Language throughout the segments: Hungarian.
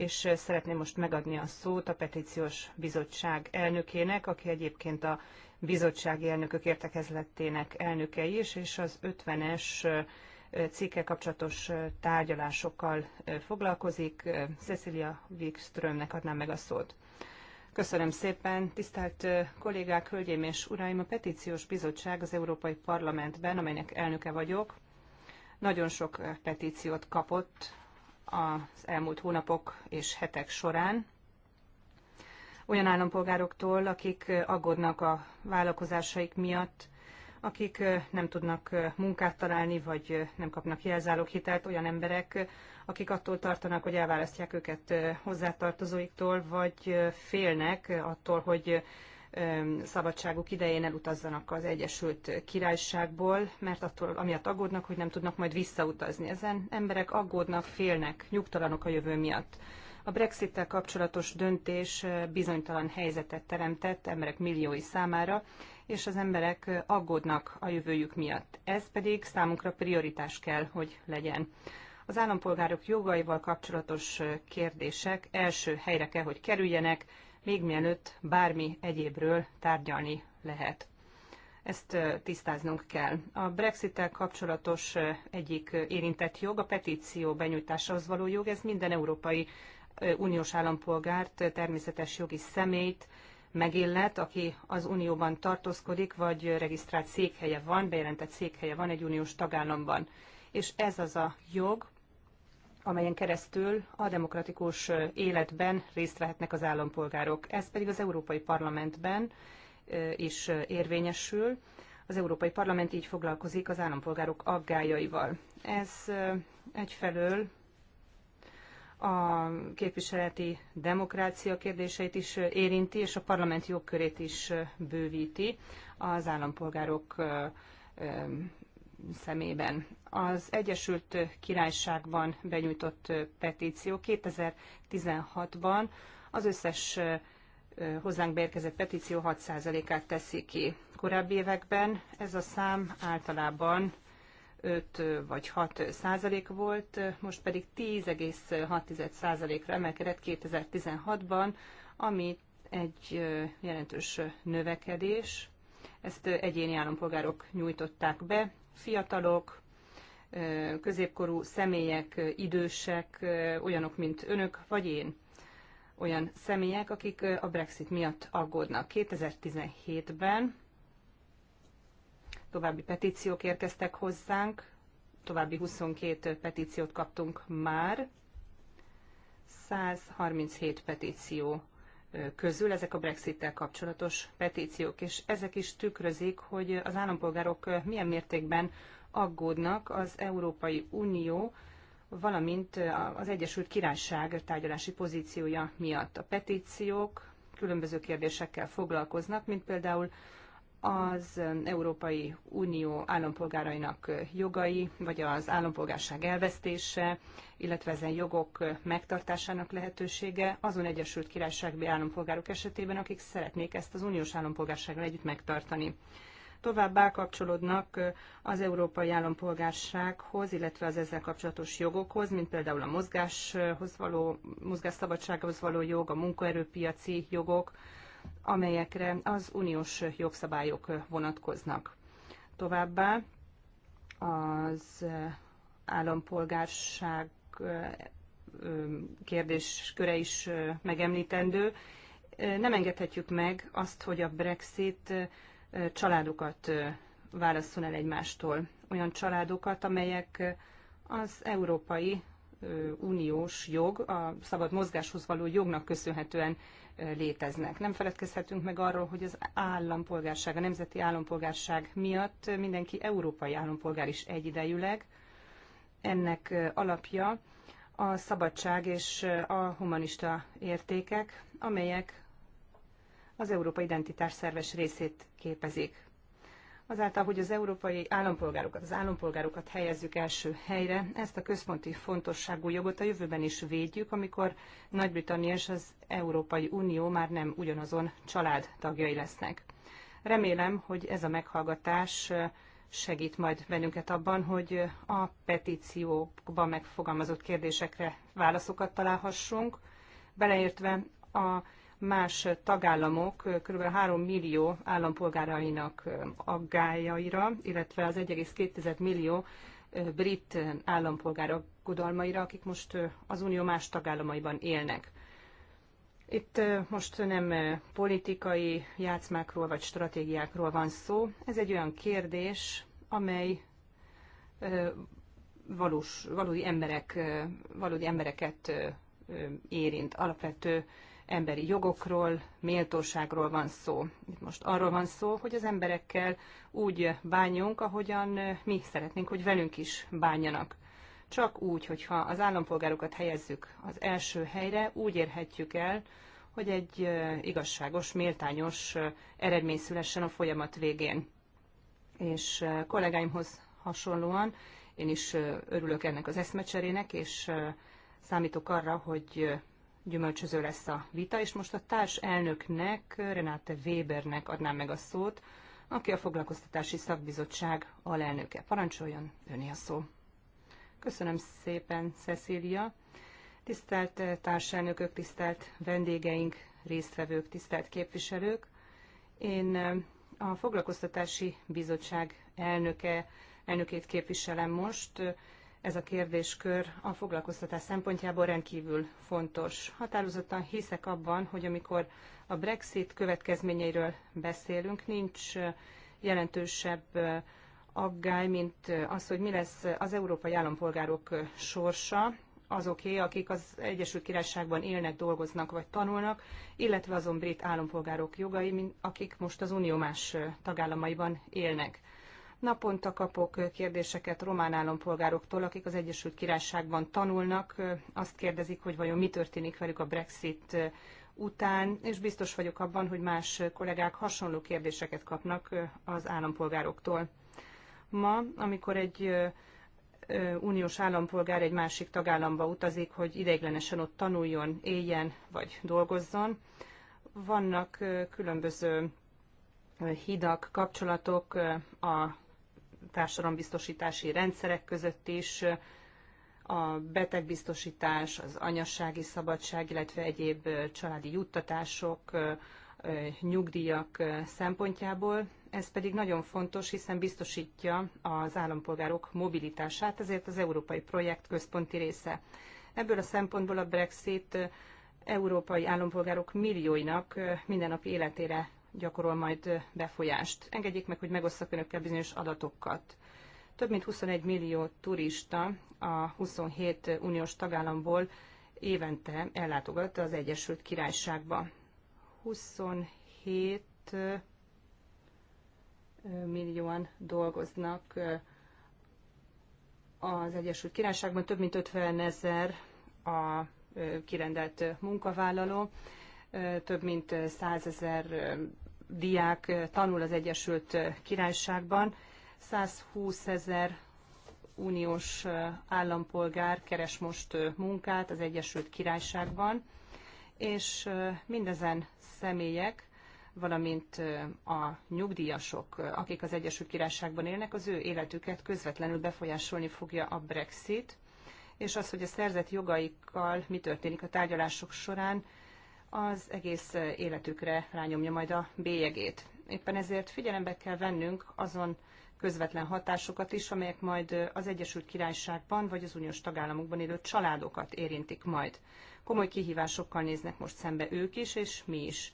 és szeretném most megadni a szót a petíciós bizottság elnökének, aki egyébként a bizottsági elnökök értekezletének elnökei is, és az 50-es cikke kapcsolatos tárgyalásokkal foglalkozik. Cecilia Wikströmnek adnám meg a szót. Köszönöm szépen, tisztelt kollégák, hölgyeim és uraim! A Petíciós Bizottság az Európai Parlamentben, amelynek elnöke vagyok, nagyon sok petíciót kapott az elmúlt hónapok és hetek során olyan állampolgároktól, akik aggódnak a vállalkozásaik miatt, akik nem tudnak munkát találni, vagy nem kapnak jelzáloghitelt, olyan emberek, akik attól tartanak, hogy elválasztják őket hozzátartozóiktól, vagy félnek attól, hogy szabadságuk idején elutazzanak az Egyesült Királyságból, mert attól amiatt aggódnak, hogy nem tudnak majd visszautazni. Ezen emberek aggódnak, félnek, nyugtalanok a jövő miatt. A Brexit-tel kapcsolatos döntés eh, bizonytalan helyzetet teremtett emberek milliói számára, és az emberek eh, aggódnak a jövőjük miatt. Ez pedig számunkra prioritás kell, hogy legyen. Az állampolgárok jogaival kapcsolatos eh, kérdések első helyre kell, hogy kerüljenek, még mielőtt bármi egyébről tárgyalni lehet. Ezt tisztáznunk kell. A brexit kapcsolatos egyik érintett jog, a petíció benyújtásához való jog, ez minden európai uniós állampolgárt, természetes jogi személyt megillet, aki az unióban tartózkodik, vagy regisztrált székhelye van, bejelentett székhelye van egy uniós tagállamban. És ez az a jog, amelyen keresztül a demokratikus életben részt vehetnek az állampolgárok. Ez pedig az Európai Parlamentben is érvényesül. Az Európai Parlament így foglalkozik az állampolgárok aggájaival. Ez egyfelől a képviseleti demokrácia kérdéseit is érinti, és a parlament jogkörét is bővíti az állampolgárok szemében. Az Egyesült Királyságban benyújtott petíció 2016-ban az összes hozzánk beérkezett petíció 6%-át teszi ki. Korábbi években ez a szám általában 5 vagy 6 százalék volt, most pedig 10,6 százalékra emelkedett 2016-ban, ami egy jelentős növekedés. Ezt egyéni állampolgárok nyújtották be, fiatalok, középkorú személyek, idősek, olyanok, mint önök vagy én, olyan személyek, akik a Brexit miatt aggódnak. 2017-ben további petíciók érkeztek hozzánk, további 22 petíciót kaptunk már, 137 petíció közül ezek a Brexit-tel kapcsolatos petíciók, és ezek is tükrözik, hogy az állampolgárok milyen mértékben aggódnak az Európai Unió, valamint az Egyesült Királyság tárgyalási pozíciója miatt. A petíciók különböző kérdésekkel foglalkoznak, mint például az Európai Unió állampolgárainak jogai, vagy az állampolgárság elvesztése, illetve ezen jogok megtartásának lehetősége azon Egyesült Királyságbi állampolgárok esetében, akik szeretnék ezt az uniós állampolgársággal együtt megtartani. Továbbá kapcsolódnak az európai állampolgársághoz, illetve az ezzel kapcsolatos jogokhoz, mint például a mozgáshoz való, mozgásszabadsághoz való jog, a munkaerőpiaci jogok, amelyekre az uniós jogszabályok vonatkoznak. Továbbá az állampolgárság kérdésköre is megemlítendő. Nem engedhetjük meg azt, hogy a Brexit családokat válasszon el egymástól. Olyan családokat, amelyek az Európai Uniós jog, a szabad mozgáshoz való jognak köszönhetően léteznek. Nem feledkezhetünk meg arról, hogy az állampolgárság, a nemzeti állampolgárság miatt mindenki európai állampolgár is egyidejűleg. Ennek alapja a szabadság és a humanista értékek, amelyek az európai identitás szerves részét képezik. Azáltal, hogy az európai állampolgárokat, az állampolgárokat helyezzük első helyre, ezt a központi fontosságú jogot a jövőben is védjük, amikor Nagy-Britannia és az Európai Unió már nem ugyanazon család tagjai lesznek. Remélem, hogy ez a meghallgatás segít majd bennünket abban, hogy a petíciókban megfogalmazott kérdésekre válaszokat találhassunk, beleértve a más tagállamok kb. 3 millió állampolgárainak aggájaira, illetve az 1,2 millió brit állampolgára aggodalmaira, akik most az unió más tagállamaiban élnek. Itt most nem politikai játszmákról vagy stratégiákról van szó. Ez egy olyan kérdés, amely valós, valódi, emberek, valódi embereket érint. Alapvető emberi jogokról, méltóságról van szó. Itt most arról van szó, hogy az emberekkel úgy bánjunk, ahogyan mi szeretnénk, hogy velünk is bánjanak. Csak úgy, hogyha az állampolgárokat helyezzük az első helyre, úgy érhetjük el, hogy egy igazságos, méltányos eredmény szülessen a folyamat végén. És kollégáimhoz hasonlóan én is örülök ennek az eszmecserének, és számítok arra, hogy gyümölcsöző lesz a vita, és most a társ elnöknek, Renate Webernek adnám meg a szót, aki a Foglalkoztatási Szakbizottság alelnöke. Parancsoljon, öné a szó. Köszönöm szépen, Cecília. Tisztelt eh, társelnökök, tisztelt vendégeink, résztvevők, tisztelt képviselők! Én eh, a Foglalkoztatási Bizottság elnöke, elnökét képviselem most, eh, ez a kérdéskör a foglalkoztatás szempontjából rendkívül fontos. Határozottan hiszek abban, hogy amikor a Brexit következményeiről beszélünk, nincs jelentősebb aggály, mint az, hogy mi lesz az európai állampolgárok sorsa, azoké, akik az Egyesült Királyságban élnek, dolgoznak vagy tanulnak, illetve azon brit állampolgárok jogai, akik most az Unió más tagállamaiban élnek. Naponta kapok kérdéseket román állampolgároktól, akik az Egyesült Királyságban tanulnak. Azt kérdezik, hogy vajon mi történik velük a Brexit után, és biztos vagyok abban, hogy más kollégák hasonló kérdéseket kapnak az állampolgároktól. Ma, amikor egy uniós állampolgár egy másik tagállamba utazik, hogy ideiglenesen ott tanuljon, éljen vagy dolgozzon, vannak különböző hidak, kapcsolatok a társadalombiztosítási rendszerek között is, a betegbiztosítás, az anyassági szabadság, illetve egyéb családi juttatások, nyugdíjak szempontjából. Ez pedig nagyon fontos, hiszen biztosítja az állampolgárok mobilitását, ezért az európai projekt központi része. Ebből a szempontból a Brexit európai állampolgárok millióinak mindennapi életére gyakorol majd befolyást. Engedjék meg, hogy megosszak önökkel bizonyos adatokat. Több mint 21 millió turista a 27 uniós tagállamból évente ellátogat az Egyesült Királyságba. 27 millióan dolgoznak az Egyesült Királyságban, több mint 50 ezer a kirendelt munkavállaló, több mint százezer diák tanul az Egyesült Királyságban, 120 ezer uniós állampolgár keres most munkát az Egyesült Királyságban, és mindezen személyek, valamint a nyugdíjasok, akik az Egyesült Királyságban élnek, az ő életüket közvetlenül befolyásolni fogja a Brexit, és az, hogy a szerzett jogaikkal mi történik a tárgyalások során, az egész életükre rányomja majd a bélyegét. Éppen ezért figyelembe kell vennünk azon közvetlen hatásokat is, amelyek majd az Egyesült Királyságban vagy az uniós tagállamokban élő családokat érintik majd. Komoly kihívásokkal néznek most szembe ők is, és mi is.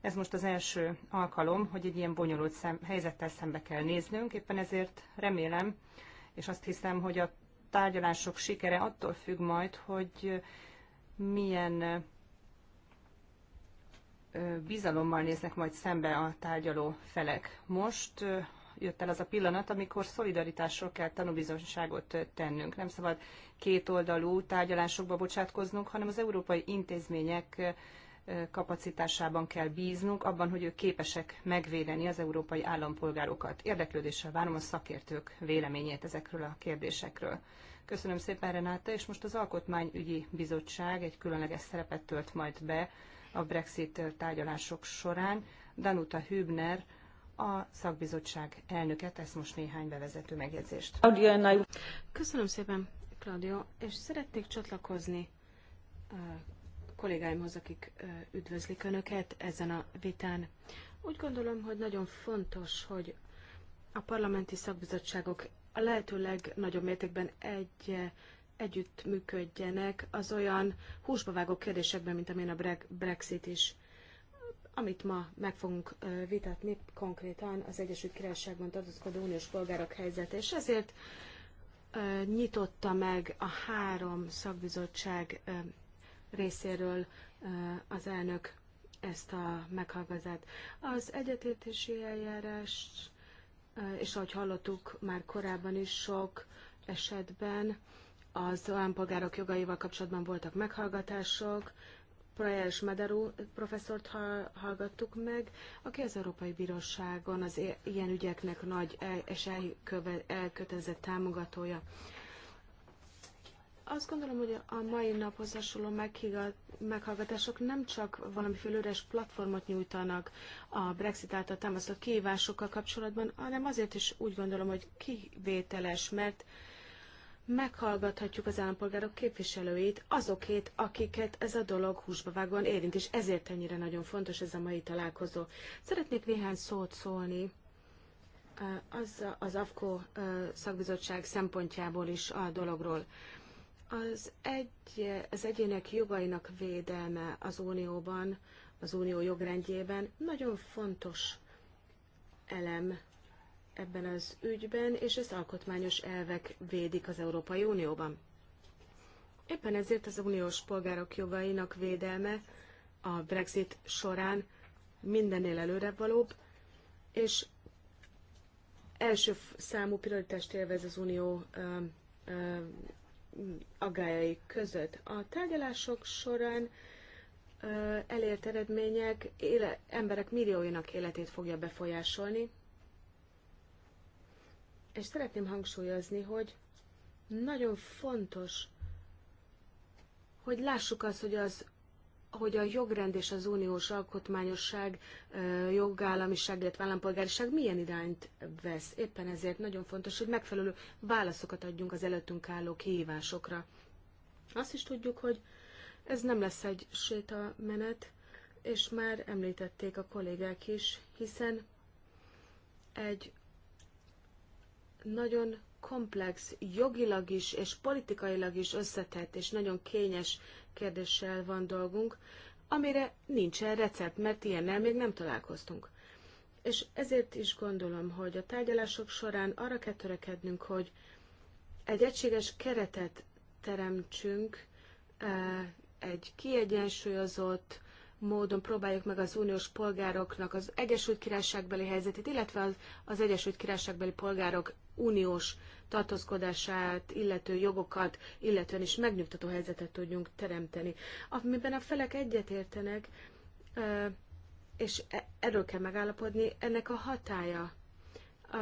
Ez most az első alkalom, hogy egy ilyen bonyolult szem, helyzettel szembe kell néznünk, éppen ezért remélem, és azt hiszem, hogy a tárgyalások sikere attól függ majd, hogy milyen bizalommal néznek majd szembe a tárgyaló felek. Most jött el az a pillanat, amikor szolidaritásról kell tanúbizonságot tennünk. Nem szabad kétoldalú tárgyalásokba bocsátkoznunk, hanem az európai intézmények kapacitásában kell bíznunk, abban, hogy ők képesek megvédeni az európai állampolgárokat. Érdeklődéssel várom a szakértők véleményét ezekről a kérdésekről. Köszönöm szépen, Renáta, és most az Alkotmányügyi Bizottság egy különleges szerepet tölt majd be a Brexit tárgyalások során. Danuta Hübner, a szakbizottság elnöke tesz most néhány bevezető megjegyzést. Köszönöm szépen, Claudio, és szeretnék csatlakozni a kollégáimhoz, akik üdvözlik Önöket ezen a vitán. Úgy gondolom, hogy nagyon fontos, hogy a parlamenti szakbizottságok a lehető legnagyobb mértékben egy együttműködjenek az olyan húsba vágó kérdésekben, mint amilyen a Brexit is, amit ma meg fogunk vitatni konkrétan az Egyesült Királyságban tartózkodó uniós polgárok helyzete, és ezért nyitotta meg a három szakbizottság részéről az elnök ezt a meghallgatást. Az egyetértési eljárás, és ahogy hallottuk már korábban is sok esetben, az állampolgárok jogaival kapcsolatban voltak meghallgatások, Prajeles Mederú professzort hallgattuk meg, aki az Európai Bíróságon az ilyen ügyeknek nagy e-, és elkötelezett támogatója. Azt gondolom, hogy a mai naphoz hasonló meghallgatások nem csak valamiféle üres platformot nyújtanak a Brexit által támasztott kihívásokkal kapcsolatban, hanem azért is úgy gondolom, hogy kivételes, mert meghallgathatjuk az állampolgárok képviselőit, azokét, akiket ez a dolog húsba vágóan érint, és ezért ennyire nagyon fontos ez a mai találkozó. Szeretnék néhány szót szólni eh, az, az AFKO eh, szakbizottság szempontjából is a dologról. Az, egy, az egyének jogainak védelme az Unióban, az Unió jogrendjében nagyon fontos elem ebben az ügyben, és ezt alkotmányos elvek védik az Európai Unióban. Éppen ezért az uniós polgárok jogainak védelme a Brexit során mindennél előrebb valóbb, és első számú prioritást élvez az unió ö, ö, aggájai között. A tárgyalások során ö, elért eredmények éle, emberek millióinak életét fogja befolyásolni, és szeretném hangsúlyozni, hogy nagyon fontos, hogy lássuk azt, hogy az hogy a jogrend és az uniós alkotmányosság, jogállamiság, illetve állampolgárság milyen irányt vesz. Éppen ezért nagyon fontos, hogy megfelelő válaszokat adjunk az előttünk álló kihívásokra. Azt is tudjuk, hogy ez nem lesz egy sétamenet, és már említették a kollégák is, hiszen egy nagyon komplex, jogilag is és politikailag is összetett és nagyon kényes kérdéssel van dolgunk, amire nincsen recept, mert ilyennel még nem találkoztunk. És ezért is gondolom, hogy a tárgyalások során arra kell törekednünk, hogy egy egységes keretet teremtsünk, e, egy kiegyensúlyozott módon próbáljuk meg az uniós polgároknak az Egyesült Királyságbeli helyzetét, illetve az, az Egyesült Királyságbeli polgárok uniós tartózkodását, illető jogokat, illetően is megnyugtató helyzetet tudjunk teremteni, amiben a felek egyetértenek, és e- erről kell megállapodni, ennek a hatája. A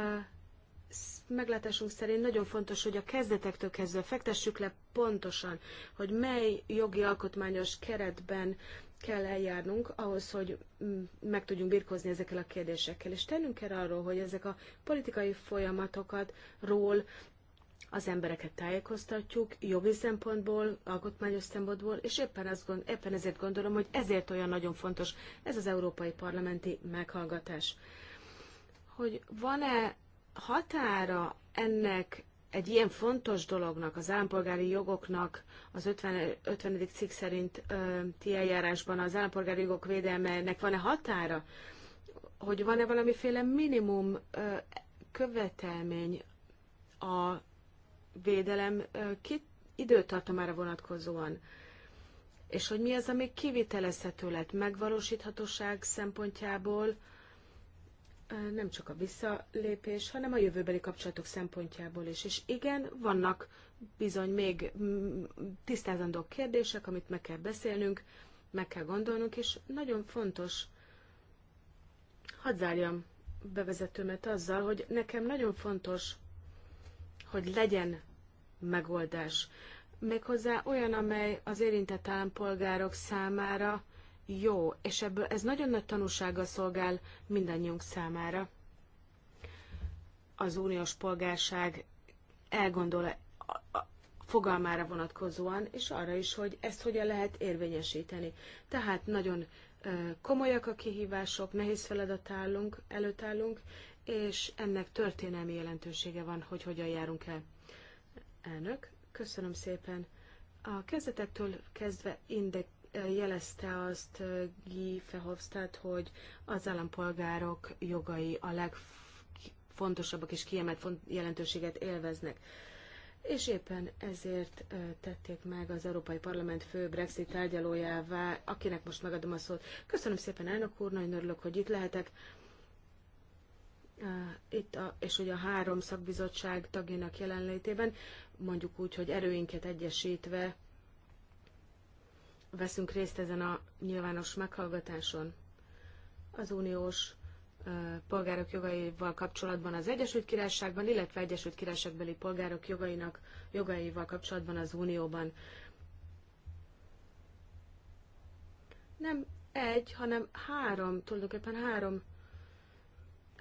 meglátásunk szerint nagyon fontos, hogy a kezdetektől kezdve fektessük le pontosan, hogy mely jogi alkotmányos keretben kell eljárnunk ahhoz, hogy mm, meg tudjunk birkozni ezekkel a kérdésekkel. És tennünk kell arról, hogy ezek a politikai folyamatokat ról az embereket tájékoztatjuk jogi szempontból, alkotmányos szempontból, és éppen, azt gond, éppen ezért gondolom, hogy ezért olyan nagyon fontos ez az európai parlamenti meghallgatás. Hogy van-e határa ennek egy ilyen fontos dolognak, az állampolgári jogoknak az 50. 50. cikk szerint ö, ti eljárásban az állampolgári jogok védelmenek van-e határa, hogy van-e valamiféle minimum ö, követelmény a védelem ö, kit, időtartamára vonatkozóan, és hogy mi az, ami kivitelezhető lett megvalósíthatóság szempontjából, nem csak a visszalépés, hanem a jövőbeli kapcsolatok szempontjából is. És igen, vannak bizony még mm, tisztázandó kérdések, amit meg kell beszélnünk, meg kell gondolnunk, és nagyon fontos, hadd zárjam bevezetőmet azzal, hogy nekem nagyon fontos, hogy legyen megoldás. Méghozzá olyan, amely az érintett állampolgárok számára jó, és ebből ez nagyon nagy tanulsággal szolgál mindannyiunk számára. Az uniós polgárság elgondol a, a fogalmára vonatkozóan, és arra is, hogy ezt hogyan lehet érvényesíteni. Tehát nagyon komolyak a kihívások, nehéz feladat állunk, előtt állunk, és ennek történelmi jelentősége van, hogy hogyan járunk el. Elnök, köszönöm szépen. A kezdetektől kezdve jelezte azt Guy Verhofstadt, hogy az állampolgárok jogai a legfontosabbak és kiemelt jelentőséget élveznek. És éppen ezért tették meg az Európai Parlament fő Brexit tárgyalójává, akinek most megadom a szót. Köszönöm szépen, elnök úr, nagyon örülök, hogy itt lehetek. Itt a, és ugye a három szakbizottság tagjának jelenlétében, mondjuk úgy, hogy erőinket egyesítve veszünk részt ezen a nyilvános meghallgatáson. Az uniós polgárok jogaival kapcsolatban az Egyesült Királyságban, illetve Egyesült Királyságbeli polgárok jogainak jogaival kapcsolatban az Unióban. Nem egy, hanem három, tulajdonképpen három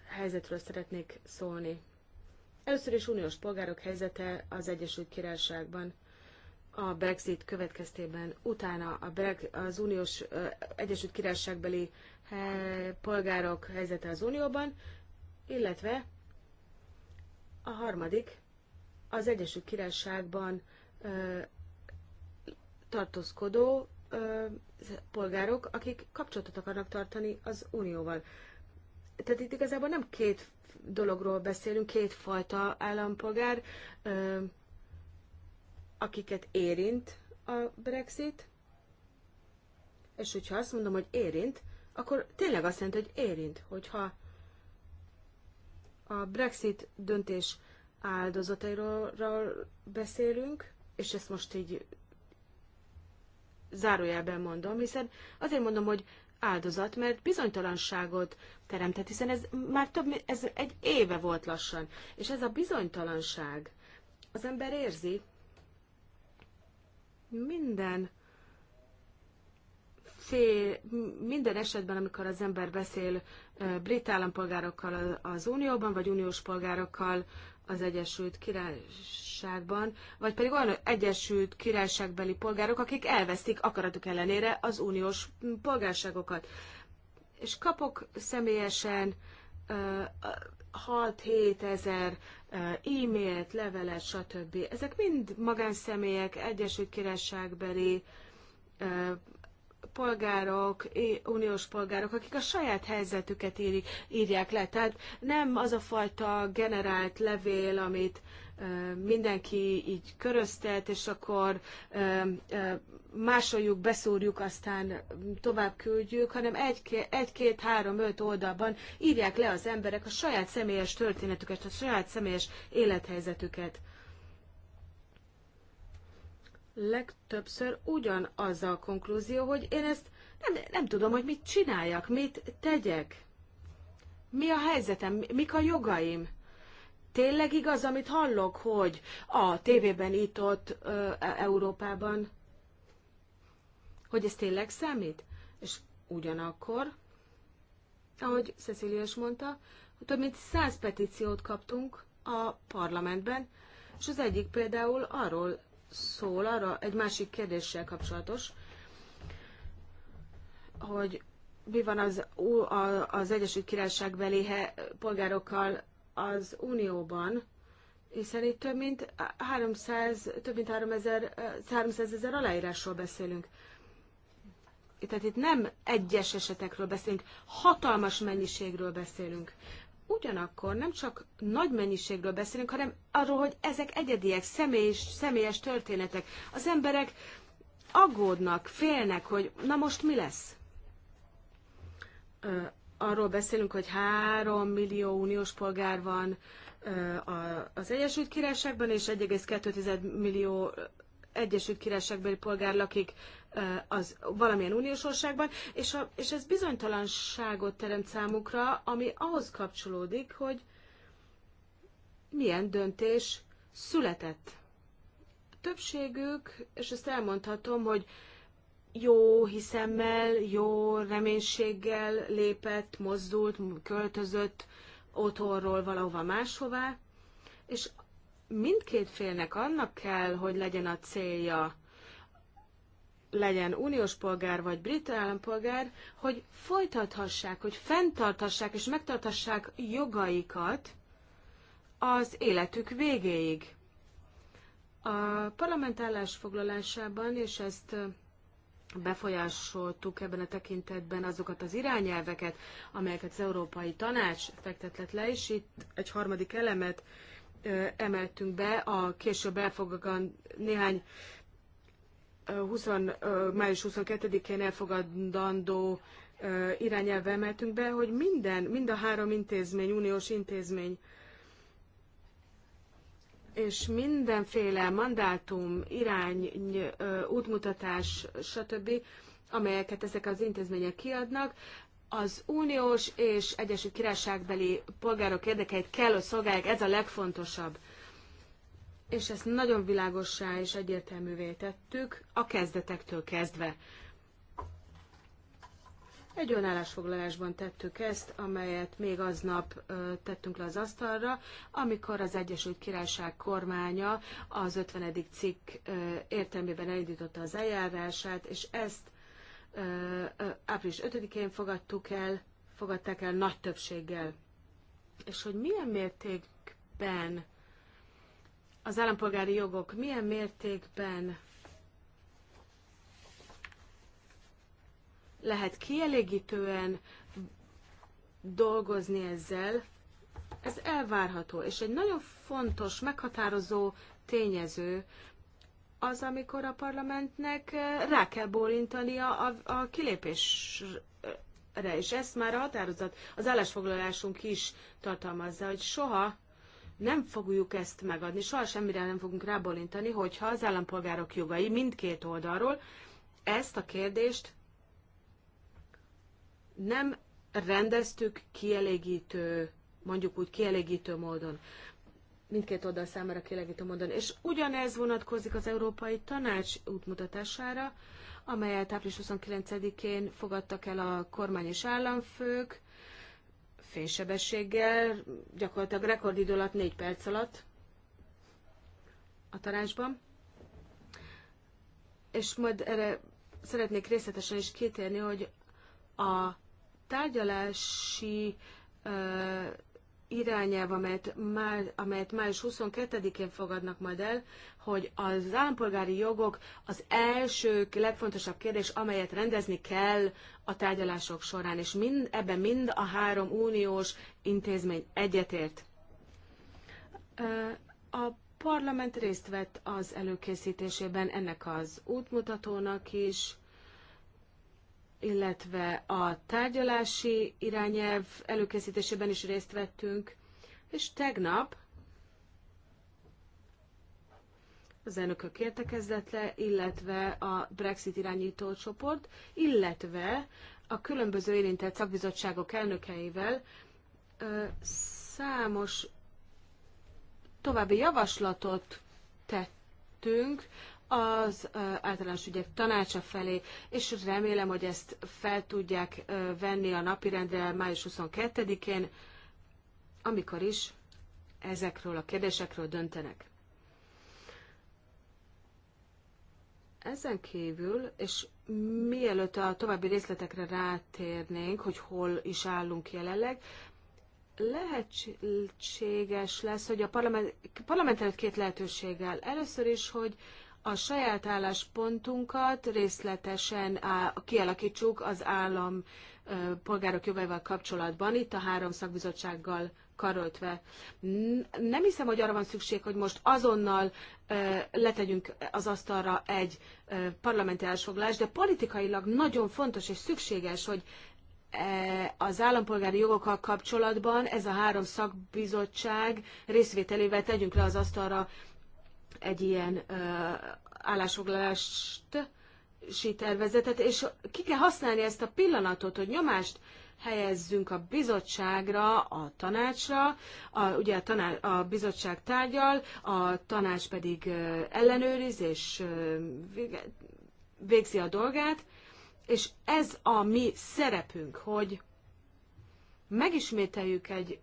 helyzetről szeretnék szólni. Először is uniós polgárok helyzete az Egyesült Királyságban a Brexit következtében utána a Breg- az uniós Egyesült Királyságbeli polgárok helyzete az Unióban, illetve a harmadik az Egyesült Királyságban tartózkodó polgárok, akik kapcsolatot akarnak tartani az Unióval. Tehát itt igazából nem két dologról beszélünk, két fajta állampolgár akiket érint a Brexit, és hogyha azt mondom, hogy érint, akkor tényleg azt jelenti, hogy érint, hogyha a Brexit döntés áldozatairól beszélünk, és ezt most így zárójelben mondom, hiszen azért mondom, hogy áldozat, mert bizonytalanságot teremtett, hiszen ez már több, ez egy éve volt lassan. És ez a bizonytalanság, az ember érzi, minden fél, minden esetben, amikor az ember beszél brit állampolgárokkal az Unióban, vagy uniós polgárokkal az Egyesült Királyságban, vagy pedig olyan Egyesült Királyságbeli polgárok, akik elvesztik akaratuk ellenére az uniós polgárságokat. És kapok személyesen 6-7 ezer e-mailt, levelet, stb. Ezek mind magánszemélyek, Egyesült Királyságbeli polgárok, uniós polgárok, akik a saját helyzetüket írik, írják le. Tehát nem az a fajta generált levél, amit mindenki így köröztet, és akkor másoljuk, beszúrjuk, aztán tovább küldjük, hanem egy, egy, két, három, öt oldalban írják le az emberek a saját személyes történetüket, a saját személyes élethelyzetüket. Legtöbbször ugyanaz a konklúzió, hogy én ezt nem, nem tudom, hogy mit csináljak, mit tegyek. Mi a helyzetem, mik a jogaim? Tényleg igaz, amit hallok, hogy a tévében itt ott Európában hogy ez tényleg számít? És ugyanakkor, ahogy Cecilia is mondta, több mint száz petíciót kaptunk a parlamentben, és az egyik például arról szól, arra egy másik kérdéssel kapcsolatos, hogy mi van az, az Egyesült Királyság beléhe polgárokkal az Unióban, hiszen itt több mint 300, több mint 3000, 300 ezer aláírásról beszélünk tehát itt nem egyes esetekről beszélünk, hatalmas mennyiségről beszélünk. Ugyanakkor nem csak nagy mennyiségről beszélünk, hanem arról, hogy ezek egyediek, személyes, személyes történetek. Az emberek aggódnak, félnek, hogy na most mi lesz? Arról beszélünk, hogy három millió uniós polgár van az Egyesült Királyságban, és 1,2 millió Egyesült Királyságbeli polgár lakik az valamilyen uniós országban, és, a, és ez bizonytalanságot teremt számukra, ami ahhoz kapcsolódik, hogy milyen döntés született. A többségük, és ezt elmondhatom, hogy jó hiszemmel, jó reménységgel lépett, mozdult, költözött otthonról valahova máshová, és mindkét félnek annak kell, hogy legyen a célja, legyen uniós polgár vagy brit állampolgár, hogy folytathassák, hogy fenntarthassák és megtarthassák jogaikat az életük végéig. A parlament állásfoglalásában, és ezt befolyásoltuk ebben a tekintetben azokat az irányelveket, amelyeket az Európai Tanács fektetett le, és itt egy harmadik elemet emeltünk be, a később elfogadandó néhány 20, május 22-én elfogadandó irányelve emeltünk be, hogy minden, mind a három intézmény, uniós intézmény és mindenféle mandátum, irány, útmutatás, stb., amelyeket ezek az intézmények kiadnak, az uniós és Egyesült Királyságbeli polgárok érdekeit kell, hogy szolgálják, ez a legfontosabb és ezt nagyon világossá és egyértelművé tettük a kezdetektől kezdve. Egy olyan állásfoglalásban tettük ezt, amelyet még aznap ö, tettünk le az asztalra, amikor az Egyesült Királyság kormánya az 50. cikk ö, értelmében elindította az eljárását, és ezt ö, ö, április 5-én fogadtuk el, fogadták el nagy többséggel. És hogy milyen mértékben az állampolgári jogok milyen mértékben lehet kielégítően dolgozni ezzel, ez elvárható. És egy nagyon fontos, meghatározó tényező az, amikor a parlamentnek eh, rá kell bólintania a, a kilépésre, és ezt már a határozat, az állásfoglalásunk is tartalmazza, hogy soha nem fogjuk ezt megadni, soha semmire nem fogunk rábólintani, hogyha az állampolgárok jogai mindkét oldalról ezt a kérdést nem rendeztük kielégítő, mondjuk úgy kielégítő módon. Mindkét oldal számára kielégítő módon. És ugyanez vonatkozik az Európai Tanács útmutatására, amelyet április 29-én fogadtak el a kormány és államfők, félsebességgel, gyakorlatilag rekordidő alatt, négy perc alatt a tanácsban. És majd erre szeretnék részletesen is kitérni, hogy a tárgyalási uh, irányelv, amelyet, már, amelyet május 22-én fogadnak majd el, hogy az állampolgári jogok az első, legfontosabb kérdés, amelyet rendezni kell a tárgyalások során, és mind, ebben mind a három uniós intézmény egyetért. A parlament részt vett az előkészítésében ennek az útmutatónak is, illetve a tárgyalási irányelv előkészítésében is részt vettünk, és tegnap az elnökök értekezletle, illetve a Brexit irányító csoport, illetve a különböző érintett szakbizottságok elnökeivel számos további javaslatot tettünk az általános ügyek tanácsa felé, és remélem, hogy ezt fel tudják venni a napirendre május 22-én, amikor is ezekről a kérdésekről döntenek. Ezen kívül, és mielőtt a további részletekre rátérnénk, hogy hol is állunk jelenleg, lehetséges lesz, hogy a parlament, parlament előtt két lehetőséggel. Először is, hogy a saját álláspontunkat részletesen kialakítsuk az állam polgárok jogaival kapcsolatban, itt a három szakbizottsággal karöltve. Nem hiszem, hogy arra van szükség, hogy most azonnal letegyünk az asztalra egy parlamenti elsfoglalást, de politikailag nagyon fontos és szükséges, hogy e, az állampolgári jogokkal kapcsolatban ez a három szakbizottság részvételével tegyünk le az asztalra egy ilyen állásfoglalást tervezetet, és ki kell használni ezt a pillanatot, hogy nyomást helyezzünk a bizottságra, a tanácsra, a, ugye a, taná, a bizottság tárgyal, a tanács pedig ellenőriz és végzi a dolgát, és ez a mi szerepünk, hogy megismételjük egy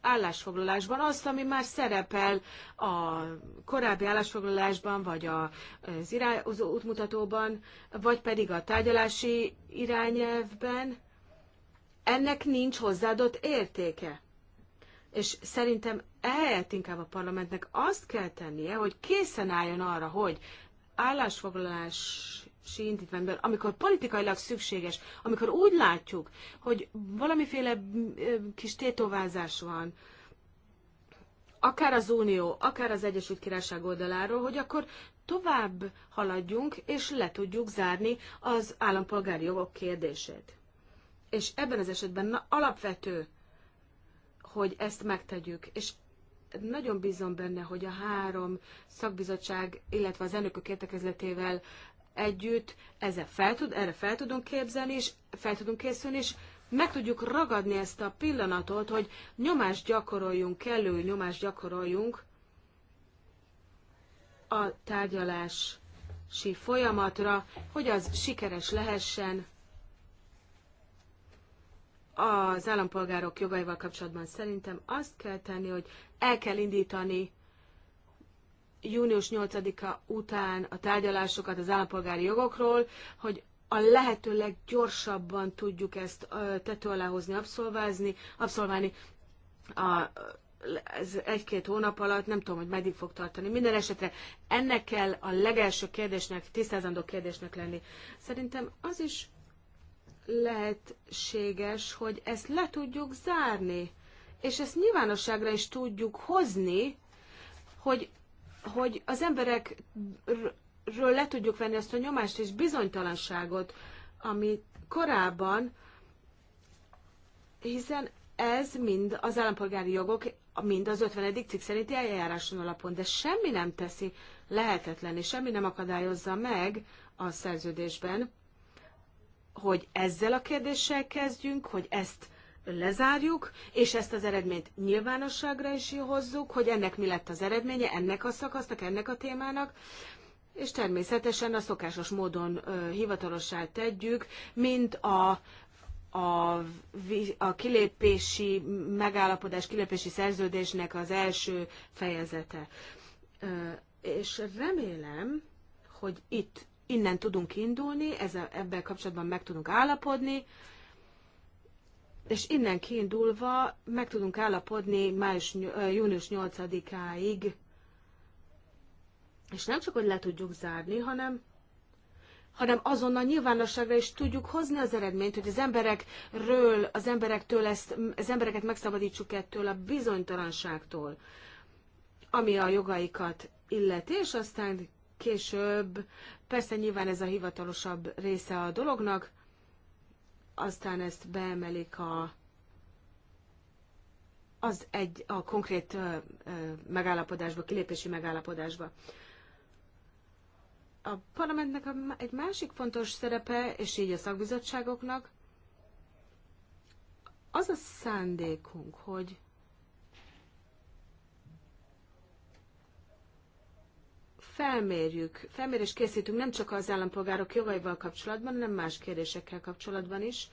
állásfoglalásban azt, ami már szerepel a korábbi állásfoglalásban, vagy az, irány, az útmutatóban, vagy pedig a tárgyalási irányelvben, ennek nincs hozzáadott értéke. És szerintem ehelyett inkább a parlamentnek azt kell tennie, hogy készen álljon arra, hogy állásfoglalási indítványból, amikor politikailag szükséges, amikor úgy látjuk, hogy valamiféle mm, mm, kis tétovázás van, akár az Unió, akár az Egyesült Királyság oldaláról, hogy akkor tovább haladjunk, és le tudjuk zárni az állampolgári jogok kérdését és ebben az esetben na, alapvető, hogy ezt megtegyük, és nagyon bízom benne, hogy a három szakbizottság, illetve az elnökök értekezletével együtt ezzel fel tud, erre fel tudunk képzelni, és fel tudunk készülni, és meg tudjuk ragadni ezt a pillanatot, hogy nyomást gyakoroljunk, kellő nyomást gyakoroljunk a tárgyalási folyamatra, hogy az sikeres lehessen, az állampolgárok jogaival kapcsolatban szerintem azt kell tenni, hogy el kell indítani június 8-a után a tárgyalásokat az állampolgári jogokról, hogy a lehető leggyorsabban tudjuk ezt tető alá hozni, abszolvázni, abszolválni. A, ez egy-két hónap alatt, nem tudom, hogy meddig fog tartani. Minden esetre ennek kell a legelső kérdésnek, tisztázandó kérdésnek lenni. Szerintem az is lehetséges, hogy ezt le tudjuk zárni, és ezt nyilvánosságra is tudjuk hozni, hogy, hogy az emberekről le tudjuk venni azt a nyomást és bizonytalanságot, amit korábban, hiszen ez mind az állampolgári jogok, mind az 50. cikk szerinti eljáráson alapon, de semmi nem teszi lehetetlen, és semmi nem akadályozza meg a szerződésben, hogy ezzel a kérdéssel kezdjünk, hogy ezt lezárjuk, és ezt az eredményt nyilvánosságra is hozzuk, hogy ennek mi lett az eredménye, ennek a szakasznak, ennek a témának, és természetesen a szokásos módon ö, hivatalossá tegyük, mint a, a, a kilépési megállapodás, kilépési szerződésnek az első fejezete. Ö, és remélem, hogy itt innen tudunk indulni, ezzel, ebben kapcsolatban meg tudunk állapodni, és innen kiindulva meg tudunk állapodni május, június 8-áig, és nem csak, hogy le tudjuk zárni, hanem hanem azonnal nyilvánosságra is tudjuk hozni az eredményt, hogy az emberekről, az emberektől ezt, az embereket megszabadítsuk ettől a bizonytalanságtól, ami a jogaikat illeti, és aztán később Persze nyilván ez a hivatalosabb része a dolognak, aztán ezt beemelik a, az egy, a konkrét ö, ö, megállapodásba, kilépési megállapodásba. A parlamentnek a, egy másik fontos szerepe, és így a szakbizottságoknak, az a szándékunk, hogy felmérjük, felmérés készítünk nem csak az állampolgárok jogaival kapcsolatban, hanem más kérdésekkel kapcsolatban is.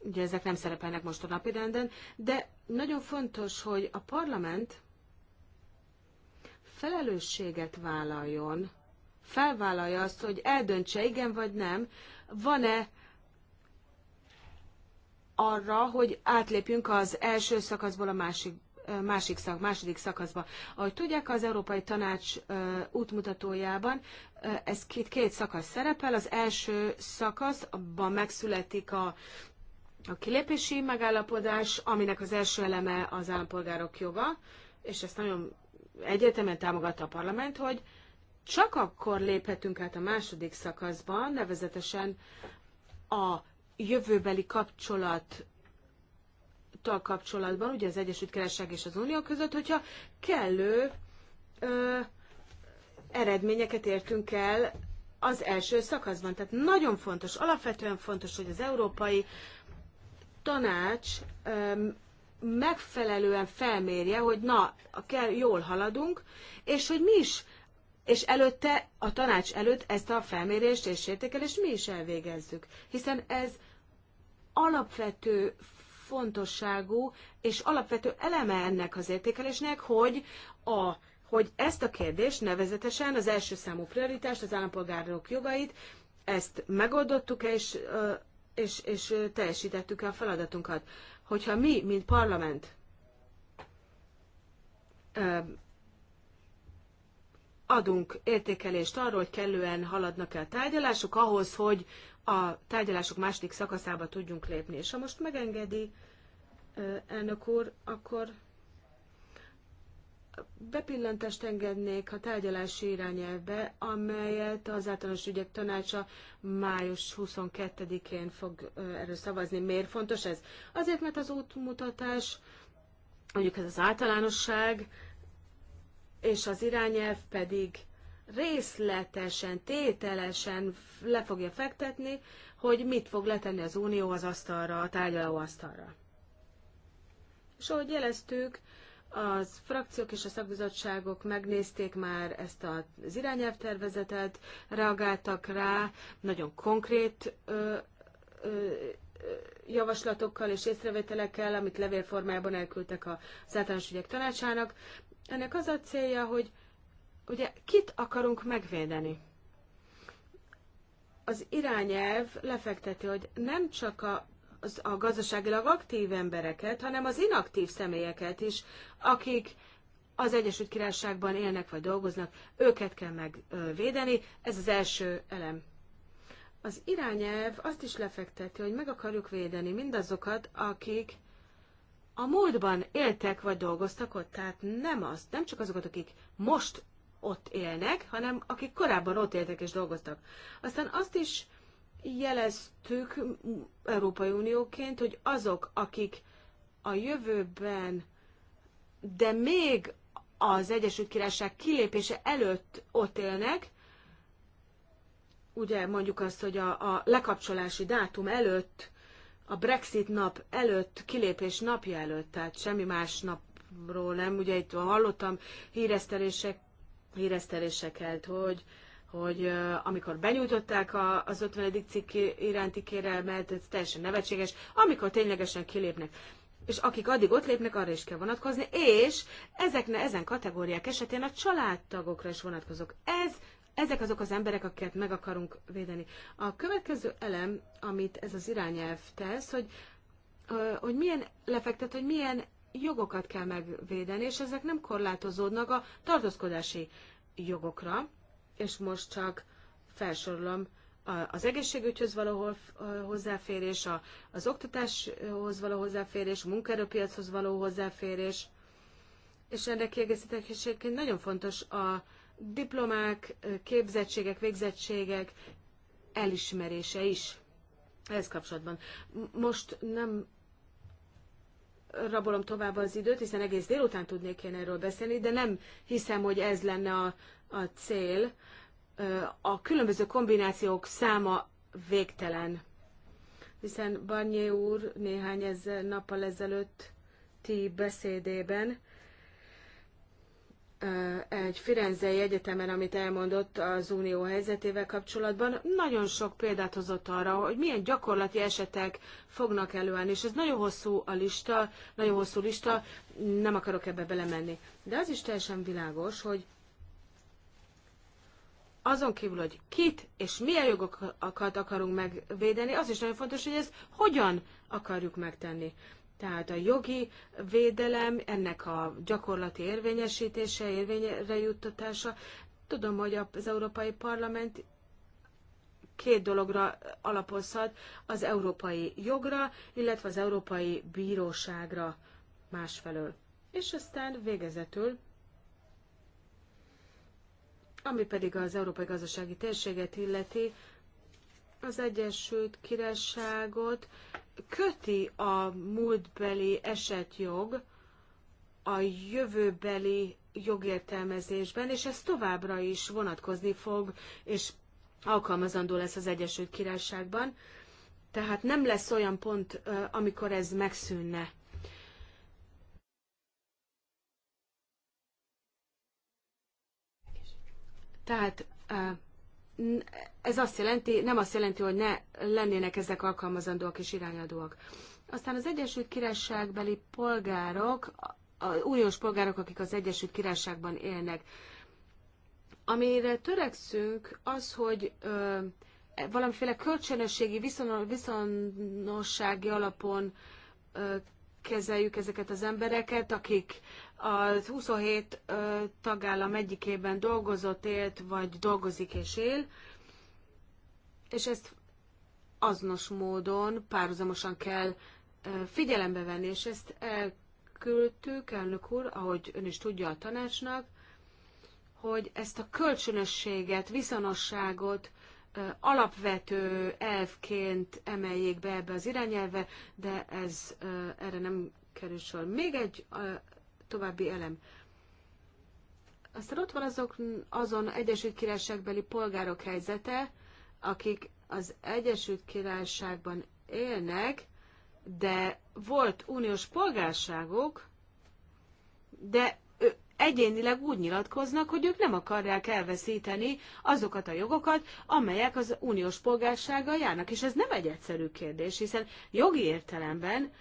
Ugye ezek nem szerepelnek most a napirenden, de nagyon fontos, hogy a parlament felelősséget vállaljon, felvállalja azt, hogy eldöntse, igen vagy nem, van-e arra, hogy átlépjünk az első szakaszból a másik másik szak, második szakaszba. Ahogy tudják, az Európai Tanács útmutatójában ez két, két szakasz szerepel. Az első szakaszban megszületik a a kilépési megállapodás, aminek az első eleme az állampolgárok joga, és ezt nagyon egyetemen támogatta a parlament, hogy csak akkor léphetünk át a második szakaszban, nevezetesen a jövőbeli kapcsolat tal kapcsolatban, ugye az Egyesült Királyság és az Unió között, hogyha kellő ö, eredményeket értünk el az első szakaszban. Tehát nagyon fontos, alapvetően fontos, hogy az európai tanács ö, megfelelően felmérje, hogy na, kell, jól haladunk, és hogy mi is, és előtte, a tanács előtt ezt a felmérést és értékelést mi is elvégezzük. Hiszen ez alapvető fontosságú és alapvető eleme ennek az értékelésnek, hogy a hogy ezt a kérdést, nevezetesen az első számú prioritást, az állampolgárok jogait, ezt megoldottuk és, és, és teljesítettük a feladatunkat. Hogyha mi, mint parlament, adunk értékelést arról, hogy kellően haladnak-e a tárgyalások ahhoz, hogy a tárgyalások második szakaszába tudjunk lépni. És ha most megengedi, elnök úr, akkor bepillantást engednék a tárgyalási irányelvbe, amelyet az általános ügyek tanácsa május 22-én fog erről szavazni. Miért fontos ez? Azért, mert az útmutatás, mondjuk ez az általánosság, és az irányelv pedig részletesen, tételesen le fogja fektetni, hogy mit fog letenni az Unió az asztalra, a tárgyaló asztalra. És ahogy jeleztük, az frakciók és a szakbizottságok megnézték már ezt az irányelvtervezetet, reagáltak rá nagyon konkrét ö, ö, javaslatokkal és észrevételekkel, amit levélformájában elküldtek az általános ügyek tanácsának. Ennek az a célja, hogy Ugye kit akarunk megvédeni? Az irányelv lefekteti, hogy nem csak a az, a gazdaságilag aktív embereket, hanem az inaktív személyeket is, akik az Egyesült Királyságban élnek vagy dolgoznak, őket kell megvédeni. Ez az első elem. Az irányelv azt is lefekteti, hogy meg akarjuk védeni mindazokat, akik a múltban éltek vagy dolgoztak ott, tehát nem azt, nem csak azokat, akik most ott élnek, hanem akik korábban ott éltek és dolgoztak. Aztán azt is jeleztük Európai Unióként, hogy azok, akik a jövőben, de még az Egyesült Királyság kilépése előtt ott élnek, ugye mondjuk azt, hogy a, a lekapcsolási dátum előtt, a Brexit nap előtt, kilépés napja előtt, tehát semmi más napról nem, ugye itt hallottam híresztelések híresztelése kelt, hogy, hogy amikor benyújtották a, az 50. cikk iránti kérelmet, ez teljesen nevetséges, amikor ténylegesen kilépnek. És akik addig ott lépnek, arra is kell vonatkozni, és ezekne, ezen kategóriák esetén a családtagokra is vonatkozok. Ez ezek azok az emberek, akiket meg akarunk védeni. A következő elem, amit ez az irányelv tesz, hogy, hogy milyen lefektet, hogy milyen jogokat kell megvédeni, és ezek nem korlátozódnak a tartózkodási jogokra, és most csak felsorolom az egészségügyhöz való hozzáférés, az oktatáshoz való hozzáférés, a munkaerőpiachoz való hozzáférés, és ennek kiegészítek és egyébként nagyon fontos a diplomák, képzettségek, végzettségek elismerése is. Ez kapcsolatban. Most nem rabolom tovább az időt, hiszen egész délután tudnék én erről beszélni, de nem hiszem, hogy ez lenne a, a cél. A különböző kombinációk száma végtelen. Hiszen Barnyé úr néhány ez, nappal ti beszédében egy Firenzei Egyetemen, amit elmondott az unió helyzetével kapcsolatban, nagyon sok példát hozott arra, hogy milyen gyakorlati esetek fognak előállni, és ez nagyon hosszú a lista, nagyon hosszú lista, nem akarok ebbe belemenni. De az is teljesen világos, hogy azon kívül, hogy kit és milyen jogokat akarunk megvédeni, az is nagyon fontos, hogy ezt hogyan akarjuk megtenni. Tehát a jogi védelem, ennek a gyakorlati érvényesítése, érvényre juttatása. Tudom, hogy az Európai Parlament két dologra alapozhat, az európai jogra, illetve az európai bíróságra másfelől. És aztán végezetül, ami pedig az európai gazdasági térséget illeti, az Egyesült Királyságot köti a múltbeli esetjog a jövőbeli jogértelmezésben, és ez továbbra is vonatkozni fog, és alkalmazandó lesz az Egyesült Királyságban. Tehát nem lesz olyan pont, amikor ez megszűnne. Tehát ez azt jelenti, nem azt jelenti, hogy ne lennének ezek alkalmazandóak és irányadóak. Aztán az Egyesült Királyságbeli polgárok, az uniós polgárok, akik az Egyesült Királyságban élnek, amire törekszünk, az, hogy ö, valamiféle kölcsönösségi, viszonossági alapon ö, kezeljük ezeket az embereket, akik a 27 tagállam egyikében dolgozott, élt, vagy dolgozik és él, és ezt azonos módon párhuzamosan kell figyelembe venni, és ezt elküldtük, elnök úr, ahogy ön is tudja a tanácsnak, hogy ezt a kölcsönösséget, viszonosságot alapvető elvként emeljék be ebbe az irányelve, de ez erre nem kerül sor. Még egy további elem. Aztán ott van azok, azon Egyesült Királyságbeli polgárok helyzete, akik az Egyesült Királyságban élnek, de volt uniós polgárságok, de egyénileg úgy nyilatkoznak, hogy ők nem akarják elveszíteni azokat a jogokat, amelyek az uniós polgársággal járnak. És ez nem egy egyszerű kérdés, hiszen jogi értelemben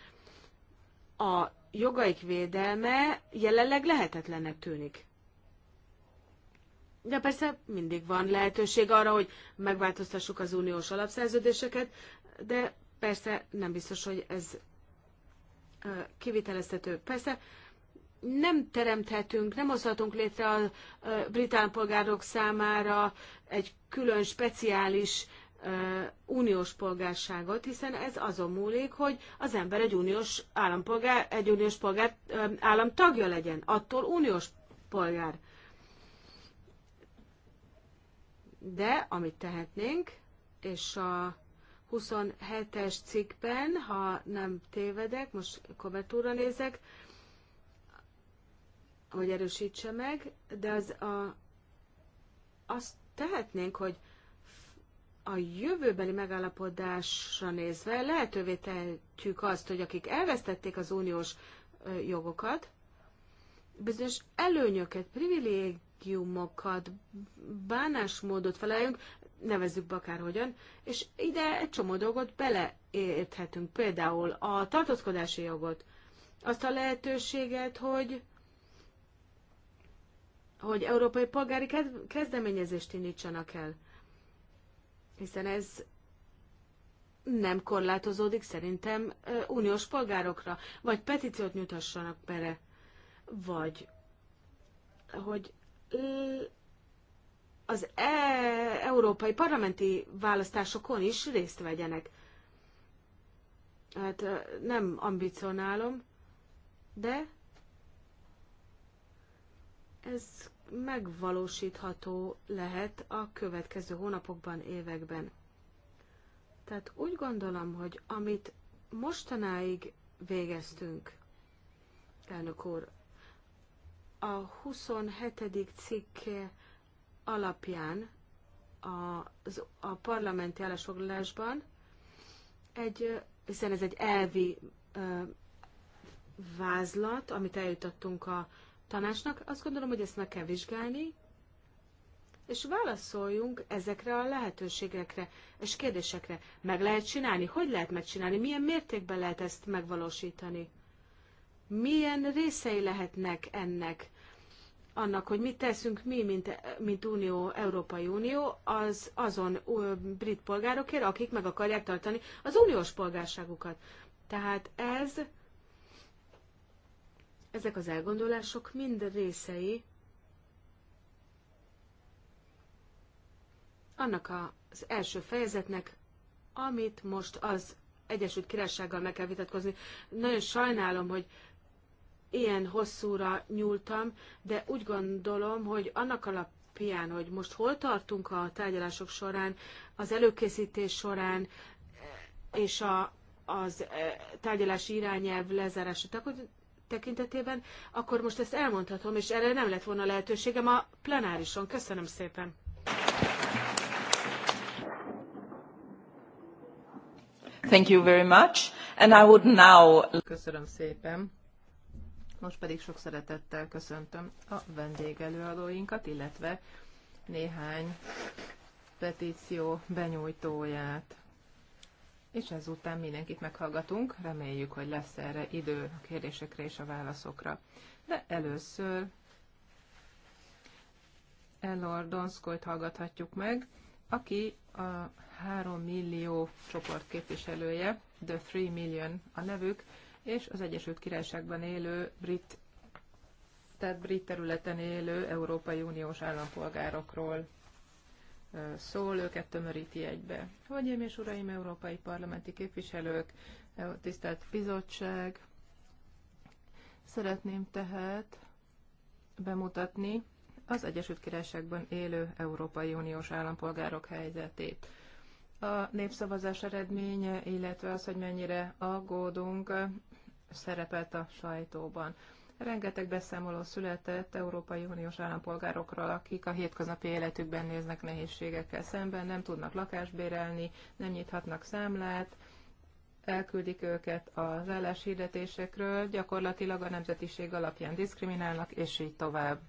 a jogaik védelme jelenleg lehetetlennek tűnik. De persze mindig van lehetőség arra, hogy megváltoztassuk az uniós alapszerződéseket, de persze nem biztos, hogy ez kivitelezhető. Persze nem teremthetünk, nem hozhatunk létre a brit állampolgárok számára egy külön speciális uniós polgárságot, hiszen ez azon múlik, hogy az ember egy uniós állampolgár, egy uniós polgár állam tagja legyen, attól uniós polgár. De amit tehetnénk, és a 27-es cikkben, ha nem tévedek, most kobertúra nézek, hogy erősítse meg, de az a, azt tehetnénk, hogy a jövőbeli megállapodásra nézve lehetővé tehetjük azt, hogy akik elvesztették az uniós jogokat, bizonyos előnyöket, privilégiumokat, bánásmódot feleljünk, nevezzük be akárhogyan, és ide egy csomó dolgot beleérthetünk, például a tartózkodási jogot, azt a lehetőséget, hogy hogy európai polgári kezdeményezést indítsanak el. Hiszen ez nem korlátozódik szerintem uniós polgárokra, vagy petíciót nyújtassanak bele, vagy hogy az e európai parlamenti választásokon is részt vegyenek. Hát nem ambicionálom, de ez megvalósítható lehet a következő hónapokban, években. Tehát úgy gondolom, hogy amit mostanáig végeztünk, elnök úr, a 27. cikk alapján a, a parlamenti állásfoglalásban egy, hiszen ez egy elvi ö, vázlat, amit eljutottunk a tanácsnak. Azt gondolom, hogy ezt meg kell vizsgálni, és válaszoljunk ezekre a lehetőségekre és kérdésekre. Meg lehet csinálni? Hogy lehet megcsinálni? Milyen mértékben lehet ezt megvalósítani? Milyen részei lehetnek ennek? annak, hogy mit teszünk mi, mint, mint Unió, Európai Unió, az azon brit polgárokért, akik meg akarják tartani az uniós polgárságukat. Tehát ez ezek az elgondolások mind részei annak az első fejezetnek, amit most az Egyesült Királysággal meg kell vitatkozni. Nagyon sajnálom, hogy ilyen hosszúra nyúltam, de úgy gondolom, hogy annak alapján, hogy most hol tartunk a tárgyalások során, az előkészítés során, eh, és a, az eh, tárgyalási irányelv lezárása, tehát tekintetében, akkor most ezt elmondhatom, és erre nem lett volna lehetőségem a plenárison. Köszönöm szépen! Thank you very much, and I would now... Köszönöm szépen! Most pedig sok szeretettel köszöntöm a vendégelőadóinkat, illetve néhány petíció benyújtóját és ezután mindenkit meghallgatunk. Reméljük, hogy lesz erre idő a kérdésekre és a válaszokra. De először Elor Donskoyt hallgathatjuk meg, aki a 3 millió csoport képviselője, The 3 Million a nevük, és az Egyesült Királyságban élő brit, tehát brit területen élő Európai Uniós állampolgárokról szól, őket tömöríti egybe. Hölgyeim és Uraim, Európai Parlamenti Képviselők, e, tisztelt bizottság, szeretném tehát bemutatni az Egyesült Királyságban élő Európai Uniós állampolgárok helyzetét. A népszavazás eredménye, illetve az, hogy mennyire aggódunk, szerepelt a sajtóban. Rengeteg beszámoló született Európai Uniós állampolgárokról, akik a hétköznapi életükben néznek nehézségekkel szemben, nem tudnak lakást bérelni, nem nyithatnak számlát, elküldik őket az álláshirdetésekről, gyakorlatilag a nemzetiség alapján diszkriminálnak, és így tovább.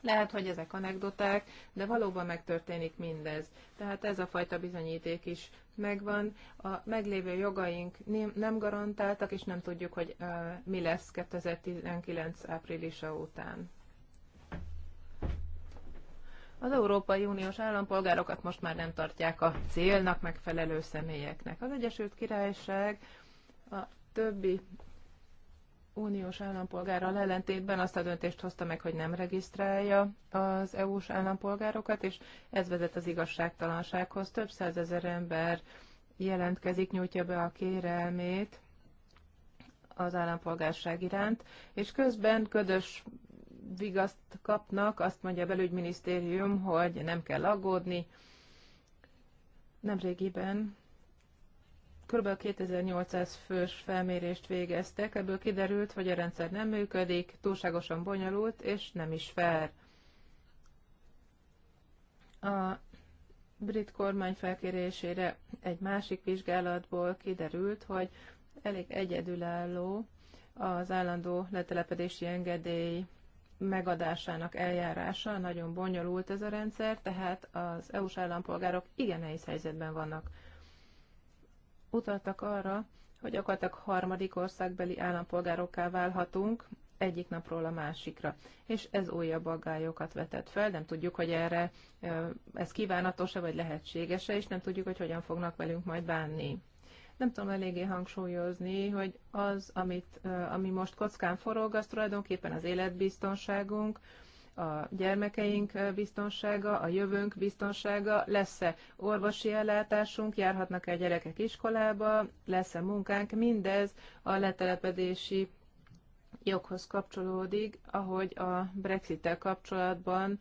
Lehet, hogy ezek anekdoták, de valóban megtörténik mindez. Tehát ez a fajta bizonyíték is megvan, a meglévő jogaink nem garantáltak, és nem tudjuk, hogy mi lesz 2019 áprilisa után. Az Európai Uniós állampolgárokat most már nem tartják a célnak megfelelő személyeknek. Az Egyesült Királyság a többi uniós állampolgárral ellentétben azt a döntést hozta meg, hogy nem regisztrálja az EU-s állampolgárokat, és ez vezet az igazságtalansághoz. Több százezer ember jelentkezik, nyújtja be a kérelmét az állampolgárság iránt, és közben ködös vigaszt kapnak, azt mondja a belügyminisztérium, hogy nem kell aggódni. Nemrégiben kb. 2800 fős felmérést végeztek, ebből kiderült, hogy a rendszer nem működik, túlságosan bonyolult és nem is fair. A brit kormány felkérésére egy másik vizsgálatból kiderült, hogy elég egyedülálló az állandó letelepedési engedély megadásának eljárása, nagyon bonyolult ez a rendszer, tehát az EU-s állampolgárok igen nehéz helyzetben vannak utaltak arra, hogy gyakorlatilag harmadik országbeli állampolgárokká válhatunk egyik napról a másikra. És ez újabb aggályokat vetett fel, nem tudjuk, hogy erre ez kívánatos-e vagy lehetséges-e, és nem tudjuk, hogy hogyan fognak velünk majd bánni. Nem tudom eléggé hangsúlyozni, hogy az, amit, ami most kockán forog, az tulajdonképpen az életbiztonságunk, a gyermekeink biztonsága, a jövőnk biztonsága, lesz-e orvosi ellátásunk, járhatnak-e a gyerekek iskolába, lesz-e munkánk, mindez a letelepedési joghoz kapcsolódik, ahogy a Brexit-tel kapcsolatban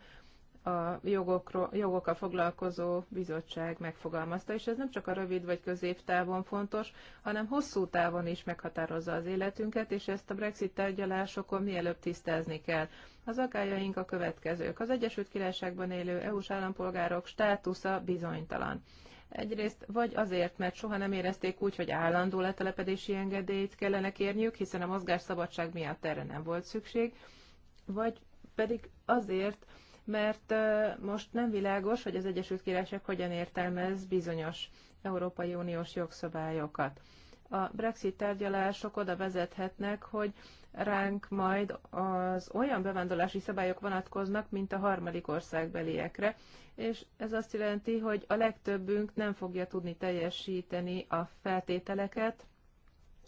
a jogokról, jogokkal foglalkozó bizottság megfogalmazta, és ez nem csak a rövid vagy középtávon fontos, hanem hosszú távon is meghatározza az életünket, és ezt a Brexit tárgyalásokon mielőbb tisztázni kell. Az akályaink a következők. Az Egyesült Királyságban élő EU-s állampolgárok státusza bizonytalan. Egyrészt vagy azért, mert soha nem érezték úgy, hogy állandó letelepedési engedélyt kellene kérniük, hiszen a mozgásszabadság miatt erre nem volt szükség, vagy pedig azért, mert most nem világos, hogy az Egyesült Királyság hogyan értelmez bizonyos Európai Uniós jogszabályokat. A Brexit tárgyalások oda vezethetnek, hogy ránk majd az olyan bevándorlási szabályok vonatkoznak, mint a harmadik országbeliekre, és ez azt jelenti, hogy a legtöbbünk nem fogja tudni teljesíteni a feltételeket,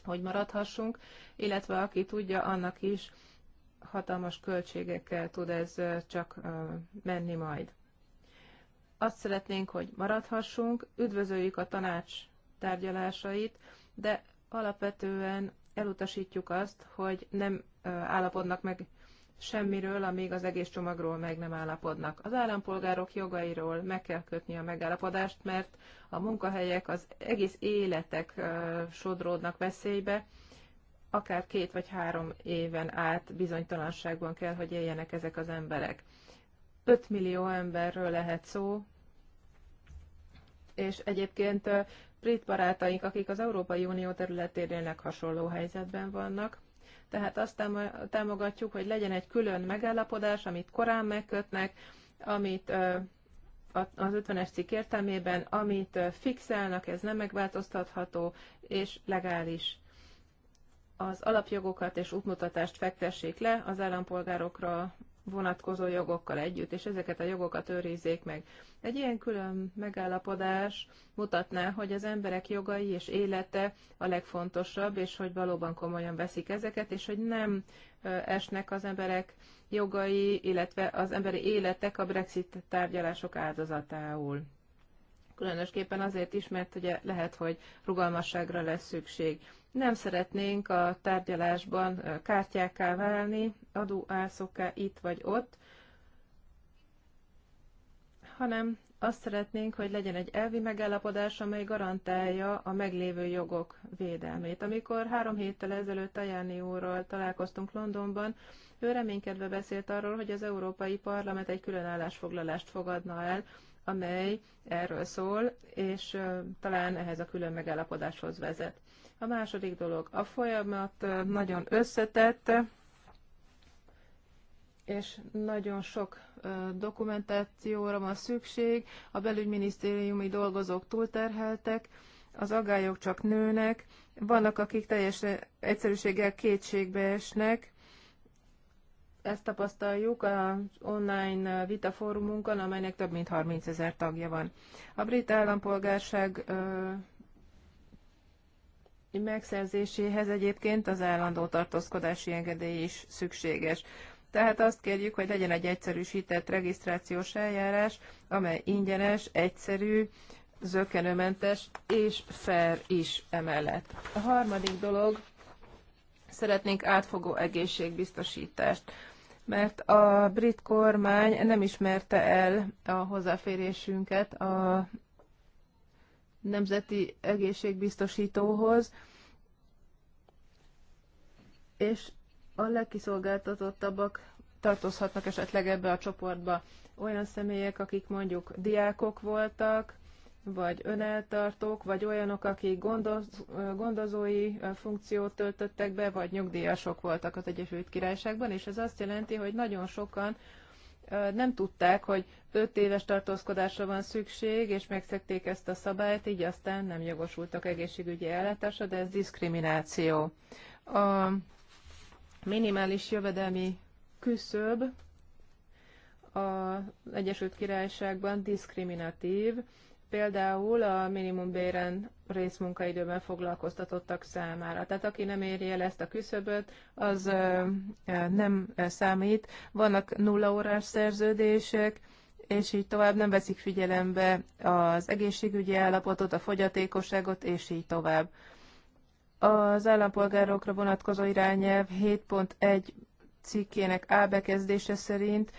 hogy maradhassunk, illetve aki tudja, annak is hatalmas költségekkel tud ez csak menni majd. Azt szeretnénk, hogy maradhassunk, üdvözöljük a tanács tárgyalásait, de alapvetően elutasítjuk azt, hogy nem állapodnak meg semmiről, amíg az egész csomagról meg nem állapodnak. Az állampolgárok jogairól meg kell kötni a megállapodást, mert a munkahelyek, az egész életek sodródnak veszélybe, akár két vagy három éven át bizonytalanságban kell, hogy éljenek ezek az emberek. 5 millió emberről lehet szó, és egyébként brit barátaink, akik az Európai Unió területén élnek, hasonló helyzetben vannak. Tehát azt támogatjuk, hogy legyen egy külön megállapodás, amit korán megkötnek, amit az 50-es cikk értelmében, amit fixálnak, ez nem megváltoztatható, és legális az alapjogokat és útmutatást fektessék le az állampolgárokra vonatkozó jogokkal együtt, és ezeket a jogokat őrizzék meg. Egy ilyen külön megállapodás mutatná, hogy az emberek jogai és élete a legfontosabb, és hogy valóban komolyan veszik ezeket, és hogy nem esnek az emberek jogai, illetve az emberi életek a Brexit tárgyalások áldozatául különösképpen azért is, mert ugye lehet, hogy rugalmasságra lesz szükség. Nem szeretnénk a tárgyalásban kártyákká válni, adóászokká itt vagy ott, hanem azt szeretnénk, hogy legyen egy elvi megállapodás, amely garantálja a meglévő jogok védelmét. Amikor három héttel ezelőtt Ajáni úrral találkoztunk Londonban, ő reménykedve beszélt arról, hogy az Európai Parlament egy különállásfoglalást fogadna el amely erről szól, és talán ehhez a külön megállapodáshoz vezet. A második dolog, a folyamat nagyon összetett, és nagyon sok dokumentációra van szükség, a belügyminisztériumi dolgozók túlterheltek, az agályok csak nőnek, vannak, akik teljes egyszerűséggel kétségbe esnek, ezt tapasztaljuk az online vitafórumunkon, amelynek több mint 30 ezer tagja van. A brit állampolgárság megszerzéséhez egyébként az állandó tartózkodási engedély is szükséges. Tehát azt kérjük, hogy legyen egy egyszerűsített regisztrációs eljárás, amely ingyenes, egyszerű, zökenőmentes és fair is emellett. A harmadik dolog, szeretnénk átfogó egészségbiztosítást mert a brit kormány nem ismerte el a hozzáférésünket a nemzeti egészségbiztosítóhoz, és a legkiszolgáltatottabbak tartozhatnak esetleg ebbe a csoportba. Olyan személyek, akik mondjuk diákok voltak, vagy öneltartók, vagy olyanok, akik gondoz, gondozói funkciót töltöttek be, vagy nyugdíjasok voltak az Egyesült Királyságban, és ez azt jelenti, hogy nagyon sokan nem tudták, hogy 5 éves tartózkodásra van szükség, és megszekték ezt a szabályt, így aztán nem jogosultak egészségügyi ellátásra, de ez diszkrimináció. A minimális jövedelmi küszöb az Egyesült Királyságban diszkriminatív, például a minimumbéren részmunkaidőben foglalkoztatottak számára. Tehát aki nem éri el ezt a küszöböt, az nem számít. Vannak nulla órás szerződések, és így tovább nem veszik figyelembe az egészségügyi állapotot, a fogyatékosságot, és így tovább. Az állampolgárokra vonatkozó irányelv 7.1 cikkének A bekezdése szerint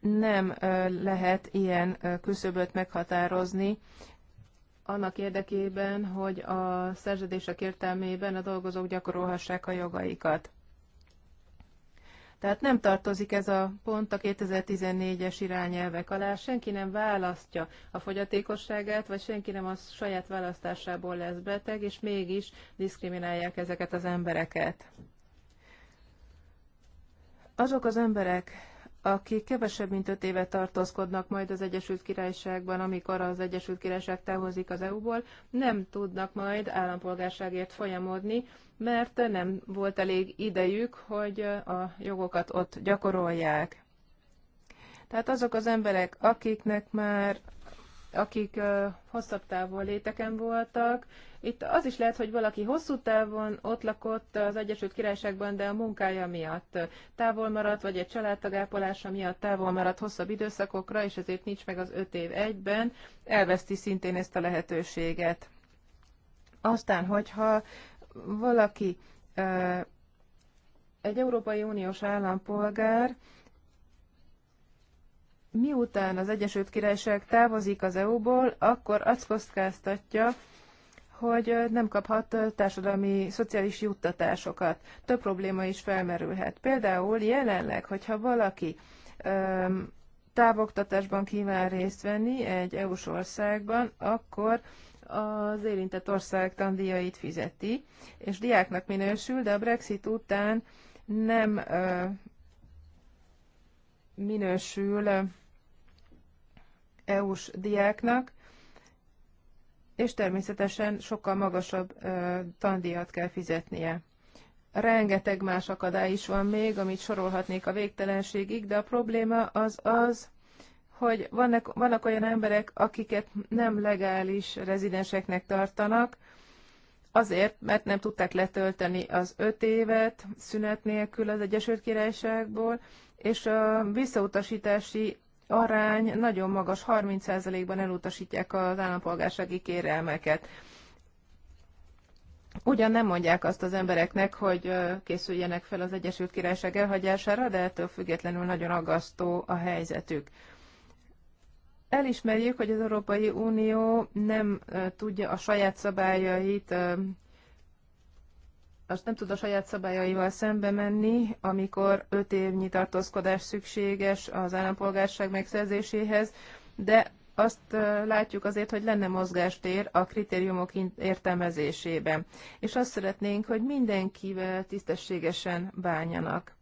nem lehet ilyen küszöböt meghatározni annak érdekében, hogy a szerződések értelmében a dolgozók gyakorolhassák a jogaikat. Tehát nem tartozik ez a pont a 2014-es irányelvek alá, senki nem választja a fogyatékosságát, vagy senki nem a saját választásából lesz beteg, és mégis diszkriminálják ezeket az embereket. Azok az emberek, akik kevesebb mint öt éve tartózkodnak majd az Egyesült Királyságban, amikor az Egyesült Királyság távozik az EU-ból, nem tudnak majd állampolgárságért folyamodni, mert nem volt elég idejük, hogy a jogokat ott gyakorolják. Tehát azok az emberek, akiknek már akik hosszabb távon léteken voltak. Itt az is lehet, hogy valaki hosszú távon ott lakott az Egyesült Királyságban, de a munkája miatt távol maradt, vagy egy családtag miatt távol maradt hosszabb időszakokra, és ezért nincs meg az öt év egyben, elveszti szintén ezt a lehetőséget. Aztán, hogyha valaki egy Európai Uniós állampolgár, miután az Egyesült Királyság távozik az EU-ból, akkor azt hogy nem kaphat társadalmi, szociális juttatásokat. Több probléma is felmerülhet. Például jelenleg, hogyha valaki öm, távoktatásban kíván részt venni egy EU-s országban, akkor az érintett ország tandíjait fizeti, és diáknak minősül, de a Brexit után nem minősül EU-s diáknak, és természetesen sokkal magasabb tandíjat kell fizetnie. Rengeteg más akadály is van még, amit sorolhatnék a végtelenségig, de a probléma az az, hogy vannak, vannak olyan emberek, akiket nem legális rezidenseknek tartanak, azért, mert nem tudták letölteni az öt évet szünet nélkül az Egyesült Királyságból, és a visszautasítási arány nagyon magas, 30%-ban elutasítják az állampolgársági kérelmeket. Ugyan nem mondják azt az embereknek, hogy készüljenek fel az Egyesült Királyság elhagyására, de ettől függetlenül nagyon aggasztó a helyzetük. Elismerjük, hogy az Európai Unió nem tudja a saját szabályait azt nem tud a saját szabályaival szembe menni, amikor öt évnyi tartózkodás szükséges az állampolgárság megszerzéséhez, de azt látjuk azért, hogy lenne mozgástér a kritériumok értelmezésében. És azt szeretnénk, hogy mindenkivel tisztességesen bánjanak.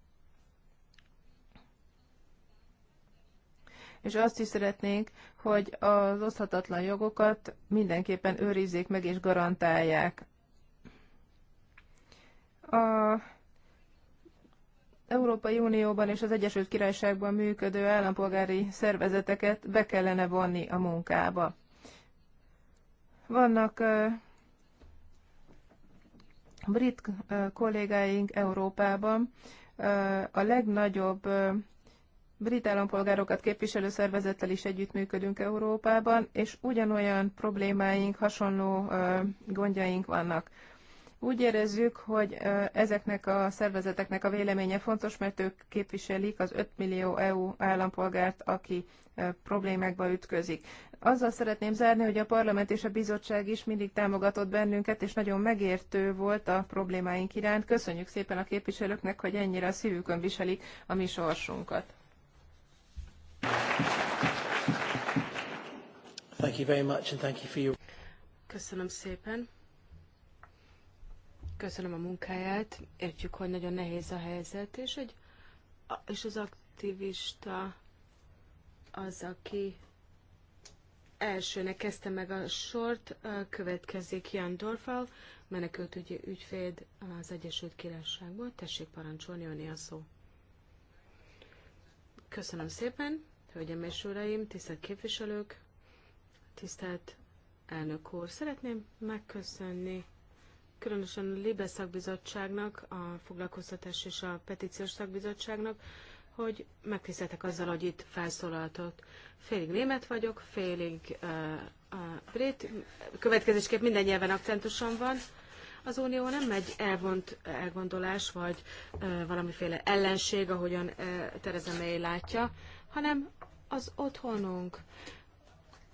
És azt is szeretnénk, hogy az oszthatatlan jogokat mindenképpen őrizzék meg és garantálják a Európai Unióban és az Egyesült Királyságban működő állampolgári szervezeteket be kellene vonni a munkába. Vannak brit kollégáink Európában, a legnagyobb brit állampolgárokat képviselő szervezettel is együttműködünk Európában, és ugyanolyan problémáink, hasonló gondjaink vannak. Úgy érezzük, hogy ezeknek a szervezeteknek a véleménye fontos, mert ők képviselik az 5 millió EU állampolgárt, aki problémákba ütközik. Azzal szeretném zárni, hogy a parlament és a bizottság is mindig támogatott bennünket, és nagyon megértő volt a problémáink iránt. Köszönjük szépen a képviselőknek, hogy ennyire a szívükön viselik a mi sorsunkat. Thank you very much and thank you for your... Köszönöm szépen. Köszönöm a munkáját, értjük, hogy nagyon nehéz a helyzet, és, hogy, és az aktivista az, aki elsőnek kezdte meg a sort, következik Jan Dorfal, menekültügyi ügyféd az Egyesült Királyságból. Tessék parancsolni, öné a szó. Köszönöm szépen, hölgyem és uraim, tisztelt képviselők, tisztelt elnök úr. Szeretném megköszönni különösen a Libe szakbizottságnak, a foglalkoztatás és a petíciós szakbizottságnak, hogy megtiszteltek azzal, hogy itt felszólaltott. Félig német vagyok, félig uh, uh, brit, következésképp minden nyelven akcentusom van. Az Unió nem egy elvont elgondolás, vagy uh, valamiféle ellenség, ahogyan uh, Tereza May látja, hanem az otthonunk,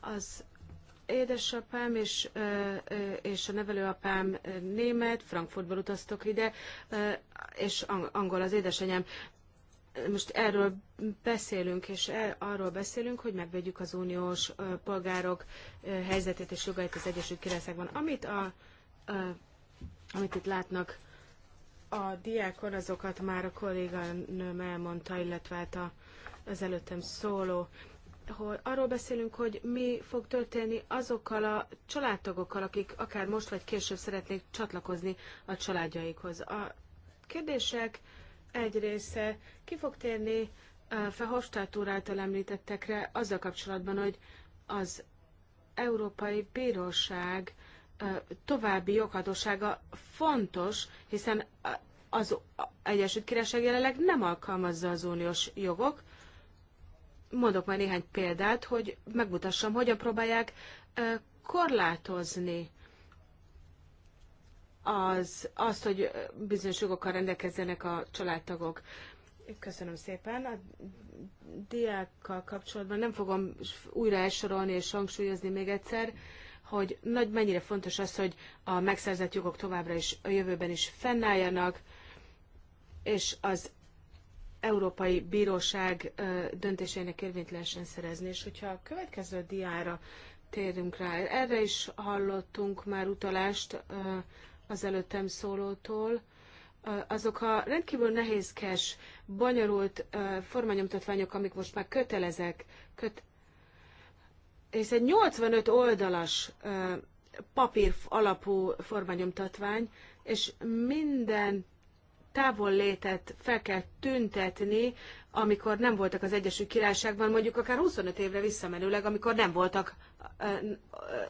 az édesapám és, és a nevelőapám német, Frankfurtból utaztok ide, és angol az édesanyám. Most erről beszélünk, és el, arról beszélünk, hogy megvédjük az uniós polgárok helyzetét és jogait az Egyesült Királyságban. Amit, a, a, amit itt látnak a diákon, azokat már a kolléganőm elmondta, illetve hát a, az előttem szóló hogy arról beszélünk, hogy mi fog történni azokkal a családtagokkal, akik akár most vagy később szeretnék csatlakozni a családjaikhoz. A kérdések egy része ki fog térni Fehofstadt úr által említettekre azzal kapcsolatban, hogy az Európai Bíróság további joghatósága fontos, hiszen az Egyesült Királyság jelenleg nem alkalmazza az uniós jogok, mondok már néhány példát, hogy megmutassam, hogyan próbálják korlátozni az, azt, hogy bizonyos jogokkal rendelkezzenek a családtagok. Köszönöm szépen. A diákkal kapcsolatban nem fogom újra elsorolni és hangsúlyozni még egyszer, hogy nagy, mennyire fontos az, hogy a megszerzett jogok továbbra is a jövőben is fennálljanak, és az Európai Bíróság döntésének érvényt lehessen szerezni. És hogyha a következő diára térünk rá, erre is hallottunk már utalást az előttem szólótól, azok a rendkívül nehézkes, bonyolult formanyomtatványok, amik most már kötelezek, köt, és egy 85 oldalas papír alapú formanyomtatvány, és minden távollétet fel kell tüntetni, amikor nem voltak az Egyesült Királyságban, mondjuk akár 25 évre visszamenőleg, amikor nem voltak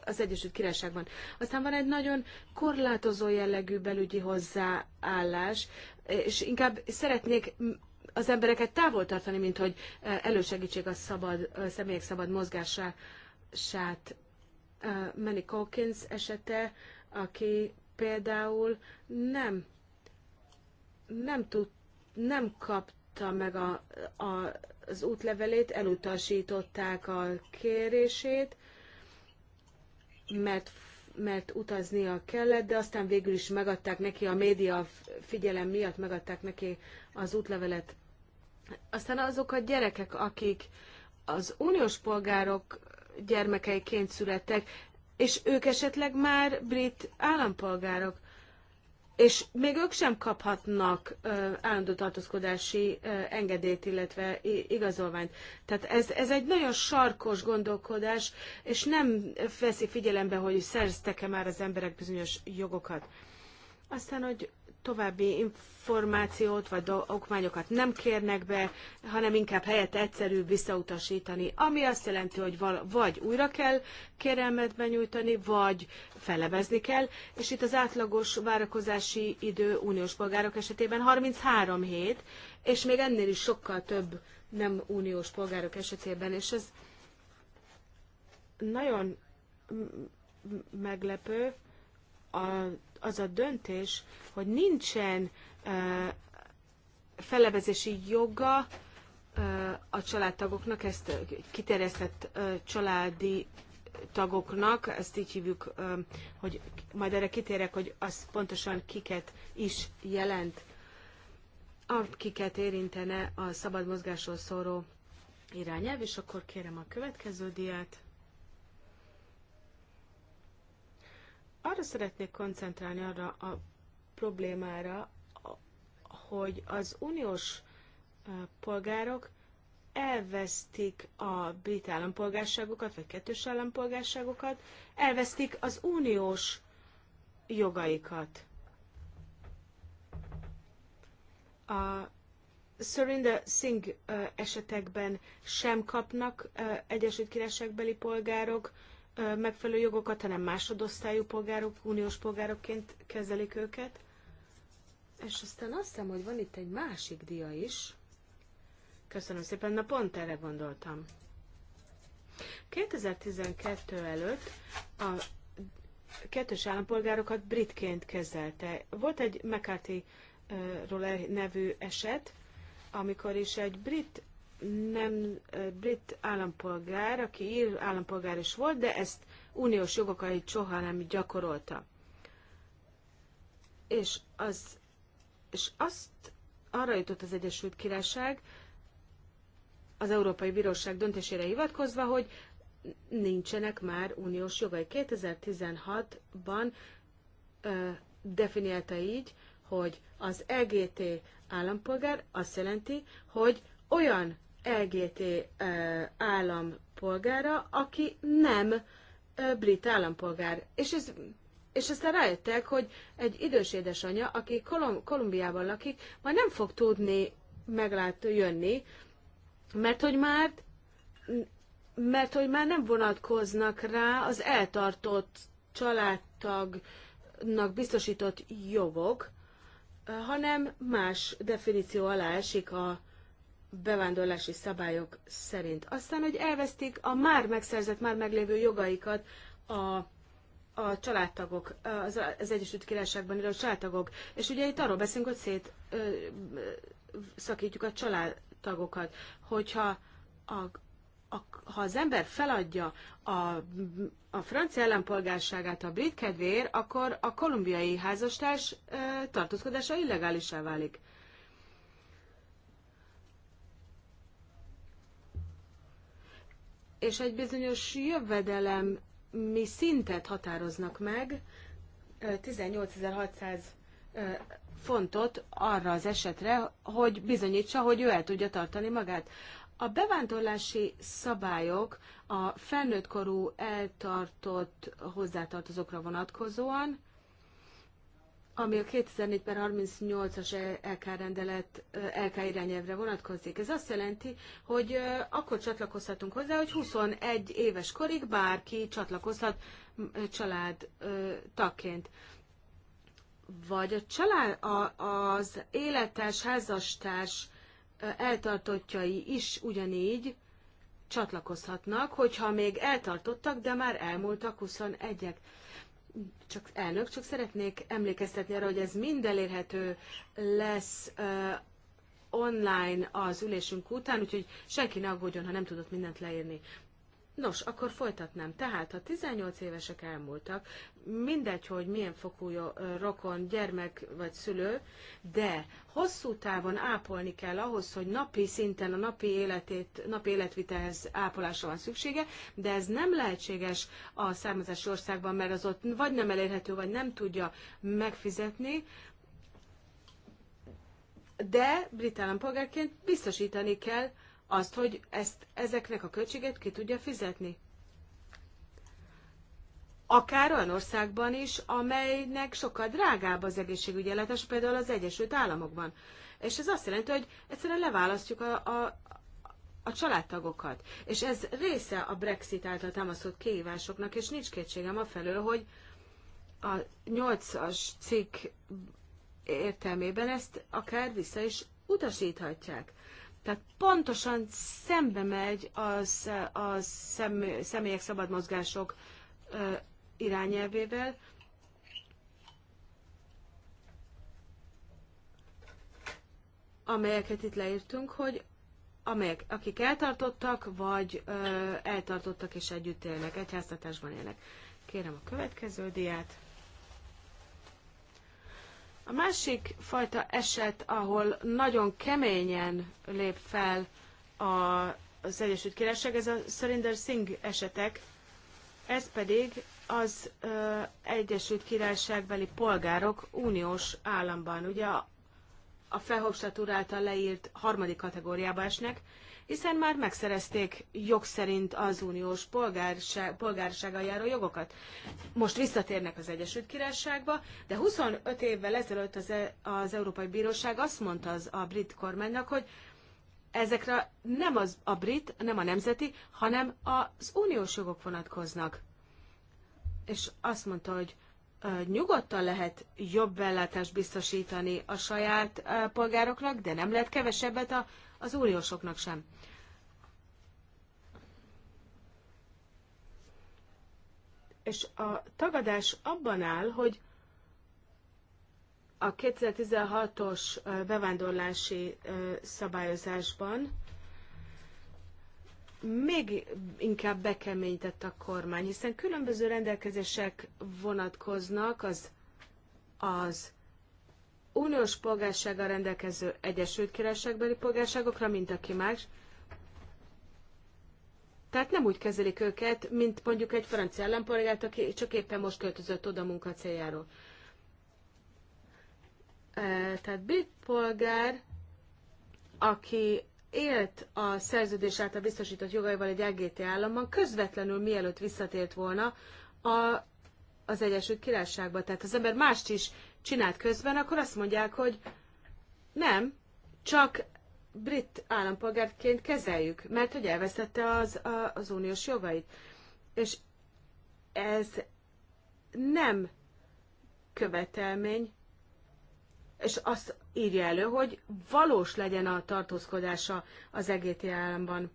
az Egyesült Királyságban. Aztán van egy nagyon korlátozó jellegű belügyi hozzáállás, és inkább szeretnék az embereket távol tartani, mint hogy elősegítsék a szabad, a személyek szabad mozgását. Manny Hawkins esete, aki például nem nem, tud, nem kapta meg a, a, az útlevelét, elutasították a kérését, mert, mert utaznia kellett, de aztán végül is megadták neki a média figyelem miatt, megadták neki az útlevelet. Aztán azok a gyerekek, akik az uniós polgárok gyermekeiként születtek, és ők esetleg már brit állampolgárok és még ők sem kaphatnak állandó tartózkodási engedélyt, illetve igazolványt. Tehát ez, ez egy nagyon sarkos gondolkodás, és nem veszi figyelembe, hogy szerztek-e már az emberek bizonyos jogokat. Aztán, hogy további információt vagy okmányokat nem kérnek be, hanem inkább helyett egyszerű visszautasítani, ami azt jelenti, hogy vagy újra kell kérelmet benyújtani, vagy felevezni kell, és itt az átlagos várakozási idő uniós polgárok esetében 33 hét, és még ennél is sokkal több nem uniós polgárok esetében, és ez nagyon meglepő, a az a döntés, hogy nincsen felevezési joga a családtagoknak, ezt kiterjesztett családi tagoknak, ezt így hívjuk, hogy majd erre kitérek, hogy az pontosan kiket is jelent, akiket érintene a szabad mozgásról szóró irányelv, és akkor kérem a következő diát. Arra szeretnék koncentrálni arra a problémára, hogy az uniós polgárok elvesztik a brit állampolgárságukat, vagy kettős állampolgárságokat, elvesztik az uniós jogaikat. A Surrender Singh esetekben sem kapnak Egyesült Királyságbeli polgárok megfelelő jogokat, hanem másodosztályú polgárok, uniós polgárokként kezelik őket. És aztán azt hiszem, hogy van itt egy másik dia is. Köszönöm szépen, na pont erre gondoltam. 2012 előtt a kettős állampolgárokat britként kezelte. Volt egy McCarthy-ról nevű eset, amikor is egy brit nem brit állampolgár, aki ír állampolgár is volt, de ezt uniós jogokat soha nem gyakorolta. És, az, és azt arra jutott az Egyesült Királyság, az Európai Bíróság döntésére hivatkozva, hogy nincsenek már uniós jogai. 2016-ban ö, definiálta így, hogy az EGT állampolgár azt jelenti, hogy olyan LGT állampolgára, aki nem brit állampolgár. És ez és aztán rájöttek, hogy egy idős édesanyja, aki Kolum- Kolumbiában lakik, majd nem fog tudni meglát jönni, mert hogy már mert hogy már nem vonatkoznak rá az eltartott családtagnak biztosított jogok, hanem más definíció alá esik a bevándorlási szabályok szerint. Aztán, hogy elvesztik a már megszerzett, már meglévő jogaikat a, a családtagok, az, az Egyesült Királyságban élő családtagok. És ugye itt arról beszélünk, hogy szét ö, szakítjuk a családtagokat, hogyha a, a, ha az ember feladja a, a francia ellenpolgárságát a brit kedvéért, akkor a kolumbiai házastárs tartózkodása illegálisá válik. és egy bizonyos jövedelem mi szintet határoznak meg, 18.600 fontot arra az esetre, hogy bizonyítsa, hogy ő el tudja tartani magát. A bevándorlási szabályok a felnőttkorú eltartott hozzátartozókra vonatkozóan ami a 2004 38-as LK rendelet, LK e irányelvre vonatkozik. Ez azt jelenti, hogy akkor csatlakozhatunk hozzá, hogy 21 éves korig bárki csatlakozhat család tagként. Vagy a család, a, az élettárs, házastárs eltartottjai is ugyanígy csatlakozhatnak, hogyha még eltartottak, de már elmúltak 21-ek csak elnök, csak szeretnék emlékeztetni arra, hogy ez mind elérhető lesz online az ülésünk után, úgyhogy senki ne aggódjon, ha nem tudott mindent leírni. Nos, akkor folytatnám. Tehát, ha 18 évesek elmúltak, mindegy, hogy milyen fokú rokon, gyermek vagy szülő, de hosszú távon ápolni kell ahhoz, hogy napi szinten a napi, életét, napi életvitelhez ápolásra van szüksége, de ez nem lehetséges a származási országban, mert az ott vagy nem elérhető, vagy nem tudja megfizetni, de brit állampolgárként biztosítani kell, azt, hogy ezt, ezeknek a költséget ki tudja fizetni. Akár olyan országban is, amelynek sokkal drágább az egészségügyi ellátás, például az Egyesült Államokban. És ez azt jelenti, hogy egyszerűen leválasztjuk a, a, a családtagokat. És ez része a Brexit által támasztott kihívásoknak, és nincs kétségem afelől, hogy a nyolcas cikk értelmében ezt akár vissza is utasíthatják. Tehát pontosan szembe megy a személyek szabad mozgások irányelvével. amelyeket itt leírtunk, hogy amelyek, akik eltartottak, vagy ö, eltartottak és együtt élnek, egyháztatásban élnek. Kérem a következő diát. A másik fajta eset, ahol nagyon keményen lép fel a, az Egyesült Királyság, ez a Surinder Singh esetek, ez pedig az ö, Egyesült Királyságbeli polgárok uniós államban. Ugye a, a felhofstatúr által leírt harmadik kategóriába esnek, hiszen már megszerezték jogszerint az uniós polgárság, polgársággal járó jogokat. Most visszatérnek az Egyesült Királyságba, de 25 évvel ezelőtt az, e, az Európai Bíróság azt mondta az, a brit kormánynak, hogy ezekre nem az, a brit, nem a nemzeti, hanem az uniós jogok vonatkoznak. És azt mondta, hogy nyugodtan lehet jobb ellátást biztosítani a saját polgároknak, de nem lehet kevesebbet a az úriósoknak sem. És a tagadás abban áll, hogy a 2016-os bevándorlási szabályozásban még inkább bekeményített a kormány, hiszen különböző rendelkezések vonatkoznak az, az uniós polgársággal rendelkező Egyesült Királyságbeli polgárságokra, mint aki más. Tehát nem úgy kezelik őket, mint mondjuk egy francia állampolgárt, aki csak éppen most költözött oda munka céljáról. E, tehát brit polgár, aki élt a szerződés által biztosított jogaival egy LGT államban, közvetlenül mielőtt visszatért volna a, az Egyesült Királyságba. Tehát az ember mást is csinált közben, akkor azt mondják, hogy nem, csak brit állampolgárként kezeljük, mert hogy elvesztette az, a, az uniós jogait. És ez nem követelmény, és azt írja elő, hogy valós legyen a tartózkodása az EGT államban.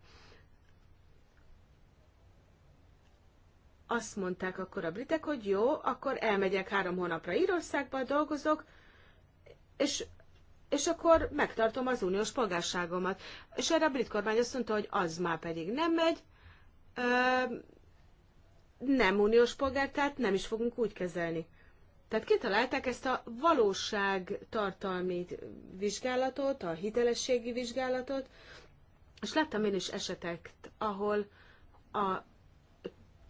azt mondták akkor a britek, hogy jó, akkor elmegyek három hónapra Írországba, dolgozok, és, és akkor megtartom az uniós polgárságomat. És erre a brit kormány azt mondta, hogy az már pedig nem megy, ö, nem uniós polgár, tehát nem is fogunk úgy kezelni. Tehát kitalálták ezt a valóság tartalmi vizsgálatot, a hitelességi vizsgálatot, és láttam én is eseteket, ahol a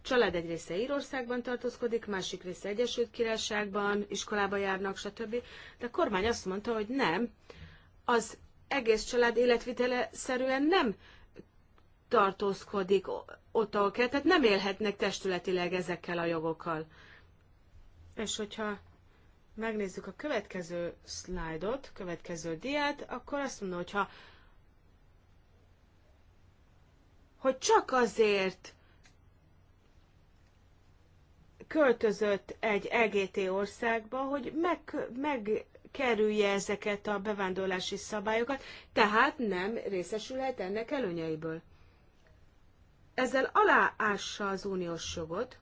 család egy része Írországban tartózkodik, másik része Egyesült Királyságban, iskolába járnak, stb. De a kormány azt mondta, hogy nem, az egész család életvitele szerűen nem tartózkodik ott, ahol kell, tehát nem élhetnek testületileg ezekkel a jogokkal. És hogyha megnézzük a következő szlájdot, következő diát, akkor azt mondom, hogyha hogy csak azért költözött egy EGT országba, hogy meg, megkerülje ezeket a bevándorlási szabályokat, tehát nem részesülhet ennek előnyeiből. Ezzel aláássa az uniós jogot,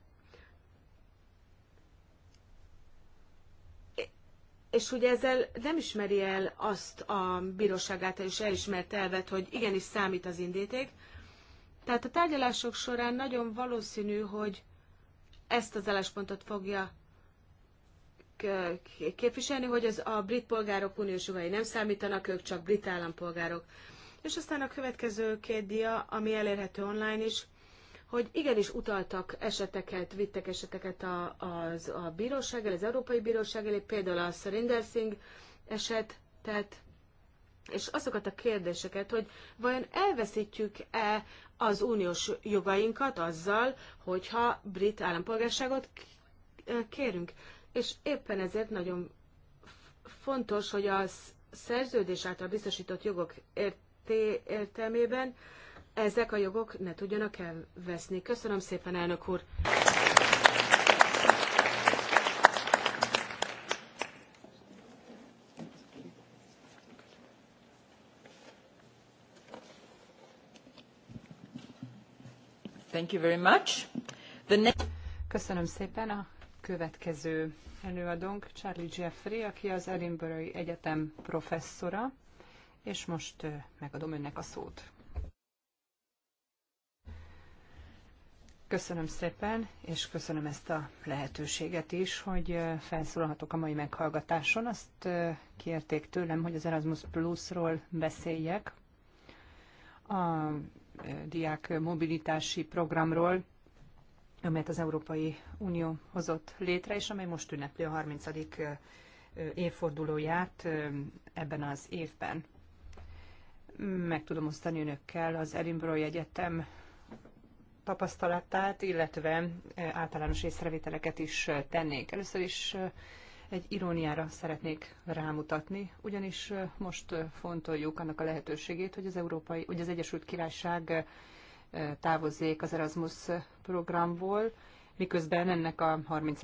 és ugye ezzel nem ismeri el azt a bíróságát, és elismert elvet, hogy igenis számít az indíték. Tehát a tárgyalások során nagyon valószínű, hogy ezt az álláspontot fogja képviselni, hogy az a brit polgárok uniós jogai nem számítanak, ők csak brit állampolgárok. És aztán a következő két dia, ami elérhető online is, hogy igenis utaltak eseteket, vittek eseteket a, az, a bíróság elé, az Európai Bíróság elé, például a Szerindelszing esetet, eset, tehát és azokat a kérdéseket, hogy vajon elveszítjük-e az uniós jogainkat azzal, hogyha brit állampolgárságot kérünk. És éppen ezért nagyon fontos, hogy a szerződés által biztosított jogok érté értelmében ezek a jogok ne tudjanak elveszni. Köszönöm szépen, elnök úr! Köszönöm szépen a következő előadónk Charlie Jeffrey, aki az Edinburghi Egyetem professzora, és most megadom önnek a szót. Köszönöm szépen, és köszönöm ezt a lehetőséget is, hogy felszólalhatok a mai meghallgatáson. Azt kérték tőlem, hogy az Erasmus Plus-ról beszéljek. A diák mobilitási programról, amelyet az Európai Unió hozott létre, és amely most ünnepli a 30. évfordulóját ebben az évben. Meg tudom osztani önökkel az Edinburgh Egyetem tapasztalatát, illetve általános észrevételeket is tennék. Először is egy iróniára szeretnék rámutatni, ugyanis most fontoljuk annak a lehetőségét, hogy az, Európai, hogy az Egyesült Királyság távozzék az Erasmus programból, miközben ennek a 30.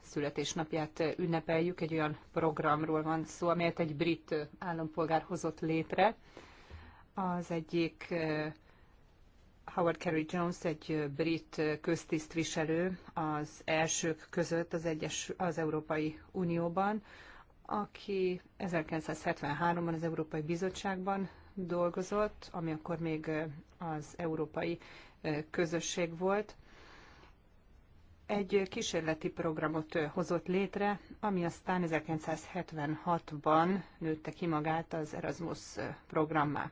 születésnapját ünnepeljük, egy olyan programról van szó, amelyet egy brit állampolgár hozott létre. Az egyik Howard Kerry Jones, egy brit köztisztviselő az elsők között az, egyes, az Európai Unióban, aki 1973-ban az Európai Bizottságban dolgozott, ami akkor még az Európai Közösség volt. Egy kísérleti programot hozott létre, ami aztán 1976-ban nőtte ki magát az Erasmus programmá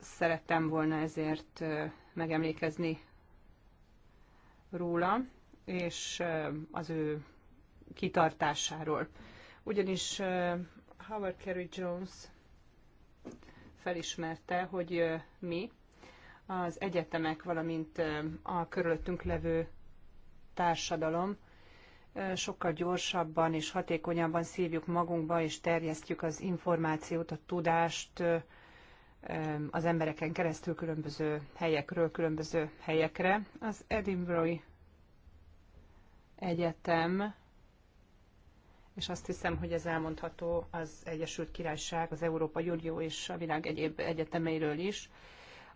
szerettem volna ezért megemlékezni róla, és az ő kitartásáról. Ugyanis Howard Carey Jones felismerte, hogy mi, az egyetemek, valamint a körülöttünk levő társadalom sokkal gyorsabban és hatékonyabban szívjuk magunkba, és terjesztjük az információt, a tudást, az embereken keresztül különböző helyekről különböző helyekre. Az Edinburgh Egyetem, és azt hiszem, hogy ez elmondható az Egyesült Királyság, az Európa Unió és a világ egyéb egyetemeiről is.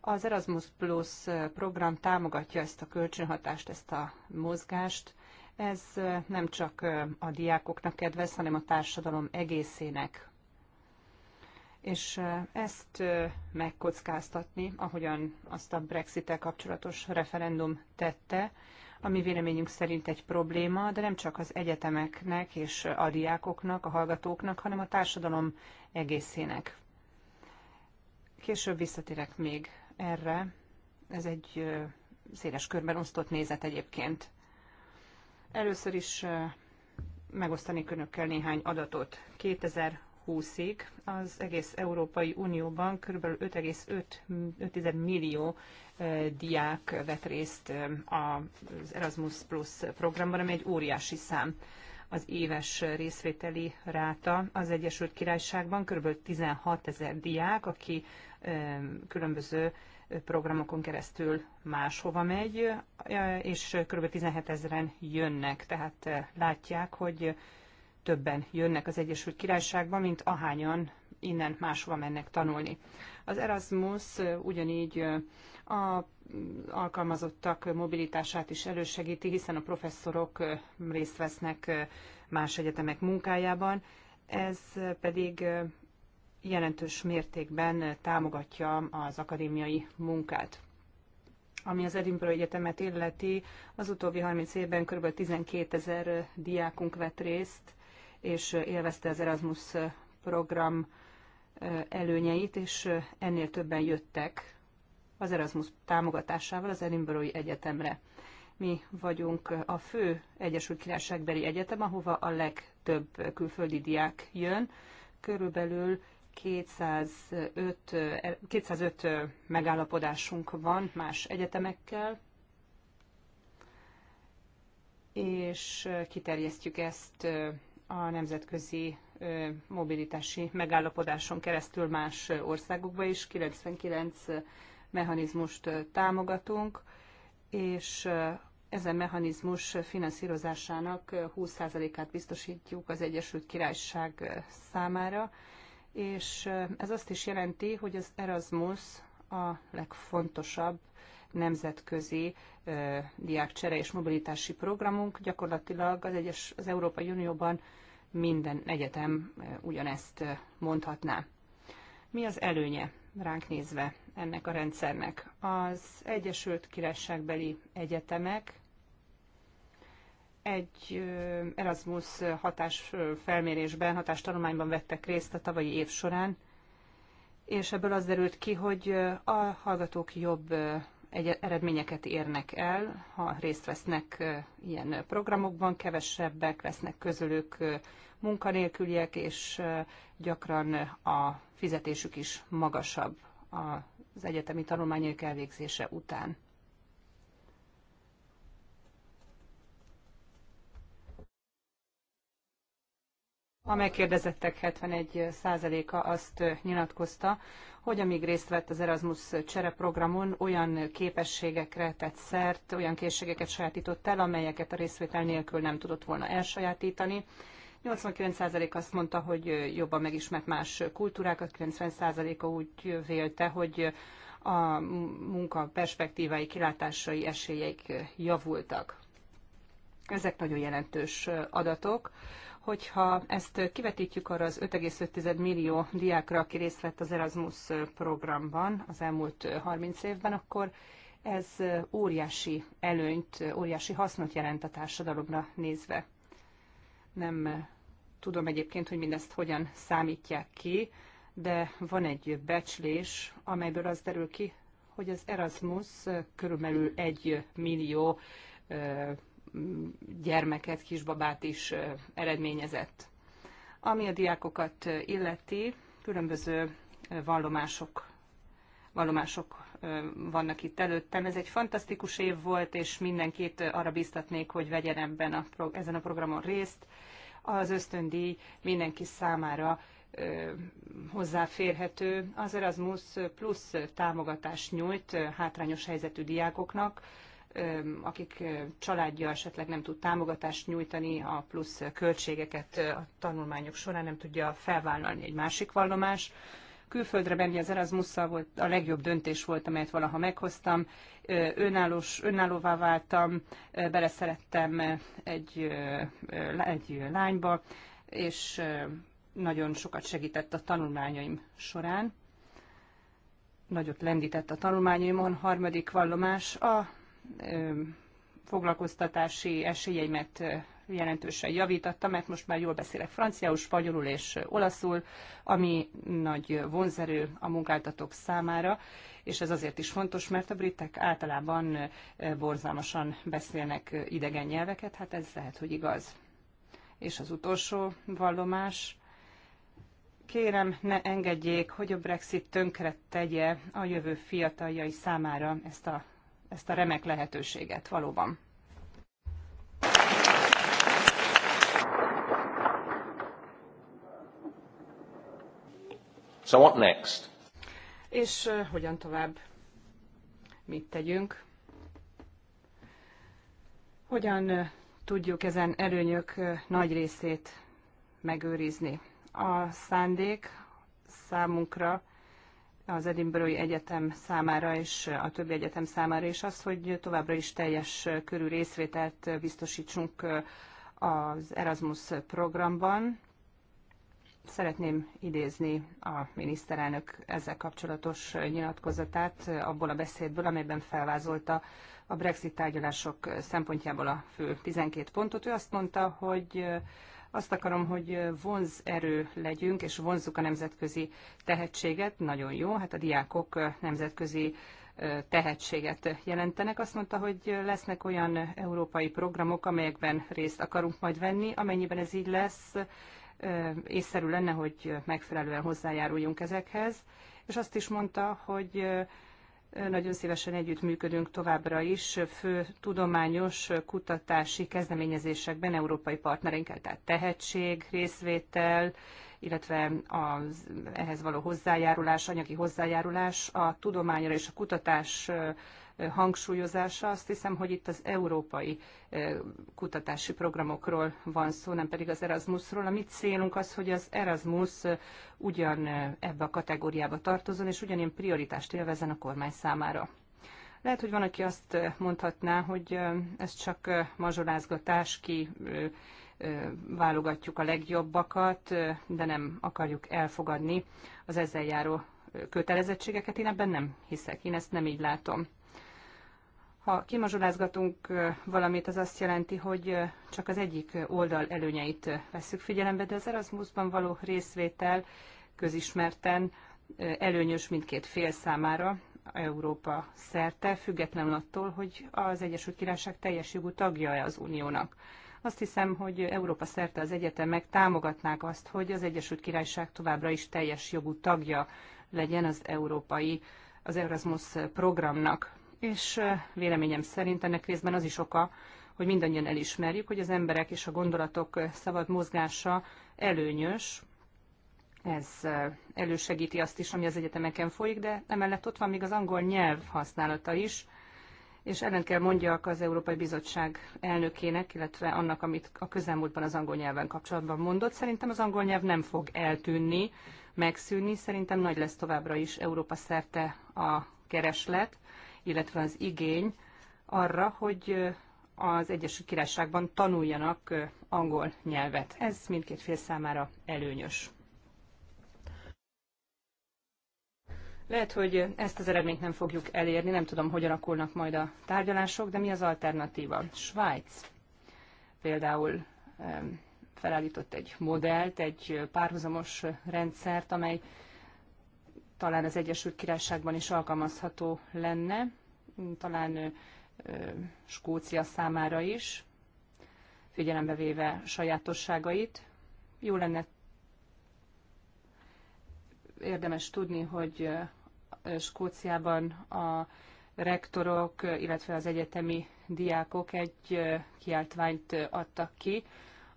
Az Erasmus Plus program támogatja ezt a kölcsönhatást, ezt a mozgást. Ez eh, nem csak eh, a diákoknak kedvez, hanem a társadalom egészének és ezt megkockáztatni, ahogyan azt a Brexit-tel kapcsolatos referendum tette, ami véleményünk szerint egy probléma, de nem csak az egyetemeknek és a diákoknak, a hallgatóknak, hanem a társadalom egészének. Később visszatérek még erre. Ez egy széles körben osztott nézet egyébként. Először is megosztani önökkel néhány adatot. 2000 2020-ig az egész Európai Unióban kb. 5,5 millió diák vett részt az Erasmus Plus programban, ami egy óriási szám. Az éves részvételi ráta az Egyesült Királyságban kb. 16 ezer diák, aki különböző programokon keresztül máshova megy, és kb. 17 ezeren jönnek. Tehát látják, hogy többen jönnek az Egyesült Királyságba, mint ahányan innen máshova mennek tanulni. Az Erasmus ugyanígy a alkalmazottak mobilitását is elősegíti, hiszen a professzorok részt vesznek más egyetemek munkájában, ez pedig jelentős mértékben támogatja az akadémiai munkát. Ami az Edinburgh Egyetemet illeti, az utóbbi 30 évben kb. 12 ezer diákunk vett részt és élvezte az Erasmus program előnyeit, és ennél többen jöttek az Erasmus támogatásával az Edinburghi Egyetemre. Mi vagyunk a fő Egyesült Királyságbeli Egyetem, ahova a legtöbb külföldi diák jön. Körülbelül 205, 205 e, megállapodásunk van más egyetemekkel, és kiterjesztjük ezt a nemzetközi mobilitási megállapodáson keresztül más országokba is. 99 mechanizmust támogatunk, és ezen mechanizmus finanszírozásának 20%-át biztosítjuk az Egyesült Királyság számára, és ez azt is jelenti, hogy az Erasmus a legfontosabb nemzetközi diákcsere és mobilitási programunk. Gyakorlatilag az, egyes, az Európai Unióban minden egyetem ugyanezt mondhatná. Mi az előnye ránk nézve ennek a rendszernek? Az Egyesült Királyságbeli egyetemek egy Erasmus hatás felmérésben, hatástanulmányban vettek részt a tavalyi év során, és ebből az derült ki, hogy a hallgatók jobb egy eredményeket érnek el, ha részt vesznek ilyen programokban, kevesebbek lesznek közülük munkanélküliek, és gyakran a fizetésük is magasabb az egyetemi tanulmányok elvégzése után. A megkérdezettek 71%-a azt nyilatkozta, hogy amíg részt vett az Erasmus Csere programon, olyan képességekre tett szert, olyan készségeket sajátított el, amelyeket a részvétel nélkül nem tudott volna elsajátítani. 89% azt mondta, hogy jobban megismert más kultúrákat, 90%-a úgy vélte, hogy a munka perspektívái, kilátásai, esélyeik javultak. Ezek nagyon jelentős adatok. Hogyha ezt kivetítjük arra az 5,5 millió diákra, aki részt vett az Erasmus programban az elmúlt 30 évben, akkor ez óriási előnyt, óriási hasznot jelent a társadalomra nézve. Nem tudom egyébként, hogy mindezt hogyan számítják ki, de van egy becslés, amelyből az derül ki, hogy az Erasmus körülbelül egy millió gyermeket, kisbabát is eredményezett. Ami a diákokat illeti, különböző vallomások, vallomások vannak itt előttem. Ez egy fantasztikus év volt, és mindenkit arra biztatnék, hogy vegyen ebben a, ezen a programon részt. Az ösztöndíj mindenki számára hozzáférhető. Az Erasmus plusz támogatást nyújt hátrányos helyzetű diákoknak, akik családja esetleg nem tud támogatást nyújtani, a plusz költségeket a tanulmányok során nem tudja felvállalni egy másik vallomás. Külföldre menni az erasmus volt a legjobb döntés volt, amelyet valaha meghoztam. Önállós, önállóvá váltam, beleszerettem egy, egy lányba, és nagyon sokat segített a tanulmányaim során nagyot lendített a tanulmányaimon, harmadik vallomás a foglalkoztatási esélyeimet jelentősen javította, mert most már jól beszélek franciául, spanyolul és olaszul, ami nagy vonzerő a munkáltatók számára, és ez azért is fontos, mert a britek általában borzalmasan beszélnek idegen nyelveket, hát ez lehet, hogy igaz. És az utolsó vallomás, kérem, ne engedjék, hogy a Brexit tönkre tegye a jövő fiataljai számára ezt a ezt a remek lehetőséget valóban. So what next? És uh, hogyan tovább? Mit tegyünk? Hogyan uh, tudjuk ezen erőnyök uh, nagy részét megőrizni? A szándék számunkra az Edinburghi Egyetem számára és a többi egyetem számára is az, hogy továbbra is teljes körű részvételt biztosítsunk az Erasmus programban. Szeretném idézni a miniszterelnök ezzel kapcsolatos nyilatkozatát abból a beszédből, amelyben felvázolta a Brexit tárgyalások szempontjából a fő 12 pontot. Ő azt mondta, hogy azt akarom, hogy vonz erő legyünk, és vonzzuk a nemzetközi tehetséget. Nagyon jó, hát a diákok nemzetközi tehetséget jelentenek. Azt mondta, hogy lesznek olyan európai programok, amelyekben részt akarunk majd venni. Amennyiben ez így lesz, észszerű lenne, hogy megfelelően hozzájáruljunk ezekhez. És azt is mondta, hogy nagyon szívesen együttműködünk továbbra is fő tudományos kutatási kezdeményezésekben európai partnerinkkel, tehát tehetség, részvétel, illetve az ehhez való hozzájárulás, anyagi hozzájárulás a tudományra és a kutatás hangsúlyozása. Azt hiszem, hogy itt az európai kutatási programokról van szó, nem pedig az Erasmusról. A mi célunk az, hogy az Erasmus ugyan ebbe a kategóriába tartozon, és ugyanilyen prioritást élvezen a kormány számára. Lehet, hogy van, aki azt mondhatná, hogy ez csak mazsolázgatás, ki válogatjuk a legjobbakat, de nem akarjuk elfogadni az ezzel járó kötelezettségeket. Én ebben nem hiszek, én ezt nem így látom. Ha kimazsolázgatunk valamit, az azt jelenti, hogy csak az egyik oldal előnyeit veszük figyelembe, de az Erasmusban való részvétel közismerten előnyös mindkét fél számára, Európa szerte, függetlenül attól, hogy az Egyesült Királyság teljes jogú tagja-e az Uniónak. Azt hiszem, hogy Európa szerte az egyetemek támogatnák azt, hogy az Egyesült Királyság továbbra is teljes jogú tagja legyen az európai, az Erasmus programnak és véleményem szerint ennek részben az is oka, hogy mindannyian elismerjük, hogy az emberek és a gondolatok szabad mozgása előnyös, ez elősegíti azt is, ami az egyetemeken folyik, de emellett ott van még az angol nyelv használata is, és ellen kell mondjak az Európai Bizottság elnökének, illetve annak, amit a közelmúltban az angol nyelven kapcsolatban mondott. Szerintem az angol nyelv nem fog eltűnni, megszűnni, szerintem nagy lesz továbbra is Európa szerte a kereslet, illetve az igény arra, hogy az Egyesült Királyságban tanuljanak angol nyelvet. Ez mindkét fél számára előnyös. Lehet, hogy ezt az eredményt nem fogjuk elérni, nem tudom, hogy alakulnak majd a tárgyalások, de mi az alternatíva? Svájc például felállított egy modellt, egy párhuzamos rendszert, amely talán az Egyesült Királyságban is alkalmazható lenne, talán Skócia számára is, figyelembe véve sajátosságait. Jó lenne érdemes tudni, hogy Skóciában a rektorok, illetve az egyetemi diákok egy kiáltványt adtak ki,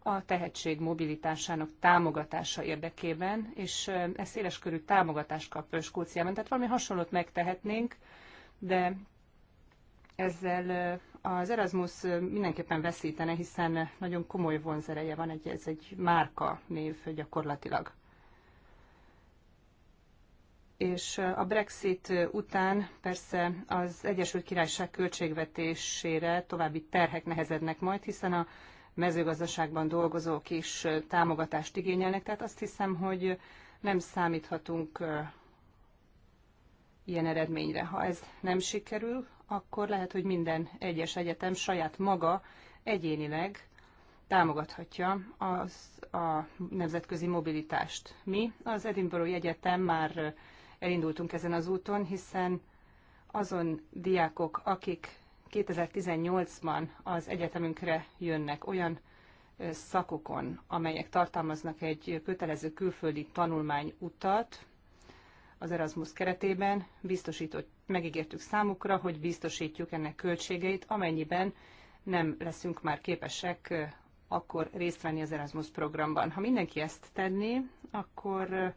a tehetség mobilitásának támogatása érdekében, és ez körű támogatást kap Skóciában. Tehát valami hasonlót megtehetnénk, de ezzel az Erasmus mindenképpen veszítene, hiszen nagyon komoly vonzereje van, egy, ez egy márka név gyakorlatilag. És a Brexit után persze az Egyesült Királyság költségvetésére további terhek nehezednek majd, hiszen a mezőgazdaságban dolgozók is támogatást igényelnek, tehát azt hiszem, hogy nem számíthatunk ilyen eredményre. Ha ez nem sikerül, akkor lehet, hogy minden egyes egyetem saját maga egyénileg támogathatja az, a nemzetközi mobilitást. Mi az Edinburgh Egyetem már elindultunk ezen az úton, hiszen azon diákok, akik 2018-ban az egyetemünkre jönnek olyan szakokon, amelyek tartalmaznak egy kötelező külföldi tanulmány utat az Erasmus keretében, biztosított, megígértük számukra, hogy biztosítjuk ennek költségeit, amennyiben nem leszünk már képesek akkor részt venni az Erasmus programban. Ha mindenki ezt tenné, akkor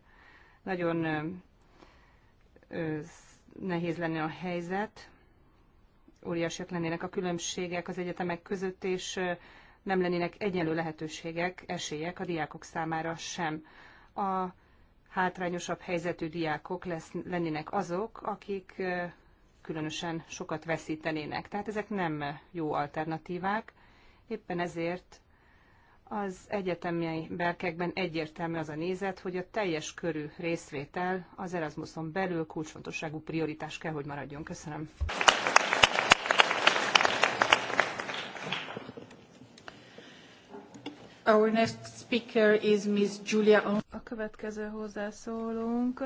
nagyon nehéz lenne a helyzet, óriásiak lennének a különbségek az egyetemek között, és nem lennének egyenlő lehetőségek, esélyek a diákok számára sem. A hátrányosabb helyzetű diákok lesz, lennének azok, akik különösen sokat veszítenének. Tehát ezek nem jó alternatívák. Éppen ezért az egyetemi berkekben egyértelmű az a nézet, hogy a teljes körű részvétel az Erasmuson belül kulcsfontosságú prioritás kell, hogy maradjon. Köszönöm. Our next speaker is Julia On- A következő hozzászólónk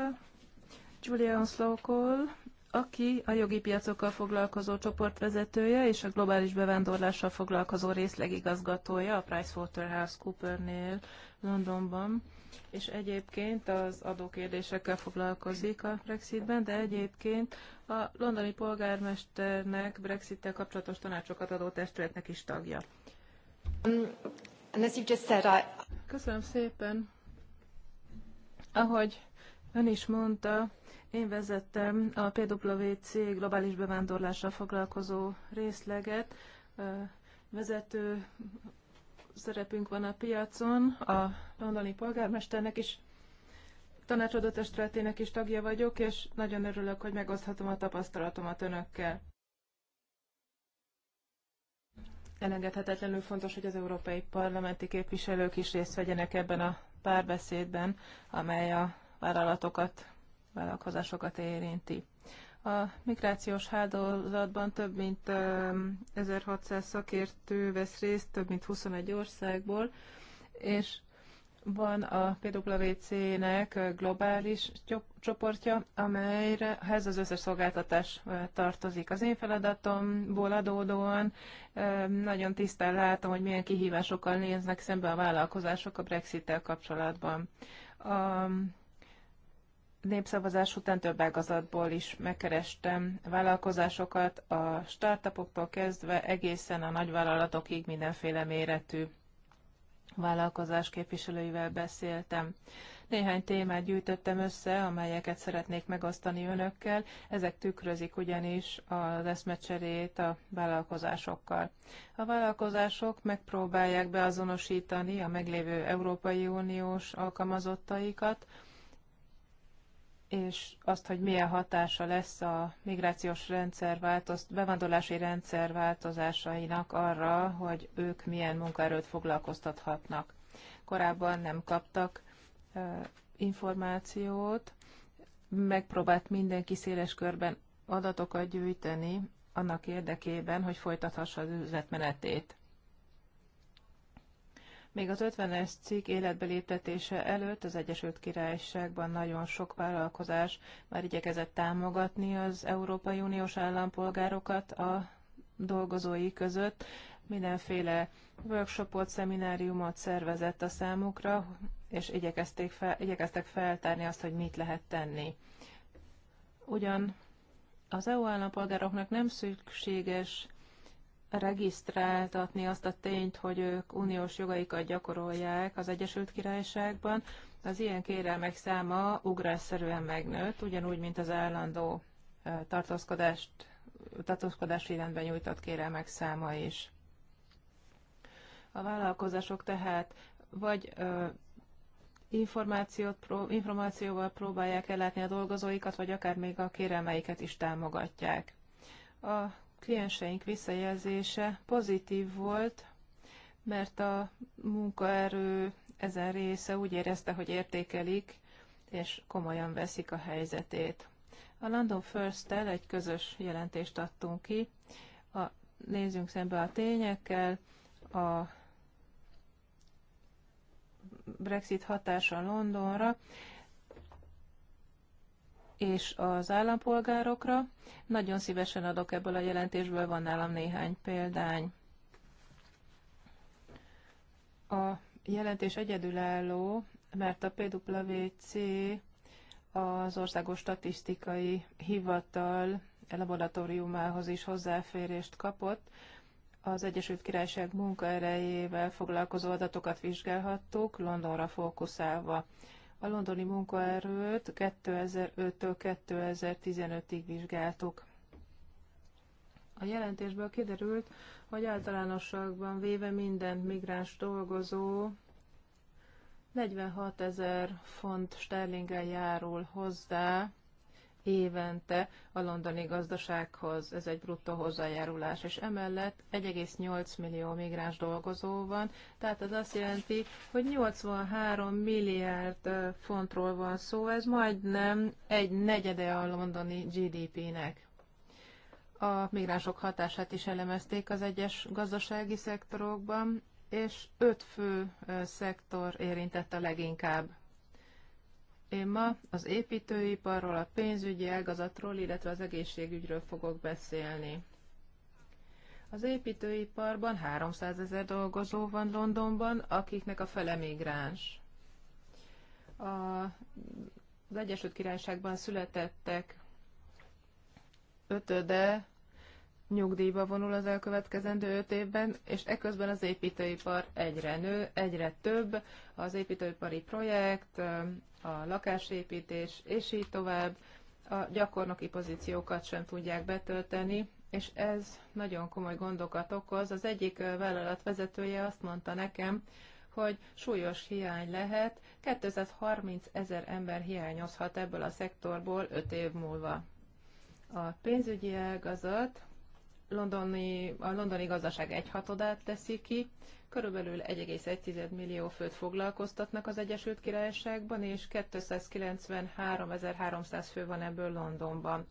Julia Onslokol, aki a jogi piacokkal foglalkozó csoportvezetője és a globális bevándorlással foglalkozó részlegigazgatója a PricewaterhouseCoopernél Londonban, és egyébként az adókérdésekkel foglalkozik a Brexitben, de egyébként a londoni polgármesternek Brexittel kapcsolatos tanácsokat adó testületnek is tagja. Um, Köszönöm szépen. Ahogy ön is mondta, én vezettem a PWC globális bevándorlással foglalkozó részleget. Vezető szerepünk van a piacon, a londoni polgármesternek is tanácsadó testületének is tagja vagyok, és nagyon örülök, hogy megoszthatom a tapasztalatomat önökkel. Elengedhetetlenül fontos, hogy az európai parlamenti képviselők is részt vegyenek ebben a párbeszédben, amely a vállalatokat, vállalkozásokat érinti. A migrációs hálózatban több mint 1600 szakértő vesz részt, több mint 21 országból, és van a PWC-nek globális csoportja, ez az összes szolgáltatás tartozik. Az én feladatomból adódóan nagyon tisztán látom, hogy milyen kihívásokkal néznek szembe a vállalkozások a Brexit-tel kapcsolatban. A népszavazás után több ágazatból is megkerestem vállalkozásokat, a startupoktól kezdve egészen a nagyvállalatokig mindenféle méretű vállalkozás képviselőivel beszéltem. Néhány témát gyűjtöttem össze, amelyeket szeretnék megosztani önökkel, ezek tükrözik ugyanis az eszmecserét a vállalkozásokkal. A vállalkozások megpróbálják beazonosítani a meglévő Európai Uniós alkalmazottaikat, és azt, hogy milyen hatása lesz a migrációs rendszer változ, bevándorlási rendszer változásainak arra, hogy ők milyen munkaerőt foglalkoztathatnak. Korábban nem kaptak információt, megpróbált mindenki széles körben adatokat gyűjteni annak érdekében, hogy folytathassa az üzletmenetét. Még az 50-es cikk életbe léptetése előtt az Egyesült Királyságban nagyon sok vállalkozás már igyekezett támogatni az Európai Uniós állampolgárokat a dolgozói között, mindenféle workshopot, szemináriumot szervezett a számukra, és igyekezték fel, igyekeztek feltárni azt, hogy mit lehet tenni. Ugyan az EU állampolgároknak nem szükséges regisztráltatni azt a tényt, hogy ők uniós jogaikat gyakorolják az Egyesült Királyságban. Az ilyen kérelmek száma ugrásszerűen megnőtt, ugyanúgy, mint az állandó tartózkodást, tartózkodási rendben nyújtott kérelmek száma is. A vállalkozások tehát vagy ö, információt, pró, információval próbálják ellátni a dolgozóikat, vagy akár még a kérelmeiket is támogatják. A klienseink visszajelzése pozitív volt, mert a munkaerő ezen része úgy érezte, hogy értékelik, és komolyan veszik a helyzetét. A London First-tel egy közös jelentést adtunk ki. A, nézzünk szembe a tényekkel, a Brexit hatása Londonra és az állampolgárokra. Nagyon szívesen adok ebből a jelentésből, van nálam néhány példány. A jelentés egyedülálló, mert a PWC az Országos Statisztikai Hivatal laboratóriumához is hozzáférést kapott, az Egyesült Királyság munkaerejével foglalkozó adatokat vizsgálhattuk, Londonra fókuszálva. A londoni munkaerőt 2005-től 2015-ig vizsgáltuk. A jelentésből kiderült, hogy általánosságban véve minden migráns dolgozó 46 ezer font sterlinggel járul hozzá évente a londoni gazdasághoz. Ez egy bruttó hozzájárulás, és emellett 1,8 millió migráns dolgozó van, tehát ez azt jelenti, hogy 83 milliárd fontról van szó, ez majdnem egy negyede a londoni GDP-nek. A migránsok hatását is elemezték az egyes gazdasági szektorokban, és öt fő szektor érintett a leginkább én ma az építőiparról, a pénzügyi ágazatról, illetve az egészségügyről fogok beszélni. Az építőiparban 300 ezer dolgozó van Londonban, akiknek a fele migráns. A, az Egyesült Királyságban születettek ötöde nyugdíjba vonul az elkövetkezendő öt évben, és eközben az építőipar egyre nő, egyre több. Az építőipari projekt, a lakásépítés, és így tovább. A gyakornoki pozíciókat sem tudják betölteni, és ez nagyon komoly gondokat okoz. Az egyik vállalat vezetője azt mondta nekem, hogy súlyos hiány lehet, 230 ezer ember hiányozhat ebből a szektorból 5 év múlva. A pénzügyi ágazat londoni, a londoni gazdaság egyhatodát teszi ki, körülbelül 1,1 millió főt foglalkoztatnak az Egyesült Királyságban, és 293.300 fő van ebből Londonban.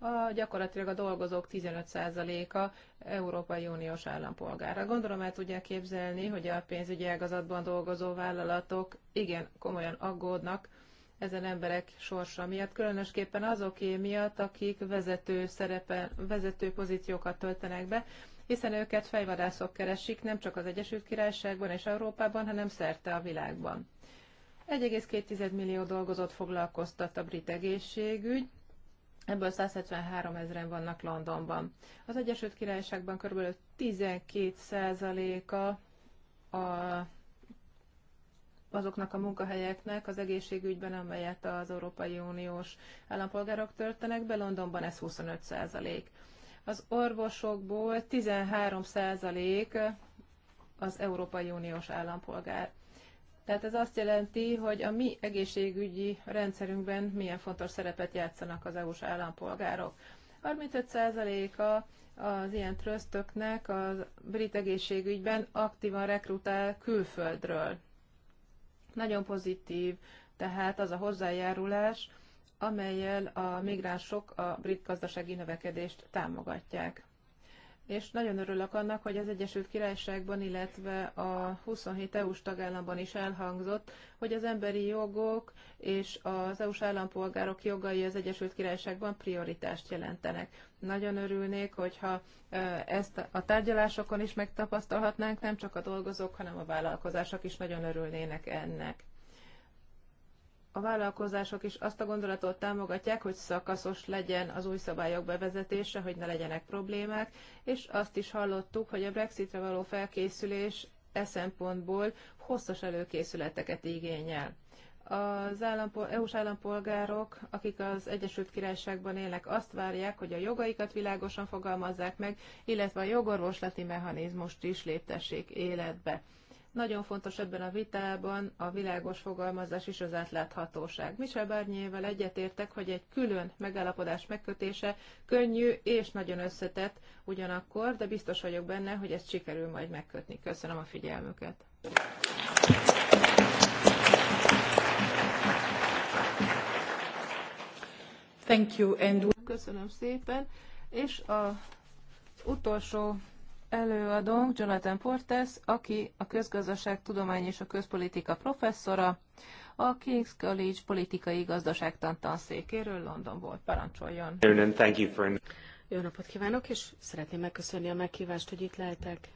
A, gyakorlatilag a dolgozók 15%-a Európai Uniós állampolgára. Gondolom el tudják képzelni, hogy a pénzügyi ágazatban dolgozó vállalatok igen komolyan aggódnak ezen emberek sorsa miatt, különösképpen azoké miatt, akik vezető, szerepe, vezető pozíciókat töltenek be, hiszen őket fejvadászok keresik nem csak az Egyesült Királyságban és Európában, hanem szerte a világban. 1,2 millió dolgozót foglalkoztat a brit egészségügy, ebből 173 ezeren vannak Londonban. Az Egyesült Királyságban kb. 12%-a a azoknak a munkahelyeknek az egészségügyben, amelyet az Európai Uniós állampolgárok töltenek be, Londonban ez 25 százalék. Az orvosokból 13 százalék az Európai Uniós állampolgár. Tehát ez azt jelenti, hogy a mi egészségügyi rendszerünkben milyen fontos szerepet játszanak az EU-s állampolgárok. 35%-a az ilyen trösztöknek a brit egészségügyben aktívan rekrutál külföldről. Nagyon pozitív tehát az a hozzájárulás, amelyel a migránsok a brit gazdasági növekedést támogatják és nagyon örülök annak, hogy az Egyesült Királyságban, illetve a 27 EU-s tagállamban is elhangzott, hogy az emberi jogok és az EU-s állampolgárok jogai az Egyesült Királyságban prioritást jelentenek. Nagyon örülnék, hogyha ezt a tárgyalásokon is megtapasztalhatnánk, nem csak a dolgozók, hanem a vállalkozások is nagyon örülnének ennek a vállalkozások is azt a gondolatot támogatják, hogy szakaszos legyen az új szabályok bevezetése, hogy ne legyenek problémák, és azt is hallottuk, hogy a Brexitre való felkészülés e szempontból hosszas előkészületeket igényel. Az állampol- EU-s állampolgárok, akik az Egyesült Királyságban élnek, azt várják, hogy a jogaikat világosan fogalmazzák meg, illetve a jogorvoslati mechanizmust is léptessék életbe. Nagyon fontos ebben a vitában a világos fogalmazás és az átláthatóság. Michel Barnier-vel egyetértek, hogy egy külön megállapodás megkötése könnyű és nagyon összetett ugyanakkor, de biztos vagyok benne, hogy ezt sikerül majd megkötni. Köszönöm a figyelmüket. Thank you, and... Köszönöm szépen, és a utolsó előadónk Jonathan Portes, aki a közgazdaság tudomány és a közpolitika professzora, a King's College politikai gazdaságtan tanszékéről Londonból. Parancsoljon! Jó napot kívánok, és szeretném megköszönni a meghívást, hogy itt lehetek.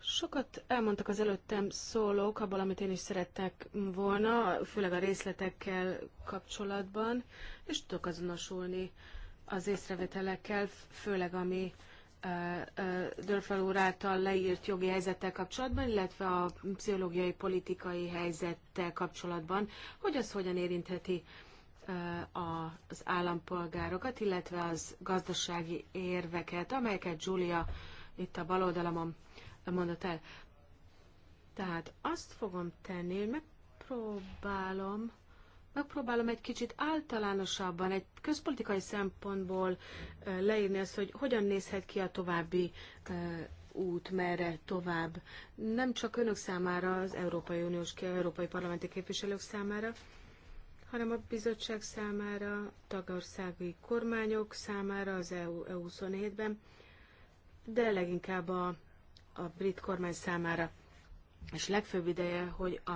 Sokat elmondtak az előttem szólók abból, amit én is szerettek volna, főleg a részletekkel kapcsolatban, és tudok azonosulni az észrevételekkel, főleg ami Dörfel úr által leírt jogi helyzettel kapcsolatban, illetve a pszichológiai politikai helyzettel kapcsolatban, hogy az hogyan érintheti az állampolgárokat, illetve az gazdasági érveket, amelyeket Julia itt a bal oldalamon mondott el. Tehát azt fogom tenni, hogy megpróbálom megpróbálom egy kicsit általánosabban, egy közpolitikai szempontból leírni azt, hogy hogyan nézhet ki a további út, merre tovább. Nem csak önök számára, az Európai Uniós, Európai Parlamenti képviselők számára, hanem a bizottság számára, tagországi kormányok számára az EU, 27 ben de leginkább a, a brit kormány számára. És legfőbb ideje, hogy a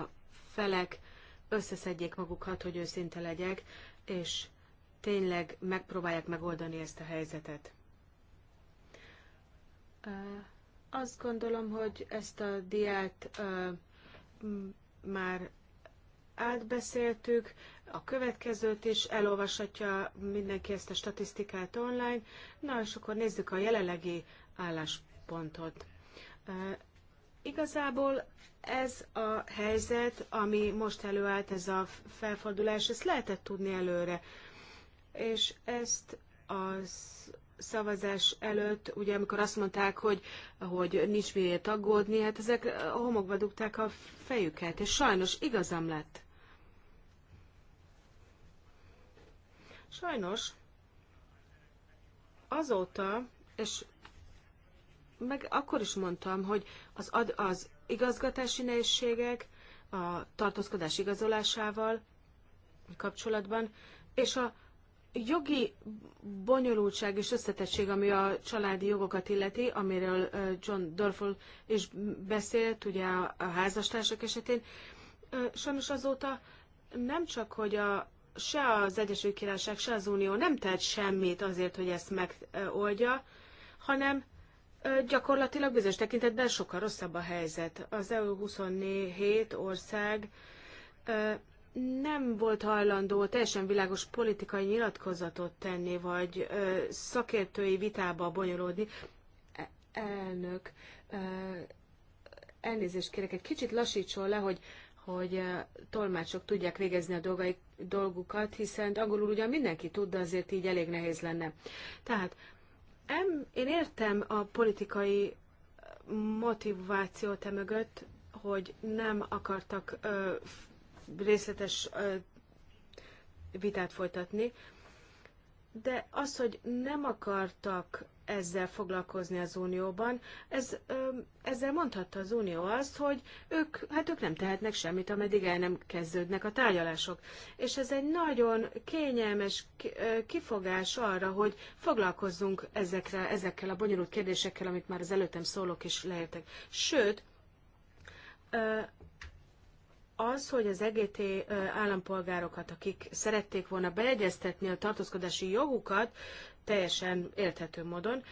felek összeszedjék magukat, hogy őszinte legyek, és tényleg megpróbálják megoldani ezt a helyzetet. Azt gondolom, hogy ezt a diát már átbeszéltük, a következőt is elolvashatja mindenki ezt a statisztikát online. Na, és akkor nézzük a jelenlegi álláspontot. Igazából ez a helyzet, ami most előállt, ez a felfordulás, ezt lehetett tudni előre. És ezt a szavazás előtt, ugye amikor azt mondták, hogy, hogy nincs miért aggódni, hát ezek a homokba dugták a fejüket, és sajnos igazam lett. Sajnos azóta, és meg akkor is mondtam, hogy az, ad, az igazgatási nehézségek a tartózkodás igazolásával kapcsolatban, és a jogi bonyolultság és összetettség, ami a családi jogokat illeti, amiről John Dorful is beszélt, ugye a házastársak esetén, sajnos azóta nem csak, hogy a, se az Egyesült Királyság, se az Unió nem tett semmit azért, hogy ezt megoldja, hanem gyakorlatilag bizonyos tekintetben sokkal rosszabb a helyzet. Az EU 27 ország nem volt hajlandó teljesen világos politikai nyilatkozatot tenni, vagy szakértői vitába bonyolódni. E, elnök, elnézést kérek, egy kicsit lassítson le, hogy hogy tolmácsok tudják végezni a dolgaik, dolgukat, hiszen angolul ugyan mindenki tud, de azért így elég nehéz lenne. Tehát em, én értem a politikai eh, motivációt emögött, hogy nem akartak ö, részletes ö, vitát folytatni, de az, hogy nem akartak ezzel foglalkozni az Unióban. Ez, ezzel mondhatta az Unió azt, hogy ők, hát ők nem tehetnek semmit, ameddig el nem kezdődnek a tárgyalások. És ez egy nagyon kényelmes kifogás arra, hogy foglalkozzunk ezekre, ezekkel a bonyolult kérdésekkel, amit már az előttem szólok is leértek. Sőt, az, hogy az EGT állampolgárokat, akik szerették volna beegyeztetni a tartózkodási jogukat, teljesen érthető módon,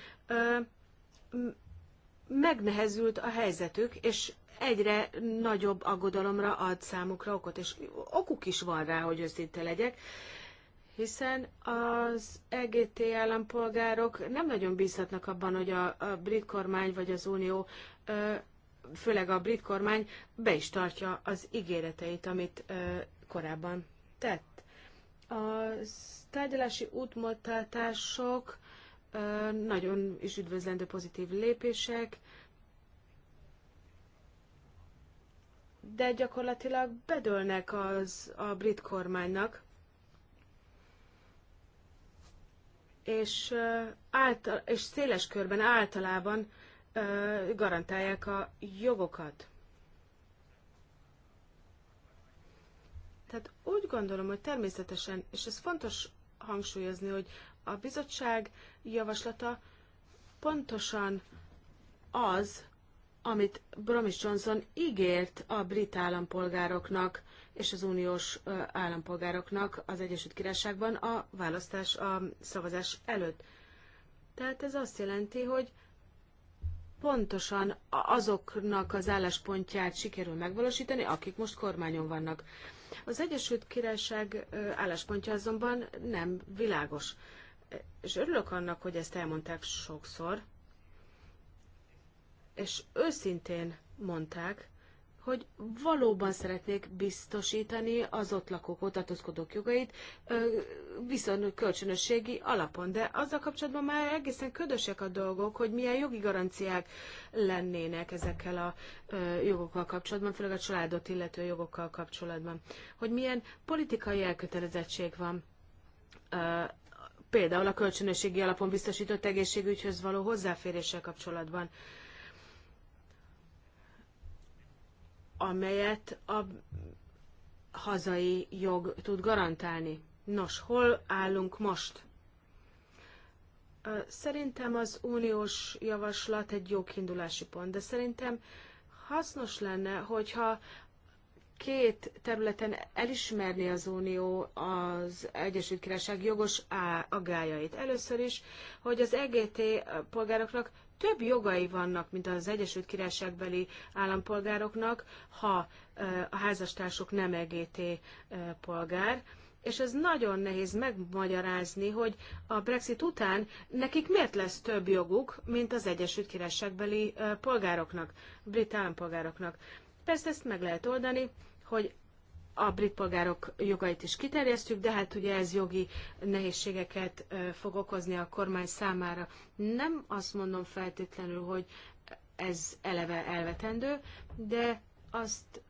megnehezült a helyzetük, és egyre nagyobb aggodalomra ad számukra okot, és okuk is van rá, hogy őszinte legyek, hiszen az EGT állampolgárok nem nagyon bízhatnak abban, hogy a, a brit kormány vagy az unió, főleg a brit kormány be is tartja az ígéreteit, amit korábban tett. A tárgyalási útmutatások nagyon is üdvözlendő pozitív lépések, de gyakorlatilag bedőlnek az a brit kormánynak, és, által, és széles körben általában garantálják a jogokat. Tehát úgy gondolom, hogy természetesen, és ez fontos hangsúlyozni, hogy a bizottság javaslata pontosan az, amit Bromis Johnson ígért a brit állampolgároknak és az uniós állampolgároknak az Egyesült Királyságban a választás, a szavazás előtt. Tehát ez azt jelenti, hogy pontosan azoknak az álláspontját sikerül megvalósítani, akik most kormányon vannak. Az Egyesült Királyság álláspontja azonban nem világos. És örülök annak, hogy ezt elmondták sokszor, és őszintén mondták, hogy valóban szeretnék biztosítani az ott lakók, ott tartózkodók jogait viszont kölcsönösségi alapon. De azzal kapcsolatban már egészen ködösek a dolgok, hogy milyen jogi garanciák lennének ezekkel a jogokkal kapcsolatban, főleg a családot illető jogokkal kapcsolatban. Hogy milyen politikai elkötelezettség van például a kölcsönösségi alapon biztosított egészségügyhöz való hozzáféréssel kapcsolatban. amelyet a hazai jog tud garantálni. Nos, hol állunk most? Szerintem az uniós javaslat egy jó kiindulási pont, de szerintem hasznos lenne, hogyha két területen elismerni az Unió az Egyesült Királyság jogos agályait. Először is, hogy az EGT polgároknak több jogai vannak, mint az Egyesült Királyságbeli állampolgároknak, ha a házastársuk nem EGT polgár, és ez nagyon nehéz megmagyarázni, hogy a Brexit után nekik miért lesz több joguk, mint az Egyesült Királyságbeli polgároknak, brit állampolgároknak. Persze ezt meg lehet oldani, hogy a brit polgárok jogait is kiterjesztjük, de hát ugye ez jogi nehézségeket fog okozni a kormány számára. Nem azt mondom feltétlenül, hogy ez eleve elvetendő, de azt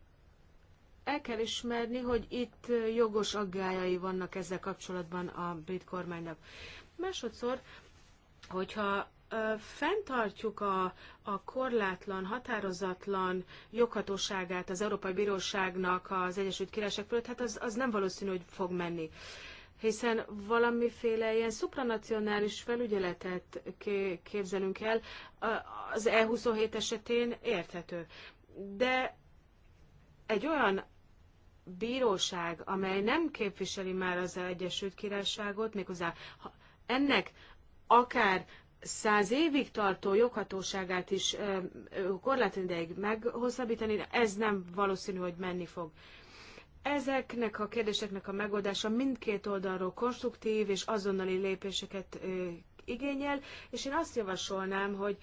el kell ismerni, hogy itt jogos aggájai vannak ezzel kapcsolatban a brit kormánynak. Másodszor, hogyha fenntartjuk a, a korlátlan, határozatlan joghatóságát az Európai Bíróságnak az Egyesült Királyság fölött, hát az, az nem valószínű, hogy fog menni hiszen valamiféle ilyen szupranacionális felügyeletet képzelünk el, az E27 esetén érthető. De egy olyan bíróság, amely nem képviseli már az Egyesült Királyságot, méghozzá ennek akár száz évig tartó joghatóságát is korlátlanideig meghosszabbítani, ez nem valószínű, hogy menni fog. Ezeknek a kérdéseknek a megoldása mindkét oldalról konstruktív és azonnali lépéseket igényel, és én azt javasolnám, hogy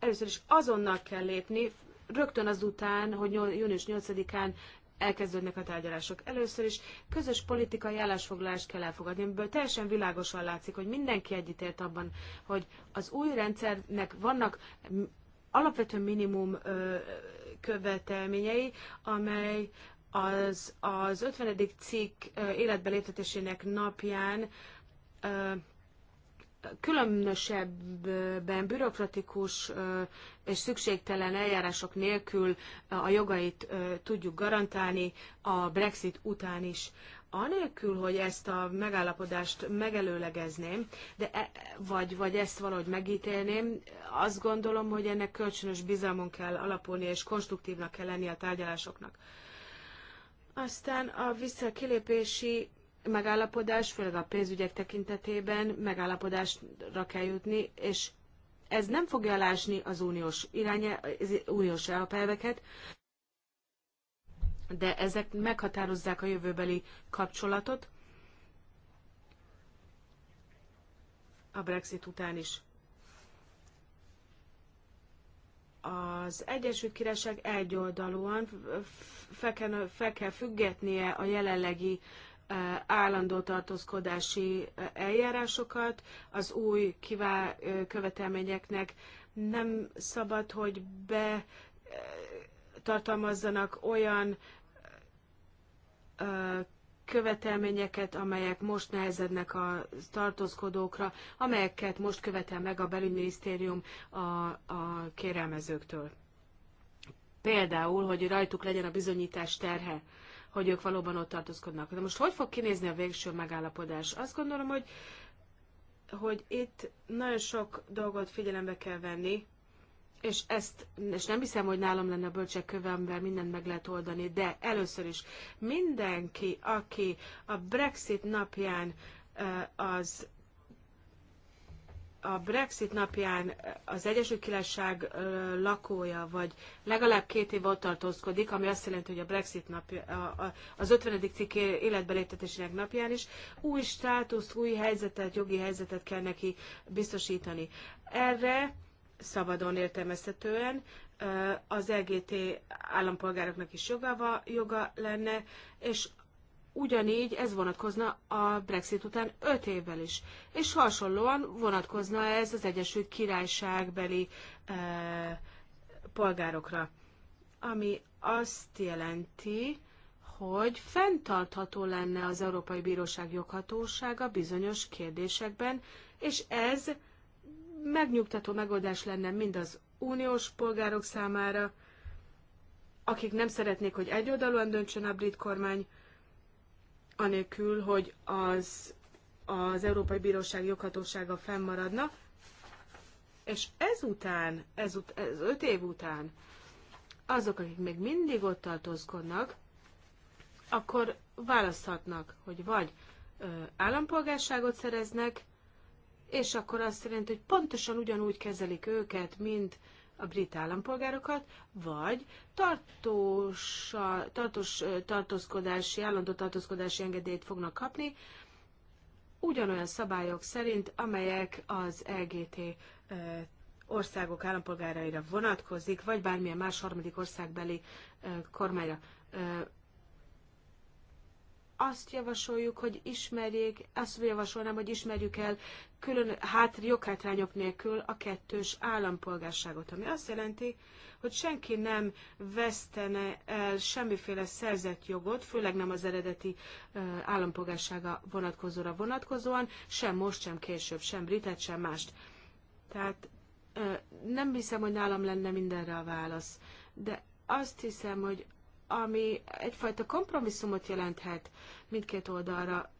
először is azonnal kell lépni, rögtön azután, hogy június 8-án elkezdődnek a tárgyalások. Először is közös politikai állásfoglalást kell elfogadni, amiből teljesen világosan látszik, hogy mindenki egyetért abban, hogy az új rendszernek vannak alapvető minimum követelményei, amely az, az 50. cikk életbeléptetésének napján különösebben bürokratikus és szükségtelen eljárások nélkül a jogait tudjuk garantálni a Brexit után is. Anélkül, hogy ezt a megállapodást megelőlegezném, de e, vagy, vagy ezt valahogy megítélném, azt gondolom, hogy ennek kölcsönös bizalmon kell alapulni, és konstruktívnak kell lenni a tárgyalásoknak. Aztán a visszakilépési megállapodás, főleg a pénzügyek tekintetében megállapodásra kell jutni, és ez nem fogja alásni az uniós iránye, az uniós alapelveket, de ezek meghatározzák a jövőbeli kapcsolatot a Brexit után is. az Egyesült Királyság egyoldalúan fel kell, fel kell függetnie a jelenlegi állandó tartózkodási eljárásokat, az új kivá követelményeknek nem szabad, hogy be tartalmazzanak olyan követelményeket, amelyek most nehezednek a tartózkodókra, amelyeket most követel meg a belügyminisztérium a, a kérelmezőktől. Például, hogy rajtuk legyen a bizonyítás terhe hogy ők valóban ott tartózkodnak. De most hogy fog kinézni a végső megállapodás? Azt gondolom, hogy, hogy itt nagyon sok dolgot figyelembe kell venni, és ezt, és nem hiszem, hogy nálam lenne bölcsek köve, amivel mindent meg lehet oldani, de először is mindenki, aki a Brexit napján az a Brexit napján az Egyesült Királyság lakója, vagy legalább két év ott tartózkodik, ami azt jelenti, hogy a Brexit napja, az 50. cikk életbeléptetésének napján is új státuszt, új helyzetet, jogi helyzetet kell neki biztosítani. Erre szabadon értelmezhetően az LGT állampolgároknak is joga, joga lenne, és ugyanígy ez vonatkozna a Brexit után 5 évvel is. És hasonlóan vonatkozna ez az Egyesült Királyságbeli e, polgárokra. Ami azt jelenti, hogy fenntartható lenne az Európai Bíróság joghatósága bizonyos kérdésekben, és ez megnyugtató megoldás lenne mind az uniós polgárok számára, akik nem szeretnék, hogy egyoldalúan döntsön a brit kormány, anélkül, hogy az, az Európai Bíróság joghatósága fennmaradna, és ezután, ut ez öt év után azok, akik még mindig ott tartózkodnak, akkor választhatnak, hogy vagy ö, állampolgárságot szereznek, és akkor azt jelenti, hogy pontosan ugyanúgy kezelik őket, mint a brit állampolgárokat, vagy tartós, tartós tartózkodási, állandó tartózkodási engedélyt fognak kapni, ugyanolyan szabályok szerint, amelyek az LGT országok állampolgáraira vonatkozik, vagy bármilyen más harmadik országbeli kormányra azt javasoljuk, hogy ismerjék, azt javasolnám, hogy ismerjük el külön hát, joghátrányok nélkül a kettős állampolgárságot, ami azt jelenti, hogy senki nem vesztene el semmiféle szerzett jogot, főleg nem az eredeti állampolgársága vonatkozóra vonatkozóan, sem most, sem később, sem britet, sem mást. Tehát nem hiszem, hogy nálam lenne mindenre a válasz, de azt hiszem, hogy ami egyfajta kompromisszumot jelenthet mindkét oldalra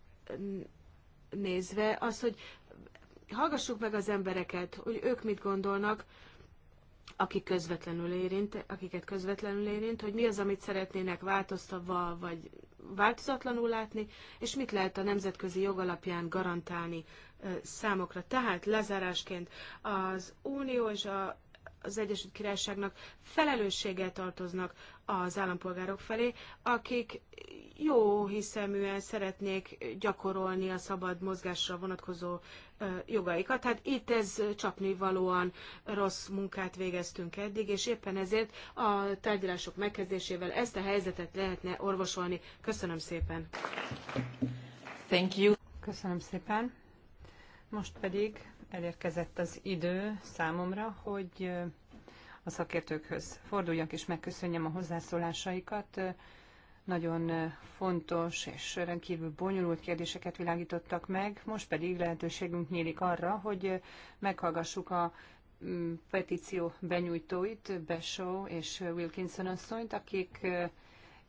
nézve, az, hogy hallgassuk meg az embereket, hogy ők mit gondolnak, akik közvetlenül érint, akiket közvetlenül érint, hogy mi az, amit szeretnének változtatva vagy változatlanul látni, és mit lehet a nemzetközi jog alapján garantálni számokra. Tehát lezárásként az Unió és a, az Egyesült Királyságnak felelőssége tartoznak az állampolgárok felé, akik jó hiszeműen szeretnék gyakorolni a szabad mozgásra vonatkozó jogaikat. Tehát itt ez csapnivalóan rossz munkát végeztünk eddig, és éppen ezért a tárgyalások megkezdésével ezt a helyzetet lehetne orvosolni. Köszönöm szépen! Thank you. Köszönöm szépen! Most pedig elérkezett az idő számomra, hogy a szakértőkhöz forduljak és megköszönjem a hozzászólásaikat. Nagyon fontos és rendkívül bonyolult kérdéseket világítottak meg, most pedig lehetőségünk nyílik arra, hogy meghallgassuk a mm, petíció benyújtóit, Besó és Wilkinson asszonyt, akik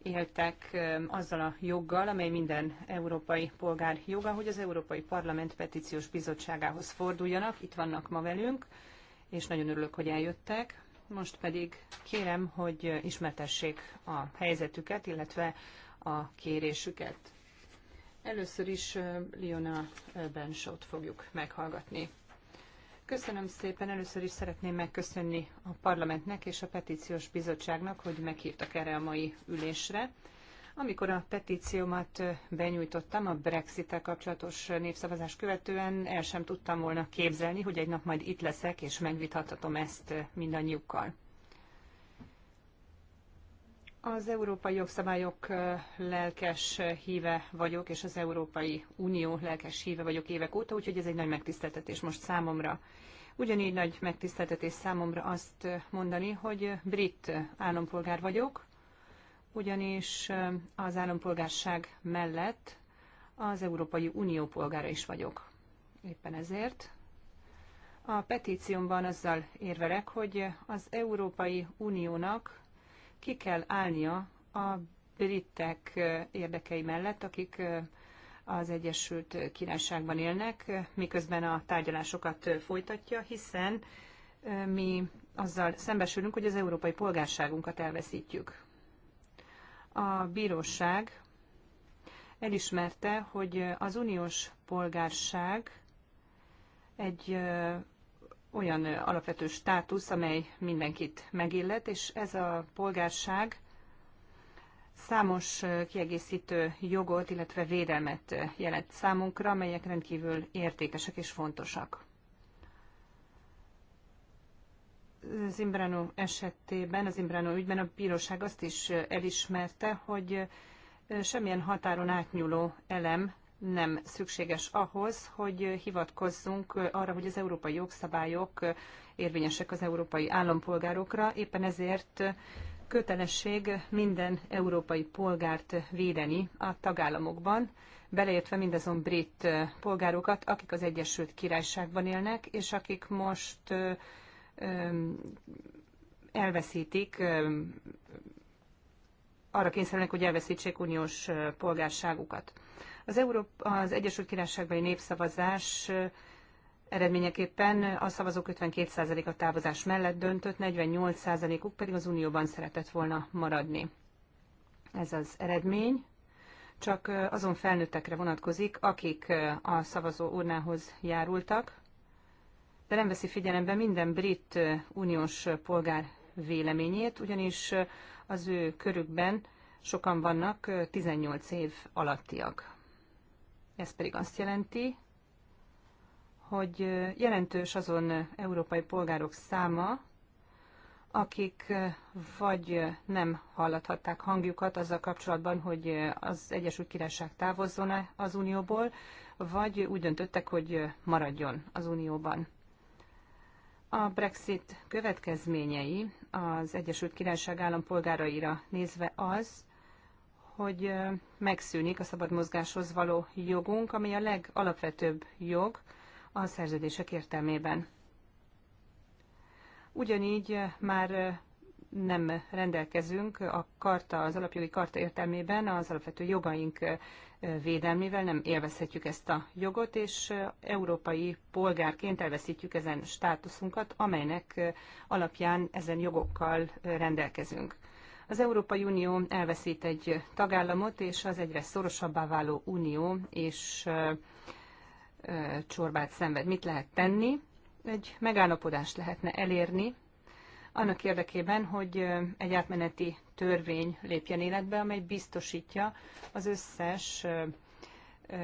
éltek azzal a joggal, amely minden európai polgár joga, hogy az Európai Parlament Petíciós Bizottságához forduljanak. Itt vannak ma velünk, és nagyon örülök, hogy eljöttek. Most pedig kérem, hogy ismertessék a helyzetüket, illetve a kérésüket. Először is Liona Bensót fogjuk meghallgatni. Köszönöm szépen. Először is szeretném megköszönni a parlamentnek és a petíciós bizottságnak, hogy meghívtak erre a mai ülésre. Amikor a petíciómat benyújtottam a Brexit-tel kapcsolatos népszavazás követően, el sem tudtam volna képzelni, hogy egy nap majd itt leszek, és megvitathatom ezt mindannyiukkal. Az európai jogszabályok lelkes híve vagyok, és az Európai Unió lelkes híve vagyok évek óta, úgyhogy ez egy nagy megtiszteltetés most számomra. Ugyanígy nagy megtiszteltetés számomra azt mondani, hogy brit állampolgár vagyok, ugyanis az állampolgárság mellett az Európai Unió polgára is vagyok. Éppen ezért a petíciómban azzal érvelek, hogy az Európai Uniónak ki kell állnia a britek érdekei mellett, akik az Egyesült Királyságban élnek, miközben a tárgyalásokat folytatja, hiszen mi azzal szembesülünk, hogy az európai polgárságunkat elveszítjük. A bíróság elismerte, hogy az uniós polgárság egy olyan alapvető státusz, amely mindenkit megillet, és ez a polgárság számos kiegészítő jogot, illetve védelmet jelent számunkra, amelyek rendkívül értékesek és fontosak. Zimbrano esetében, az Zimbrano ügyben a bíróság azt is elismerte, hogy semmilyen határon átnyúló elem nem szükséges ahhoz, hogy hivatkozzunk arra, hogy az európai jogszabályok érvényesek az európai állampolgárokra. Éppen ezért kötelesség minden európai polgárt védeni a tagállamokban, beleértve mindazon brit polgárokat, akik az Egyesült Királyságban élnek, és akik most elveszítik, arra kényszerülnek, hogy elveszítsék uniós polgárságukat. Az, Európa, az Egyesült Királyságbeli népszavazás eredményeképpen a szavazók 52%-a távozás mellett döntött, 48%-uk pedig az unióban szeretett volna maradni. Ez az eredmény csak azon felnőttekre vonatkozik, akik a szavazó urnához járultak, de nem veszi figyelembe minden brit uniós polgár véleményét, ugyanis az ő körükben sokan vannak 18 év alattiak. Ez pedig azt jelenti, hogy jelentős azon európai polgárok száma, akik vagy nem hallathatták hangjukat azzal kapcsolatban, hogy az Egyesült Királyság távozzon -e az Unióból, vagy úgy döntöttek, hogy maradjon az Unióban. A Brexit következményei az Egyesült Királyság állampolgáraira nézve az, hogy megszűnik a szabad mozgáshoz való jogunk, ami a legalapvetőbb jog a szerződések értelmében. Ugyanígy már nem rendelkezünk a karta, az alapjogi karta értelmében az alapvető jogaink védelmével, nem élvezhetjük ezt a jogot, és európai polgárként elveszítjük ezen státuszunkat, amelynek alapján ezen jogokkal rendelkezünk. Az Európai Unió elveszít egy tagállamot, és az egyre szorosabbá váló unió és csorbát szenved. Mit lehet tenni? Egy megállapodást lehetne elérni annak érdekében, hogy egy átmeneti törvény lépjen életbe, amely biztosítja az összes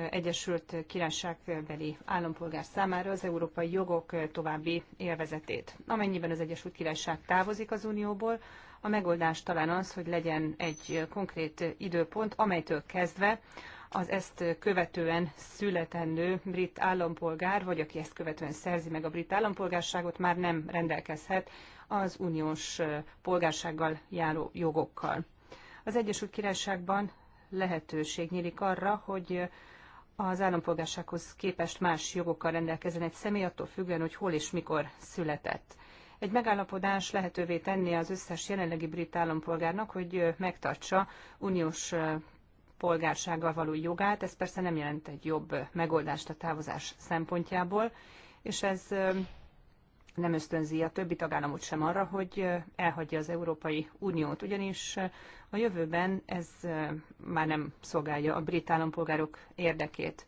Egyesült Királyságbeli állampolgár számára az európai jogok további élvezetét. Amennyiben az Egyesült Királyság távozik az Unióból, a megoldás talán az, hogy legyen egy konkrét időpont, amelytől kezdve az ezt követően születendő brit állampolgár, vagy aki ezt követően szerzi meg a brit állampolgárságot, már nem rendelkezhet az uniós polgársággal járó jogokkal. Az Egyesült Királyságban lehetőség nyílik arra, hogy az állampolgársághoz képest más jogokkal rendelkezzen egy személy, attól függően, hogy hol és mikor született. Egy megállapodás lehetővé tenni az összes jelenlegi brit állampolgárnak, hogy megtartsa uniós polgársággal való jogát. Ez persze nem jelent egy jobb megoldást a távozás szempontjából, és ez nem ösztönzi a többi tagállamot sem arra, hogy elhagyja az Európai Uniót, ugyanis a jövőben ez már nem szolgálja a brit állampolgárok érdekét.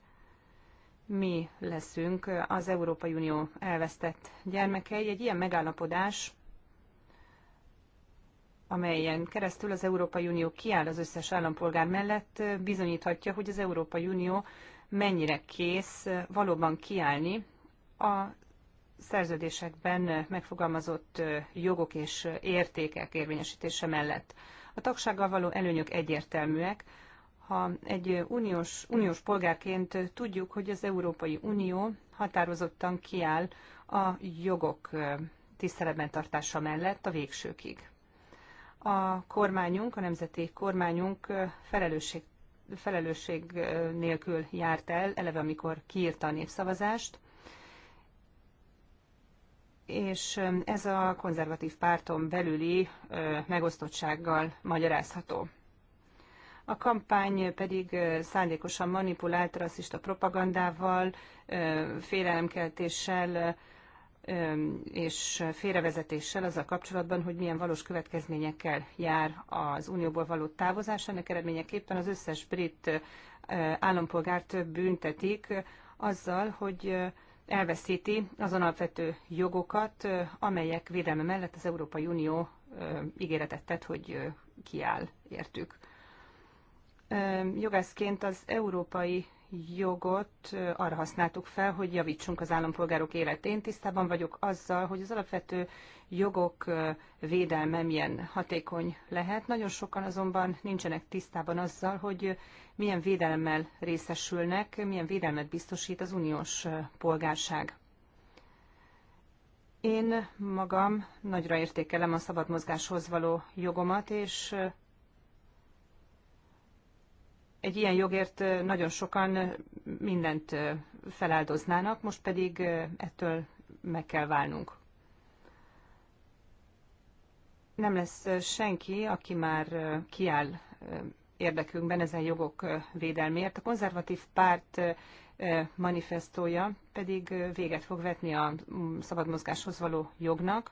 Mi leszünk az Európai Unió elvesztett gyermekei. Egy ilyen megállapodás amelyen keresztül az Európai Unió kiáll az összes állampolgár mellett, bizonyíthatja, hogy az Európai Unió mennyire kész valóban kiállni a szerződésekben megfogalmazott jogok és értékek érvényesítése mellett. A tagsággal való előnyök egyértelműek. Ha egy uniós, uniós polgárként tudjuk, hogy az Európai Unió határozottan kiáll a jogok tiszteletben tartása mellett a végsőkig a kormányunk, a nemzeti kormányunk felelősség, felelősség nélkül járt el, eleve amikor kiírta a népszavazást, és ez a konzervatív párton belüli megosztottsággal magyarázható. A kampány pedig szándékosan manipulált rasszista propagandával, félelemkeltéssel, és félrevezetéssel azzal kapcsolatban, hogy milyen valós következményekkel jár az unióból való távozás. Ennek eredményeképpen az összes brit állampolgárt büntetik azzal, hogy elveszíti azon alapvető jogokat, amelyek védelme mellett az Európai Unió ígéretet tett, hogy kiáll értük. Jogászként az Európai jogot arra használtuk fel, hogy javítsunk az állampolgárok életén. Tisztában vagyok azzal, hogy az alapvető jogok védelme milyen hatékony lehet. Nagyon sokan azonban nincsenek tisztában azzal, hogy milyen védelemmel részesülnek, milyen védelmet biztosít az uniós polgárság. Én magam nagyra értékelem a szabad mozgáshoz való jogomat, és egy ilyen jogért nagyon sokan mindent feláldoznának, most pedig ettől meg kell válnunk. Nem lesz senki, aki már kiáll érdekünkben ezen jogok védelméért. A konzervatív párt manifestója pedig véget fog vetni a mm, szabadmozgáshoz való jognak,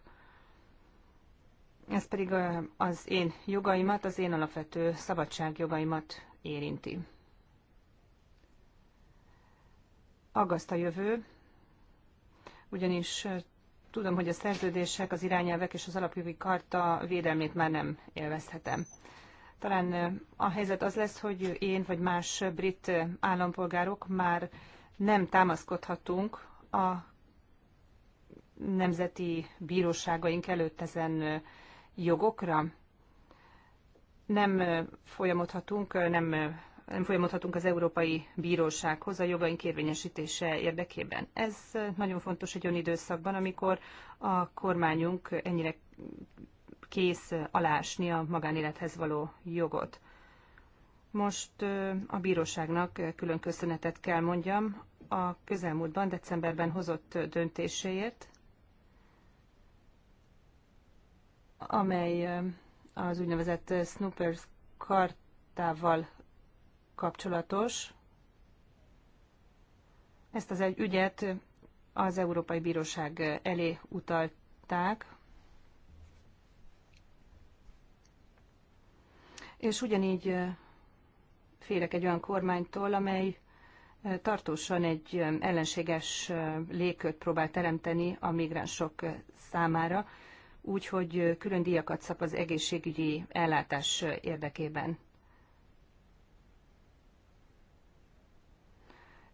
ez pedig az én jogaimat, az én alapvető szabadságjogaimat érinti. Agaszt a jövő, ugyanis tudom, hogy a szerződések, az irányelvek és az alapjogi karta védelmét már nem élvezhetem. Talán a helyzet az lesz, hogy én vagy más brit állampolgárok már nem támaszkodhatunk a nemzeti bíróságaink előtt ezen jogokra nem folyamodhatunk, nem, nem folyamodhatunk az Európai Bírósághoz a jogaink érvényesítése érdekében. Ez nagyon fontos egy olyan időszakban, amikor a kormányunk ennyire kész alásni a magánélethez való jogot. Most a bíróságnak külön köszönetet kell mondjam a közelmúltban, decemberben hozott döntéséért, amely az úgynevezett Snoopers kartával kapcsolatos. Ezt az egy ügyet az Európai Bíróság elé utalták, és ugyanígy félek egy olyan kormánytól, amely tartósan egy ellenséges légkört próbál teremteni a migránsok számára, úgy, hogy külön díjakat szab az egészségügyi ellátás érdekében.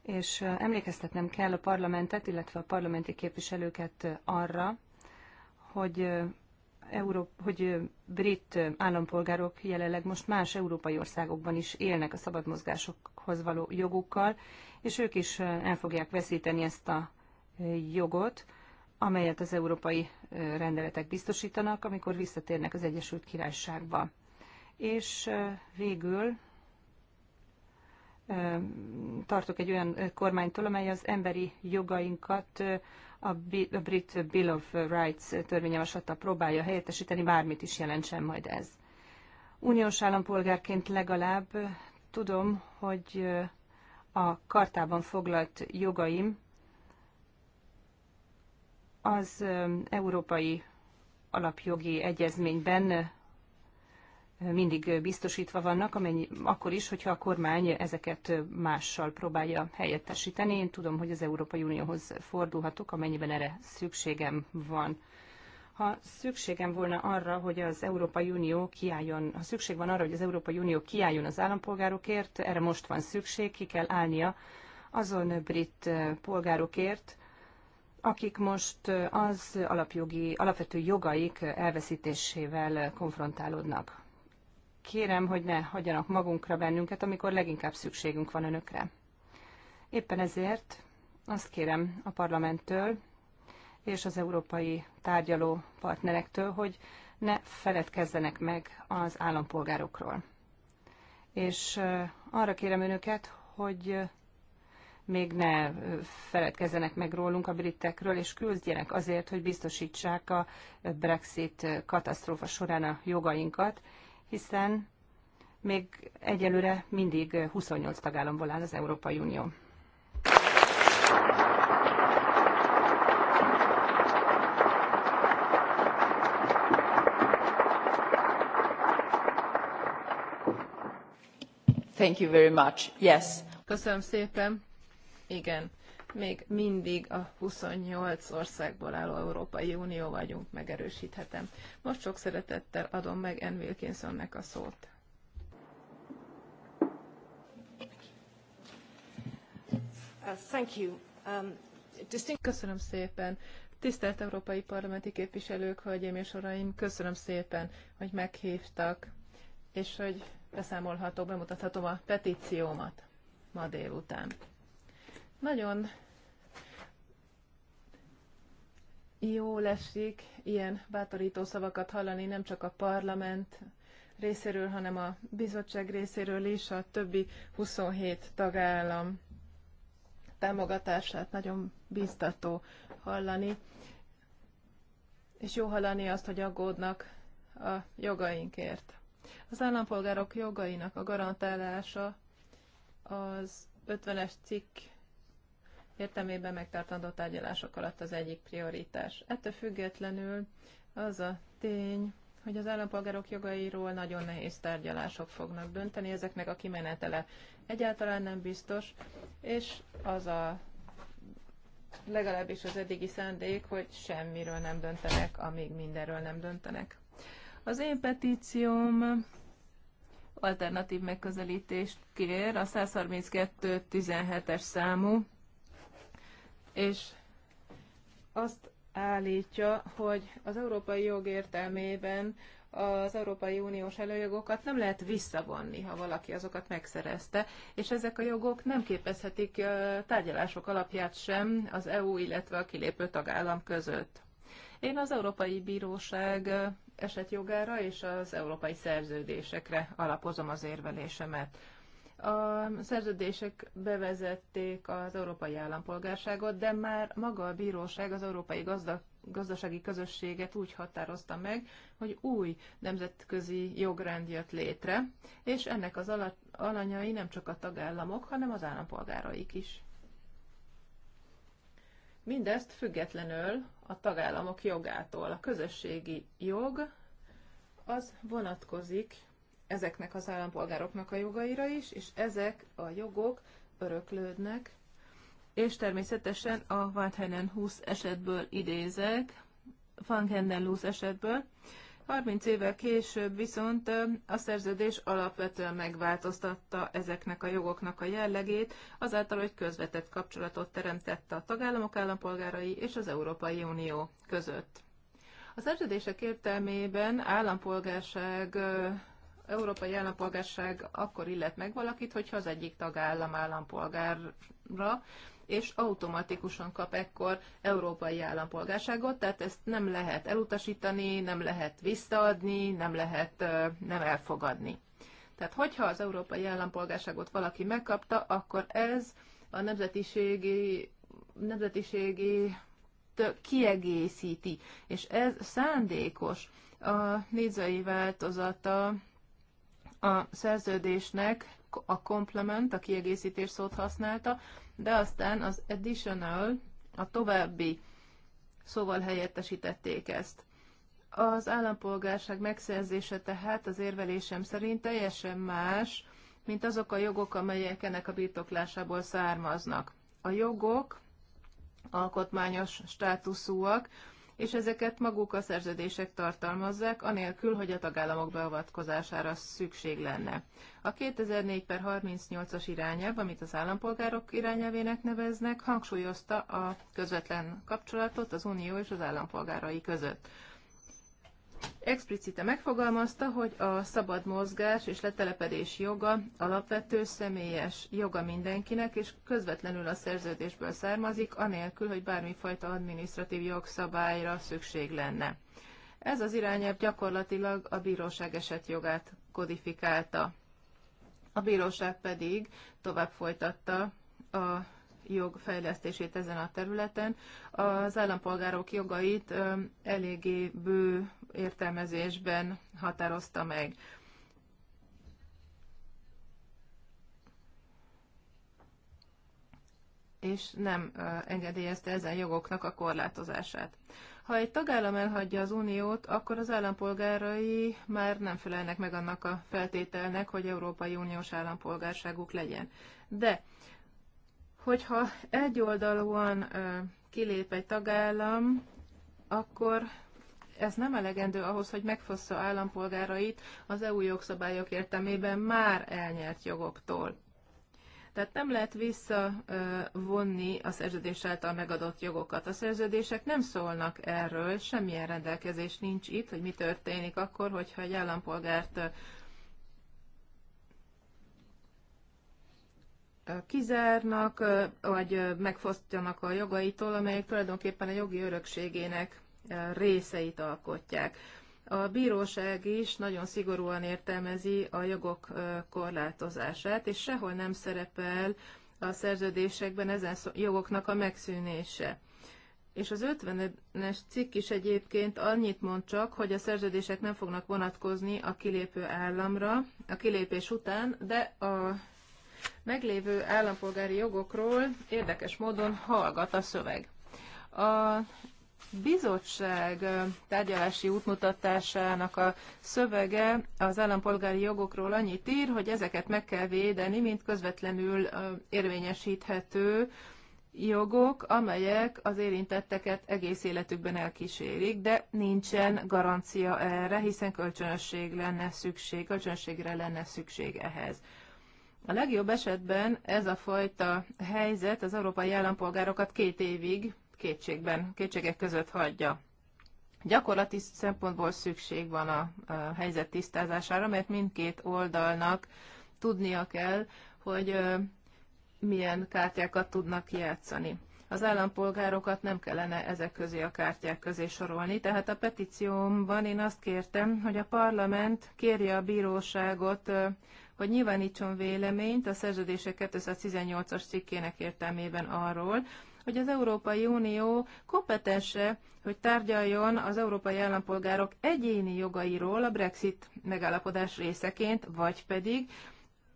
És emlékeztetnem kell a parlamentet, illetve a parlamenti képviselőket arra, hogy Euró, hogy brit állampolgárok jelenleg most más európai országokban is élnek a szabad mozgásokhoz való jogukkal, és ők is el fogják veszíteni ezt a jogot, amelyet az európai rendeletek biztosítanak, amikor visszatérnek az Egyesült Királyságba. És végül tartok egy olyan kormánytól, amely az emberi jogainkat a brit Bill of Rights törvényjavaslata próbálja helyettesíteni, bármit is jelentsen majd ez. Uniós állampolgárként legalább tudom, hogy a kartában foglalt jogaim az Európai Alapjogi Egyezményben mindig biztosítva vannak, amennyi, akkor is, hogyha a kormány ezeket mással próbálja helyettesíteni. Én tudom, hogy az Európai Unióhoz fordulhatok, amennyiben erre szükségem van. Ha szükségem volna arra, hogy az Európai Unió kiálljon, ha szükség van arra, hogy az Európai Unió kiálljon az állampolgárokért, erre most van szükség, ki kell állnia azon brit polgárokért, akik most az alapjogi, alapvető jogaik elveszítésével konfrontálódnak. Kérem, hogy ne hagyjanak magunkra bennünket, amikor leginkább szükségünk van önökre. Éppen ezért azt kérem a parlamenttől és az európai tárgyaló partnerektől, hogy ne feledkezzenek meg az állampolgárokról. És arra kérem önöket, hogy még ne feledkezzenek meg rólunk a britekről, és küzdjenek azért, hogy biztosítsák a Brexit katasztrófa során a jogainkat, hiszen még egyelőre mindig 28 tagállamból áll az Európai Unió. Thank you very much. Yes. Köszönöm szépen. Igen, még mindig a 28 országból álló Európai Unió vagyunk, megerősíthetem. Most sok szeretettel adom meg Ann Wilkinsonnek a szót. Uh, thank you. Um, distinct... Köszönöm szépen. Tisztelt Európai Parlamenti Képviselők, Hölgyeim és Uraim, köszönöm szépen, hogy meghívtak, és hogy beszámolhatok, bemutathatom a petíciómat ma délután. Nagyon jó esik ilyen bátorító szavakat hallani nem csak a parlament részéről, hanem a bizottság részéről is, a többi 27 tagállam támogatását nagyon biztató hallani, és jó hallani azt, hogy aggódnak a jogainkért. Az állampolgárok jogainak a garantálása az 50-es cikk értelmében megtartandó tárgyalások alatt az egyik prioritás. Ettől függetlenül az a tény, hogy az állampolgárok jogairól nagyon nehéz tárgyalások fognak dönteni, ezeknek a kimenetele egyáltalán nem biztos, és az a legalábbis az eddigi szándék, hogy semmiről nem döntenek, amíg mindenről nem döntenek. Az én petícióm alternatív megközelítést kér a 132.17-es számú és azt állítja, hogy az európai jog értelmében az Európai Uniós előjogokat nem lehet visszavonni, ha valaki azokat megszerezte, és ezek a jogok nem képezhetik tárgyalások alapját sem az EU, illetve a kilépő tagállam között. Én az Európai Bíróság esetjogára és az európai szerződésekre alapozom az érvelésemet. A szerződések bevezették az európai állampolgárságot, de már maga a bíróság az európai gazdag gazdasági közösséget úgy határozta meg, hogy új nemzetközi jogrend jött létre, és ennek az alanyai nem csak a tagállamok, hanem az állampolgáraik is. Mindezt függetlenül a tagállamok jogától. A közösségi jog az vonatkozik ezeknek az állampolgároknak a jogaira is, és ezek a jogok öröklődnek, és természetesen a Warthenen 20 esetből idézek, Fanghenden 20 esetből, 30 évvel később viszont a szerződés alapvetően megváltoztatta ezeknek a jogoknak a jellegét, azáltal, hogy közvetett kapcsolatot teremtette a tagállamok állampolgárai és az Európai Unió között. A szerződések értelmében állampolgárság európai állampolgárság akkor illet meg valakit, hogyha az egyik tagállam állampolgárra, és automatikusan kap ekkor európai állampolgárságot, tehát ezt nem lehet elutasítani, nem lehet visszaadni, nem lehet nem elfogadni. Tehát hogyha az európai állampolgárságot valaki megkapta, akkor ez a nemzetiségi, nemzetiségi kiegészíti, és ez szándékos. A nézői változata a szerződésnek a complement, a kiegészítés szót használta, de aztán az additional, a további szóval helyettesítették ezt. Az állampolgárság megszerzése tehát az érvelésem szerint teljesen más, mint azok a jogok, amelyek ennek a birtoklásából származnak. A jogok alkotmányos státuszúak, és ezeket maguk a szerződések tartalmazzák, anélkül, hogy a tagállamok beavatkozására szükség lenne. A 2004 per 38-as irányelv, amit az állampolgárok irányelvének neveznek, hangsúlyozta a közvetlen kapcsolatot az Unió és az állampolgárai között explicite megfogalmazta, hogy a szabad mozgás és letelepedés joga alapvető személyes joga mindenkinek, és közvetlenül a szerződésből származik, anélkül, hogy bármifajta adminisztratív jogszabályra szükség lenne. Ez az irányelv gyakorlatilag a bíróság esetjogát kodifikálta. A bíróság pedig tovább folytatta a fejlesztését ezen a területen. Az állampolgárok jogait eléggé bő értelmezésben határozta meg. és nem engedélyezte ezen jogoknak a korlátozását. Ha egy tagállam elhagyja az uniót, akkor az állampolgárai már nem felelnek meg annak a feltételnek, hogy Európai Uniós állampolgárságuk legyen. De, hogyha egyoldalúan kilép egy tagállam, akkor ez nem elegendő ahhoz, hogy megfossza állampolgárait az EU jogszabályok értelmében már elnyert jogoktól. Tehát nem lehet visszavonni a szerződés által megadott jogokat. A szerződések nem szólnak erről, semmilyen rendelkezés nincs itt, hogy mi történik akkor, hogyha egy állampolgárt kizárnak, vagy megfosztjanak a jogaitól, amelyek tulajdonképpen a jogi örökségének részeit alkotják. A bíróság is nagyon szigorúan értelmezi a jogok korlátozását, és sehol nem szerepel a szerződésekben ezen jogoknak a megszűnése. És az 50-es cikk is egyébként annyit mond csak, hogy a szerződések nem fognak vonatkozni a kilépő államra a kilépés után, de a meglévő állampolgári jogokról érdekes módon hallgat a szöveg. A bizottság tárgyalási útmutatásának a szövege az állampolgári jogokról annyit ír, hogy ezeket meg kell védeni, mint közvetlenül érvényesíthető jogok, amelyek az érintetteket egész életükben elkísérik, de nincsen garancia erre, hiszen kölcsönösség lenne szükség, kölcsönösségre lenne szükség ehhez. A legjobb esetben ez a fajta helyzet az európai állampolgárokat két évig kétségben, kétségek között hagyja. Gyakorlati szempontból szükség van a, a helyzet tisztázására, mert mindkét oldalnak tudnia kell, hogy ö, milyen kártyákat tudnak játszani. Az állampolgárokat nem kellene ezek közé a kártyák közé sorolni, tehát a petíciómban én azt kértem, hogy a parlament kérje a bíróságot ö, hogy nyilvánítson véleményt a szerződések 218-as cikkének értelmében arról, hogy az Európai Unió kompetense, hogy tárgyaljon az európai állampolgárok egyéni jogairól a Brexit megállapodás részeként, vagy pedig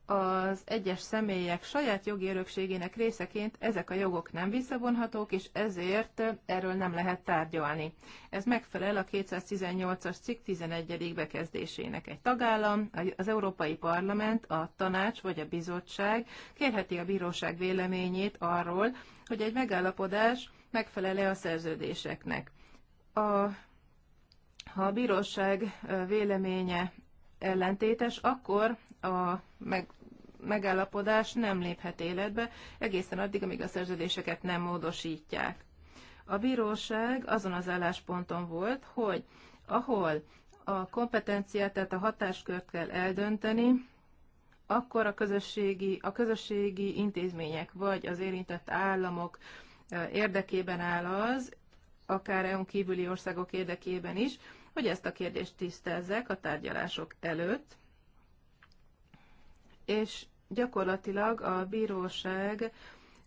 az egyes személyek saját jogi örökségének részeként ezek a jogok nem visszavonhatók, és ezért erről nem lehet tárgyalni. Ez megfelel a 218-as cikk 11. bekezdésének. Egy tagállam, az Európai Parlament, a tanács vagy a bizottság kérheti a bíróság véleményét arról, hogy egy megállapodás megfelele a szerződéseknek. A, ha a bíróság véleménye ellentétes, akkor a meg, megállapodás nem léphet életbe egészen addig, amíg a szerződéseket nem módosítják. A bíróság azon az állásponton volt, hogy ahol a kompetenciát, tehát a hatáskört kell eldönteni, akkor a közösségi, a közösségi intézmények vagy az érintett államok érdekében áll az, akár EU kívüli országok érdekében is, hogy ezt a kérdést tisztázzák a tárgyalások előtt, és gyakorlatilag a bíróság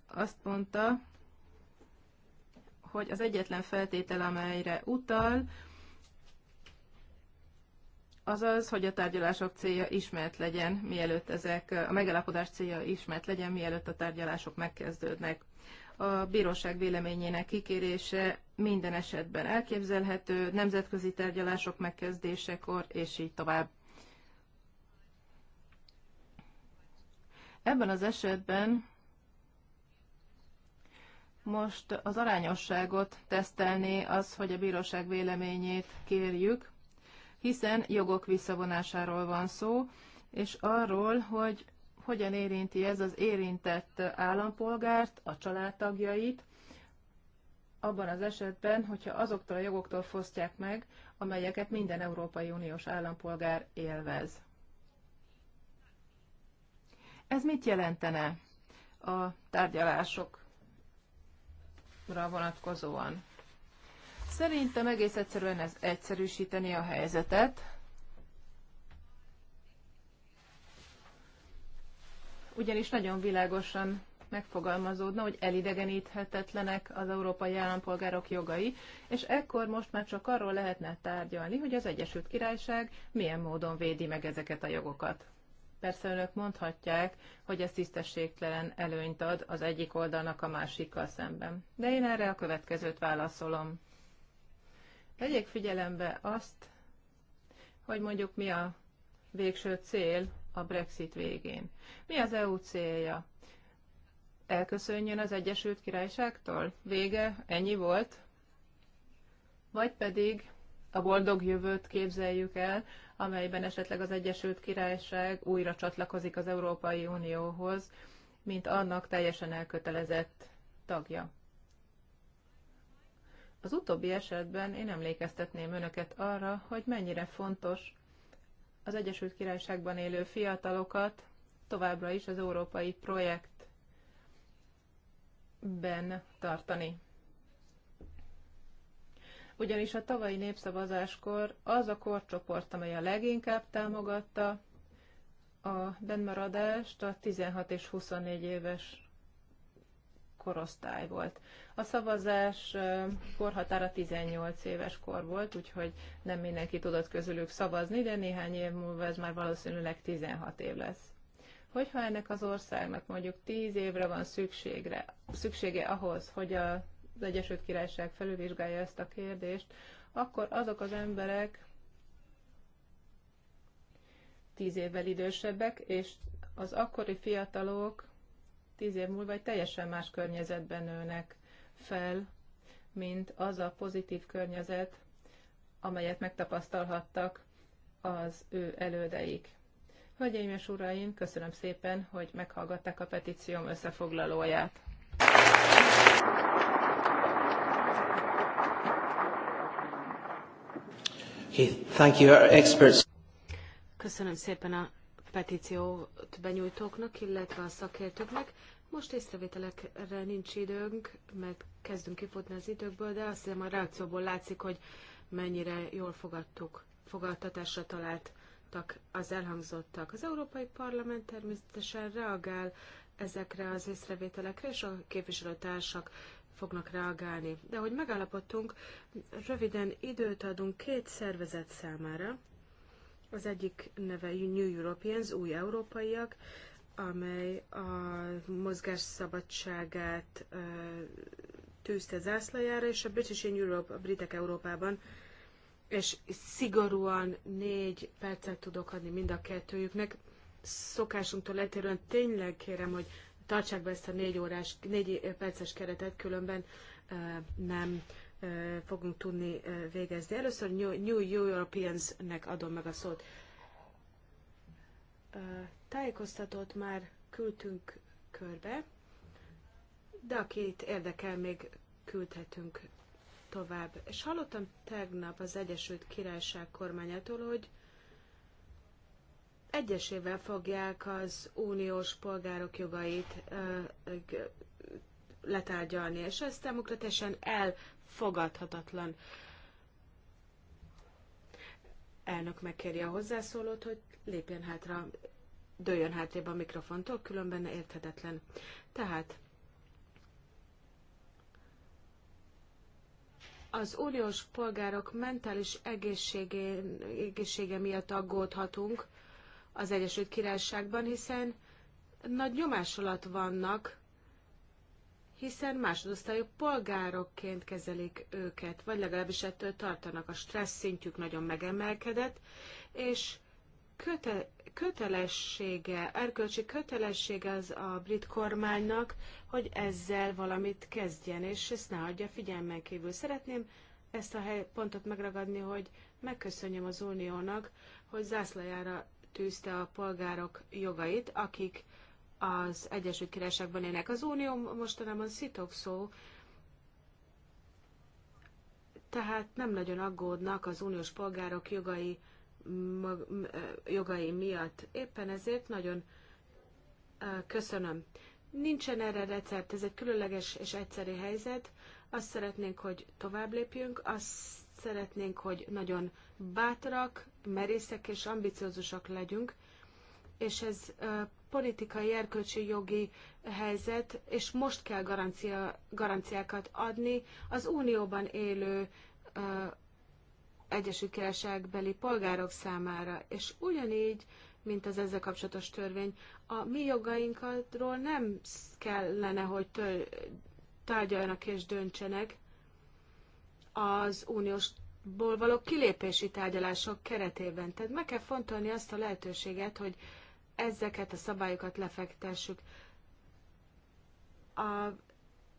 azt mondta, hogy az egyetlen feltétel, amelyre utal, Azaz, hogy a tárgyalások célja ismert legyen, mielőtt ezek, a megalapodás célja ismert legyen, mielőtt a tárgyalások megkezdődnek. A bíróság véleményének kikérése minden esetben elképzelhető, nemzetközi tárgyalások megkezdésekor, és így tovább. Ebben az esetben most az arányosságot tesztelni az, hogy a bíróság véleményét kérjük, hiszen jogok visszavonásáról van szó, és arról, hogy hogyan érinti ez az érintett állampolgárt, a családtagjait, abban az esetben, hogyha azoktól a jogoktól fosztják meg, amelyeket minden Európai Uniós állampolgár élvez. Ez mit jelentene a tárgyalásokra vonatkozóan? Szerintem egész egyszerűen ez egyszerűsíteni a helyzetet. Ugyanis nagyon világosan megfogalmazódna, hogy elidegeníthetetlenek az európai állampolgárok jogai, és ekkor most már csak arról lehetne tárgyalni, hogy az Egyesült Királyság milyen módon védi meg ezeket a jogokat. Persze önök mondhatják, hogy ez tisztességtelen előnyt ad az egyik oldalnak a másikkal szemben. De én erre a következőt válaszolom. Vegyék figyelembe azt, hogy mondjuk mi a végső cél a Brexit végén. Mi az EU célja? Elköszönjön az Egyesült Királyságtól? Vége? Ennyi volt? Vagy pedig a boldog jövőt képzeljük el, amelyben esetleg az Egyesült Királyság újra csatlakozik az Európai Unióhoz, mint annak teljesen elkötelezett tagja. Az utóbbi esetben én emlékeztetném önöket arra, hogy mennyire fontos az Egyesült Királyságban élő fiatalokat továbbra is az európai projektben tartani. Ugyanis a tavalyi népszavazáskor az a korcsoport, amely a leginkább támogatta a bennmaradást, a 16 és 24 éves korosztály volt. A szavazás korhatára 18 éves kor volt, úgyhogy nem mindenki tudott közülük szavazni, de néhány év múlva ez már valószínűleg 16 év lesz. Hogyha ennek az országnak mondjuk 10 évre van szükségre, szüksége ahhoz, hogy a, az Egyesült Királyság felülvizsgálja ezt a kérdést, akkor azok az emberek, tíz évvel idősebbek, és az akkori fiatalok tíz év múlva egy teljesen más környezetben nőnek fel, mint az a pozitív környezet, amelyet megtapasztalhattak az ő elődeik. Hölgyeim és uraim, köszönöm szépen, hogy meghallgatták a petícióm összefoglalóját. Thank you, experts. Köszönöm szépen a petíciót benyújtóknak, illetve a szakértőknek. Most észrevételekre nincs időnk, mert kezdünk kifutni az időkből, de azt hiszem a reakcióból látszik, hogy mennyire jól fogadtuk, fogadtatásra találtak az elhangzottak. Az Európai Parlament természetesen reagál ezekre az észrevételekre, és a képviselőtársak fognak reagálni. De ahogy megállapodtunk, röviden időt adunk két szervezet számára, az egyik neve New Europeans, új európaiak, amely a mozgás szabadságát ö, tűzte zászlajára, és a British in Europe, a britek Európában, és szigorúan négy percet tudok adni mind a kettőjüknek. Szokásunktól eltérően tényleg kérem, hogy tartsák be ezt a négy, órás, négy perces keretet, különben ö, nem fogunk tudni végezni. Először New, New Europeans-nek adom meg a szót. Tájékoztatót már küldtünk körbe, de akit érdekel, még küldhetünk tovább. És hallottam tegnap az Egyesült Királyság kormányától, hogy egyesével fogják az uniós polgárok jogait letárgyalni, és ezt demokratesen el fogadhatatlan. Elnök megkérje a hozzászólót, hogy lépjen hátra, dőljön hátrébb a mikrofontól, különben érthetetlen. Tehát az uniós polgárok mentális egészsége miatt aggódhatunk az Egyesült Királyságban, hiszen nagy nyomás alatt vannak, hiszen másodosztályú polgárokként kezelik őket, vagy legalábbis ettől tartanak. A stressz szintjük nagyon megemelkedett, és köte, kötelessége, erkölcsi kötelessége az a brit kormánynak, hogy ezzel valamit kezdjen, és ezt ne hagyja figyelmen kívül. Szeretném ezt a hely, pontot megragadni, hogy megköszönjem az Uniónak, hogy zászlajára tűzte a polgárok jogait, akik az Egyesült Királyságban élnek. Az Unió mostanában szitokszó, tehát nem nagyon aggódnak az uniós polgárok jogai, mag, jogai miatt. Éppen ezért nagyon köszönöm. Nincsen erre recept, ez egy különleges és egyszerű helyzet. Azt szeretnénk, hogy tovább lépjünk, azt szeretnénk, hogy nagyon bátrak, merészek és ambiciózusak legyünk, és ez politikai, erkölcsi, jogi helyzet, és most kell garancia, garanciákat adni az unióban élő ö, Egyesült Királyságbeli polgárok számára, és ugyanígy, mint az ezzel kapcsolatos törvény, a mi jogainkról nem kellene, hogy tör, tárgyaljanak és döntsenek az uniós ból való kilépési tárgyalások keretében. Tehát meg kell fontolni azt a lehetőséget, hogy ezeket a szabályokat lefektessük. A,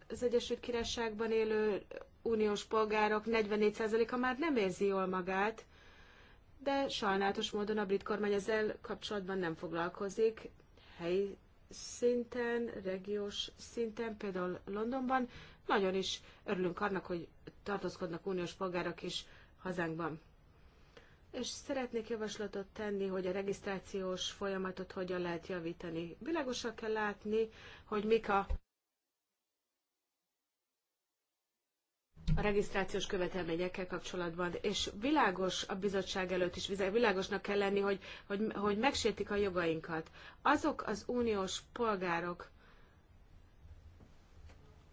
az Egyesült Királyságban élő uniós polgárok 44%-a már nem érzi jól magát, de sajnálatos módon a brit kormány ezzel kapcsolatban nem foglalkozik. Helyi szinten, regiós szinten, például Londonban nagyon is örülünk annak, hogy tartózkodnak uniós polgárok is hazánkban és szeretnék javaslatot tenni, hogy a regisztrációs folyamatot hogyan lehet javítani. Világosan kell látni, hogy mik a, a regisztrációs követelményekkel kapcsolatban, és világos a bizottság előtt is, világosnak kell lenni, hogy, hogy, hogy megsértik a jogainkat. Azok az uniós polgárok,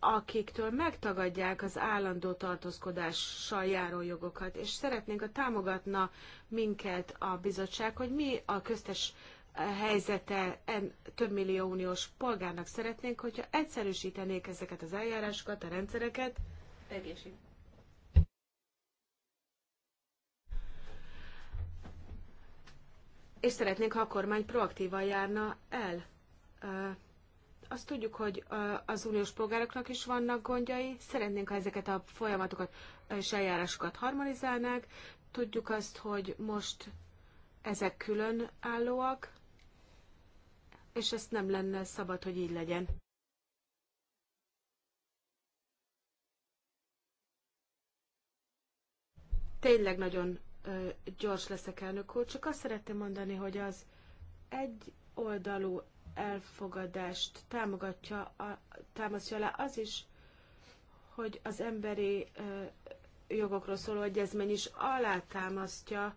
akiktől megtagadják az állandó tartózkodással járó jogokat, és szeretnénk, a támogatna minket a bizottság, hogy mi a köztes eh, helyzete en, több millió uniós polgárnak szeretnénk, hogyha egyszerűsítenék ezeket az eljárásokat, a rendszereket. Egészség. És szeretnénk, ha a kormány proaktívan járna el eh, azt tudjuk, hogy az uniós polgároknak is vannak gondjai, szeretnénk, ha ezeket a folyamatokat és eljárásokat harmonizálnák, tudjuk azt, hogy most ezek külön állóak, és ezt nem lenne szabad, hogy így legyen. Tényleg nagyon gyors leszek, elnök úr, csak azt szeretném mondani, hogy az egy oldalú elfogadást támogatja, a, támasztja alá az is, hogy az emberi jogokról szóló egyezmény is alátámasztja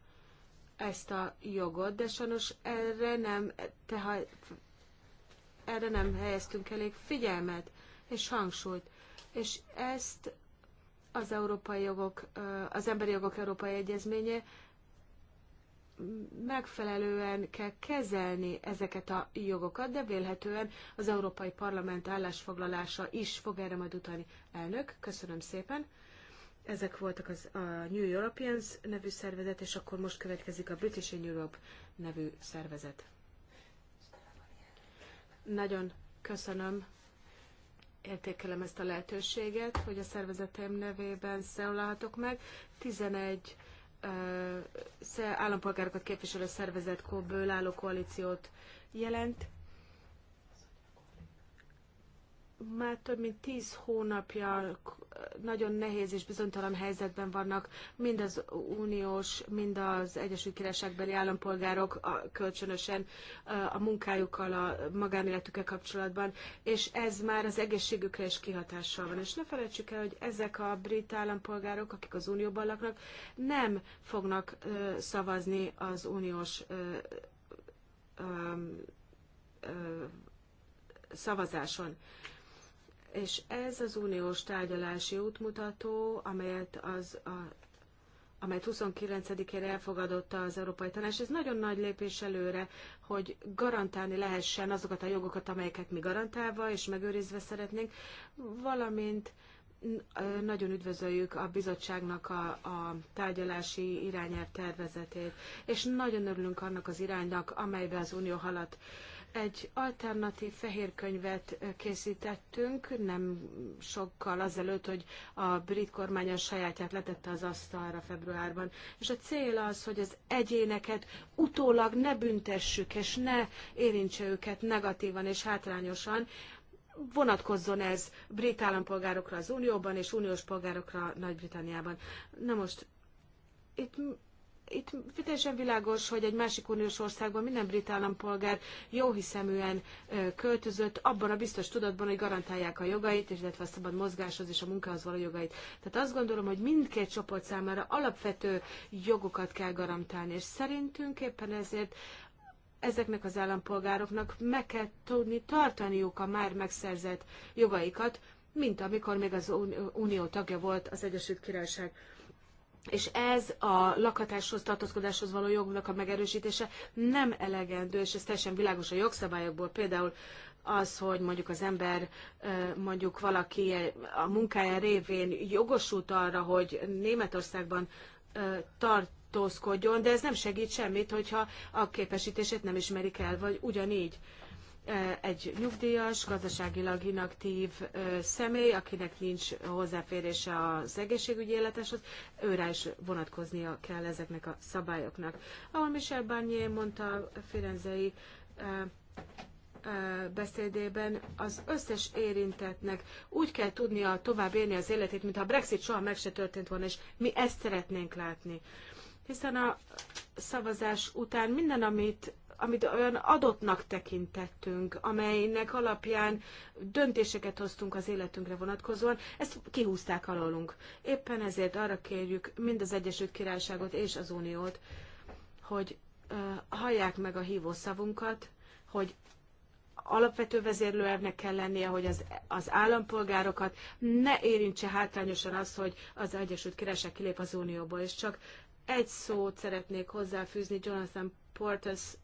ezt a jogot, de sajnos erre nem, tehát erre nem helyeztünk elég figyelmet és hangsúlyt. És ezt az európai jogok, az emberi jogok európai egyezménye megfelelően kell kezelni ezeket a jogokat, de vélhetően az Európai Parlament állásfoglalása is fog erre majd utalni. Elnök, köszönöm szépen. Ezek voltak az, a New Europeans nevű szervezet, és akkor most következik a British in Europe nevű szervezet. Nagyon köszönöm, értékelem ezt a lehetőséget, hogy a szervezetem nevében szólalhatok meg. 11 állampolgárokat képviselő szervezet ből álló koalíciót jelent, már több mint tíz hónapja nagyon nehéz és bizonytalan helyzetben vannak mind az uniós, mind az Egyesült Királyságbeli állampolgárok a, kölcsönösen a munkájukkal, a magánéletükkel kapcsolatban, és ez már az egészségükre is kihatással van. És ne felejtsük el, hogy ezek a brit állampolgárok, akik az unióban laknak, nem fognak ö, szavazni az uniós ö, ö, szavazáson. És ez az uniós tárgyalási útmutató, amelyet az a amelyet 29-ére elfogadott az Európai Tanács. Ez nagyon nagy lépés előre, hogy garantálni lehessen azokat a jogokat, amelyeket mi garantálva és megőrizve szeretnénk, valamint nagyon üdvözöljük a bizottságnak a, a tárgyalási irányelv tervezetét, és nagyon örülünk annak az iránynak, amelybe az Unió haladt. Egy alternatív fehér könyvet készítettünk, nem sokkal azelőtt, hogy a brit kormány a sajátját letette az asztalra februárban. És a cél az, hogy az egyéneket utólag ne büntessük, és ne érintse őket negatívan és hátrányosan, vonatkozzon ez brit állampolgárokra az Unióban és uniós polgárokra Nagy-Britanniában. Na most, itt itt teljesen világos, hogy egy másik uniós országban minden brit állampolgár jóhiszeműen költözött, abban a biztos tudatban, hogy garantálják a jogait, és illetve a szabad mozgáshoz és a munkához való jogait. Tehát azt gondolom, hogy mindkét csoport számára alapvető jogokat kell garantálni, és szerintünk éppen ezért ezeknek az állampolgároknak meg kell tudni tartaniuk a már megszerzett jogaikat, mint amikor még az Unió tagja volt az Egyesült Királyság és ez a lakhatáshoz, tartózkodáshoz való jognak a megerősítése nem elegendő, és ez teljesen világos a jogszabályokból, például az, hogy mondjuk az ember, mondjuk valaki a munkája révén jogosult arra, hogy Németországban tartózkodjon, de ez nem segít semmit, hogyha a képesítését nem ismerik el, vagy ugyanígy egy nyugdíjas, gazdaságilag inaktív személy, akinek nincs hozzáférése az egészségügyi életeshoz, őre is vonatkoznia kell ezeknek a szabályoknak. Ahol Michel Barnier mondta Firenzei beszédében az összes érintetnek úgy kell tudnia tovább élni az életét, mintha a Brexit soha meg se történt volna, és mi ezt szeretnénk látni. Hiszen a szavazás után minden, amit amit olyan adottnak tekintettünk, amelynek alapján döntéseket hoztunk az életünkre vonatkozóan, ezt kihúzták alólunk. Éppen ezért arra kérjük mind az Egyesült Királyságot és az Uniót, hogy hallják meg a hívó szavunkat, hogy alapvető vezérlőelvnek kell lennie, hogy az, az állampolgárokat ne érintse hátrányosan az, hogy az Egyesült Királyság kilép az Unióból, és csak egy szót szeretnék hozzáfűzni Jonathan előadása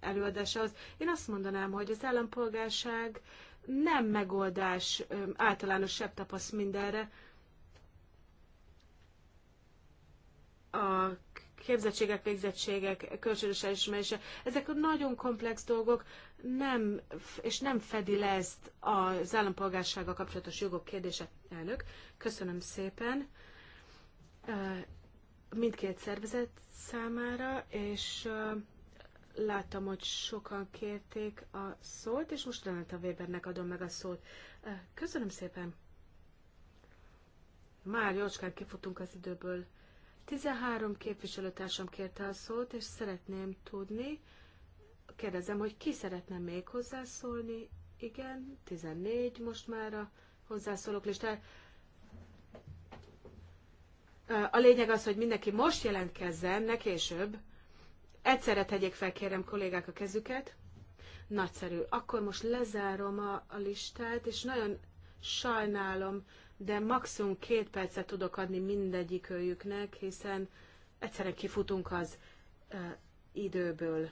előadásához. Én azt mondanám, hogy az állampolgárság nem megoldás, sebb tapaszt mindenre. A képzettségek, végzettségek, kölcsönös elismerése, ezek a nagyon komplex dolgok, nem, és nem fedi le ezt az állampolgársággal kapcsolatos jogok kérdése. Elnök, köszönöm szépen mindkét szervezet számára, és láttam, hogy sokan kérték a szót, és most Renata Webernek adom meg a szót. Köszönöm szépen! Már jócskán kifutunk az időből. 13 képviselőtársam kérte a szót, és szeretném tudni, kérdezem, hogy ki szeretne még hozzászólni. Igen, 14 most már a hozzászólók listára. A lényeg az, hogy mindenki most jelentkezzen, ne később. Egyszerre tegyék fel, kérem kollégák a kezüket. Nagyszerű. Akkor most lezárom a, a listát, és nagyon sajnálom, de maximum két percet tudok adni mindegyikőjüknek, hiszen egyszerre kifutunk az e, időből.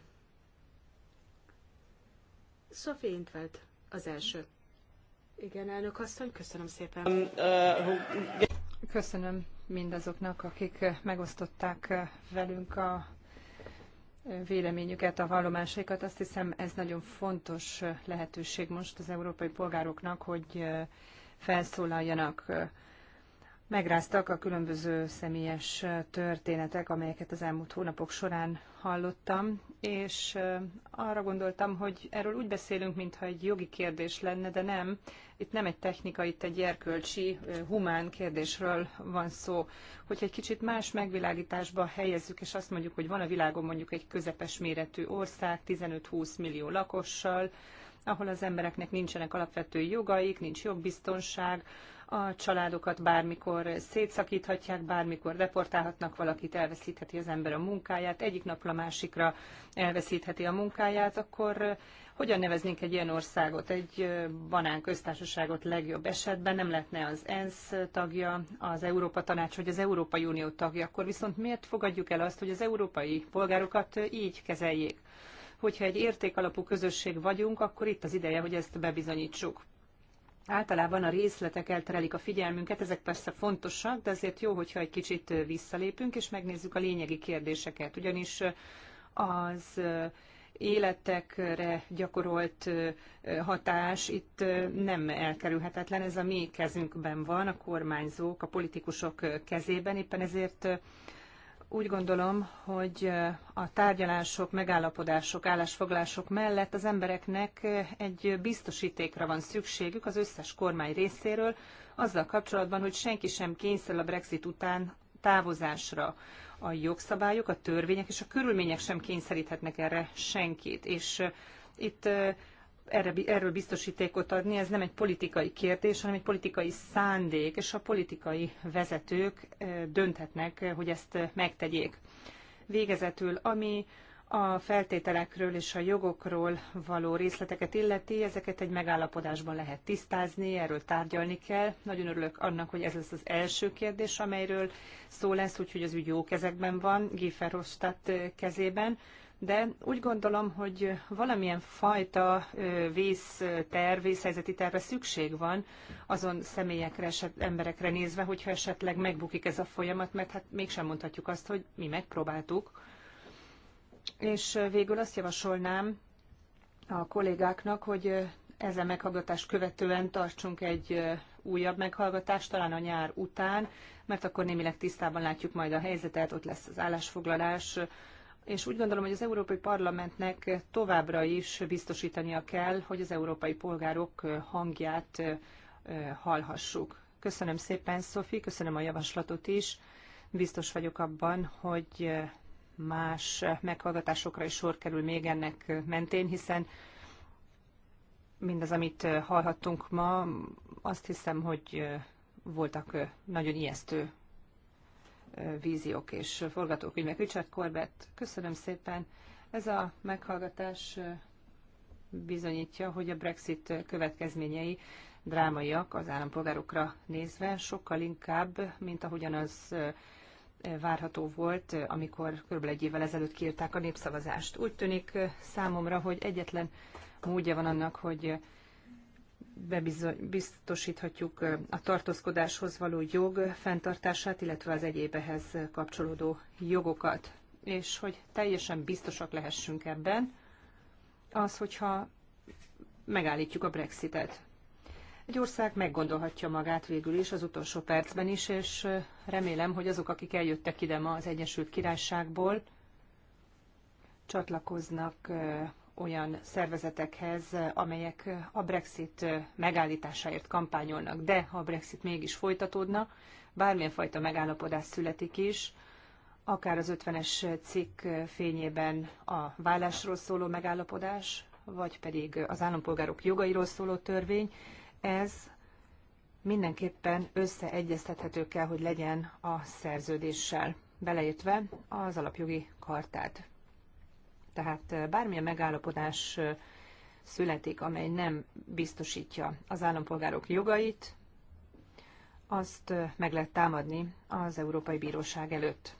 Sophie Intveld az első. Igen, elnök asszony, köszönöm szépen. Um, uh, köszönöm mindazoknak, akik megosztották velünk a véleményüket, a vallomásaikat. Azt hiszem, ez nagyon fontos lehetőség most az európai polgároknak, hogy felszólaljanak megráztak a különböző személyes történetek, amelyeket az elmúlt hónapok során hallottam, és arra gondoltam, hogy erről úgy beszélünk, mintha egy jogi kérdés lenne, de nem. Itt nem egy technika, itt egy erkölcsi, humán kérdésről van szó. Hogyha egy kicsit más megvilágításba helyezzük, és azt mondjuk, hogy van a világon mondjuk egy közepes méretű ország, 15-20 millió lakossal, ahol az embereknek nincsenek alapvető jogaik, nincs jogbiztonság, a családokat bármikor szétszakíthatják, bármikor deportálhatnak valakit, elveszítheti az ember a munkáját, egyik napra másikra elveszítheti a munkáját, akkor eh, hogyan neveznénk egy ilyen országot, egy eh, banán köztársaságot legjobb esetben? Nem lehetne az ENSZ tagja, az Európa Tanács vagy az Európai Unió tagja, akkor viszont miért fogadjuk el azt, hogy az európai polgárokat eh, így kezeljék? Hogyha egy értékalapú közösség vagyunk, akkor itt az ideje, hogy ezt bebizonyítsuk Általában a részletek elterelik a figyelmünket, ezek persze fontosak, de azért jó, hogyha egy kicsit visszalépünk, és megnézzük a lényegi kérdéseket. Ugyanis az életekre gyakorolt hatás itt nem elkerülhetetlen, ez a mi kezünkben van, a kormányzók, a politikusok kezében, éppen ezért úgy gondolom, hogy a tárgyalások, megállapodások, állásfoglások mellett az embereknek egy biztosítékra van szükségük az összes kormány részéről, azzal kapcsolatban, hogy senki sem kényszerül a Brexit után távozásra. A jogszabályok, a törvények és a körülmények sem kényszeríthetnek erre senkit. És itt erre, erről biztosítékot adni, ez nem egy politikai kérdés, hanem egy politikai szándék, és a politikai vezetők eh, dönthetnek, eh, hogy ezt eh, megtegyék. Végezetül, ami a feltételekről és a jogokról való részleteket illeti, ezeket egy megállapodásban lehet tisztázni, erről tárgyalni kell. Nagyon örülök annak, hogy ez lesz az első kérdés, amelyről szó lesz, úgyhogy az ügy jó kezekben van, Giefer kezében de úgy gondolom, hogy valamilyen fajta vészterv, vészhelyzeti tervre szükség van azon személyekre, eset, emberekre nézve, hogyha esetleg megbukik ez a folyamat, mert hát mégsem mondhatjuk azt, hogy mi megpróbáltuk. És végül azt javasolnám a kollégáknak, hogy ezen meghallgatást követően tartsunk egy újabb meghallgatást, talán a nyár után, mert akkor némileg tisztában látjuk majd a helyzetet, ott lesz az állásfoglalás, és úgy gondolom, hogy az Európai Parlamentnek továbbra is biztosítania kell, hogy az európai polgárok hangját hallhassuk. Köszönöm szépen, Szofi, köszönöm a javaslatot is. Biztos vagyok abban, hogy más meghallgatásokra is sor kerül még ennek mentén, hiszen mindaz, amit hallhattunk ma, azt hiszem, hogy voltak nagyon ijesztő víziók és forgatókönyvek. Richard Corbett, köszönöm szépen. Ez a meghallgatás bizonyítja, hogy a Brexit következményei drámaiak az állampolgárokra nézve, sokkal inkább, mint ahogyan az várható volt, amikor kb. egy évvel ezelőtt kiírták a népszavazást. Úgy tűnik számomra, hogy egyetlen módja van annak, hogy bebiztosíthatjuk a tartózkodáshoz való jog fenntartását, illetve az egyébehez kapcsolódó jogokat. És hogy teljesen biztosak lehessünk ebben, az, hogyha megállítjuk a Brexitet. Egy ország meggondolhatja magát végül is az utolsó percben is, és remélem, hogy azok, akik eljöttek ide ma az Egyesült Királyságból, csatlakoznak olyan szervezetekhez, amelyek a Brexit megállításáért kampányolnak. De ha a Brexit mégis folytatódna, bármilyen fajta megállapodás születik is, akár az 50-es cikk fényében a vállásról szóló megállapodás, vagy pedig az állampolgárok jogairól szóló törvény, ez mindenképpen összeegyeztethető kell, hogy legyen a szerződéssel, beleértve az alapjogi kartát. Tehát bármilyen megállapodás születik, amely nem biztosítja az állampolgárok jogait, azt meg lehet támadni az Európai Bíróság előtt.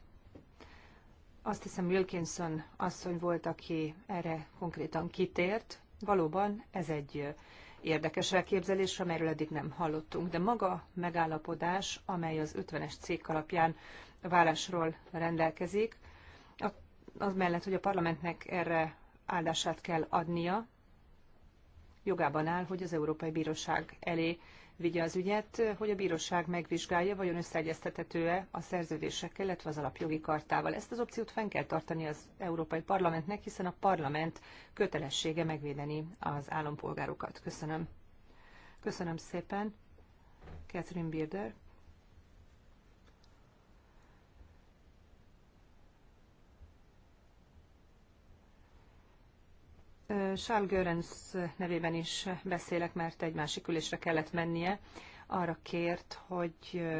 Azt hiszem Wilkinson asszony volt, aki erre konkrétan kitért. Valóban ez egy érdekes elképzelés, amelyről eddig nem hallottunk, de maga megállapodás, amely az 50-es cég alapján vállásról rendelkezik, az mellett, hogy a parlamentnek erre áldását kell adnia, jogában áll, hogy az Európai Bíróság elé vigye az ügyet, hogy a bíróság megvizsgálja, vajon összeegyeztethető-e a szerződésekkel, illetve az alapjogi kartával. Ezt az opciót fenn kell tartani az Európai Parlamentnek, hiszen a parlament kötelessége megvédeni az állampolgárokat. Köszönöm. Köszönöm szépen. Catherine Bierder. Charles Görens nevében is beszélek, mert egy másik ülésre kellett mennie. Arra kért, hogy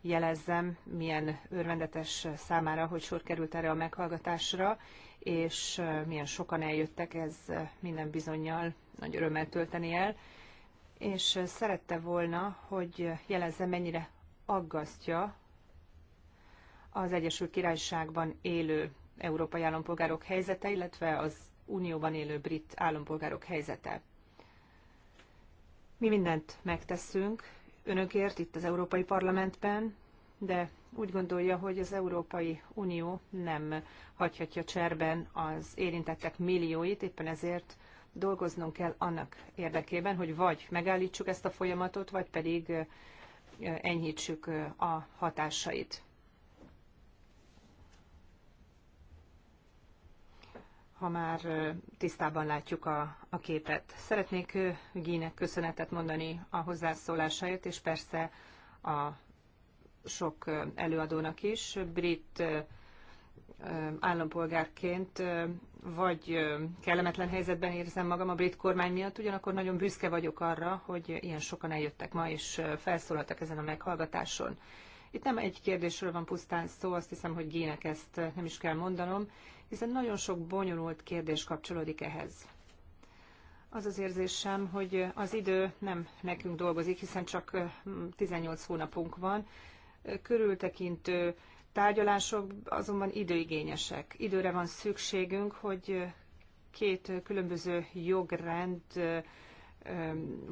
jelezzem, milyen örvendetes számára, hogy sor került erre a meghallgatásra, és milyen sokan eljöttek, ez minden bizonyal nagy örömmel tölteni el. És szerette volna, hogy jelezzem, mennyire aggasztja az Egyesült Királyságban élő európai állampolgárok helyzete, illetve az Unióban élő brit állampolgárok helyzete. Mi mindent megteszünk önökért itt az Európai Parlamentben, de úgy gondolja, hogy az Európai Unió nem hagyhatja cserben az érintettek millióit, éppen ezért dolgoznunk kell annak érdekében, hogy vagy megállítsuk ezt a folyamatot, vagy pedig enyhítsük a hatásait. ha már tisztában látjuk a, a képet. Szeretnék Gének köszönetet mondani a hozzászólásáért, és persze a sok előadónak is. Brit állampolgárként vagy kellemetlen helyzetben érzem magam a brit kormány miatt, ugyanakkor nagyon büszke vagyok arra, hogy ilyen sokan eljöttek ma, és felszólaltak ezen a meghallgatáson. Itt nem egy kérdésről van pusztán szó, azt hiszem, hogy Gének ezt nem is kell mondanom, hiszen nagyon sok bonyolult kérdés kapcsolódik ehhez. Az az érzésem, hogy az idő nem nekünk dolgozik, hiszen csak 18 hónapunk van. Körültekintő tárgyalások azonban időigényesek. Időre van szükségünk, hogy két különböző jogrend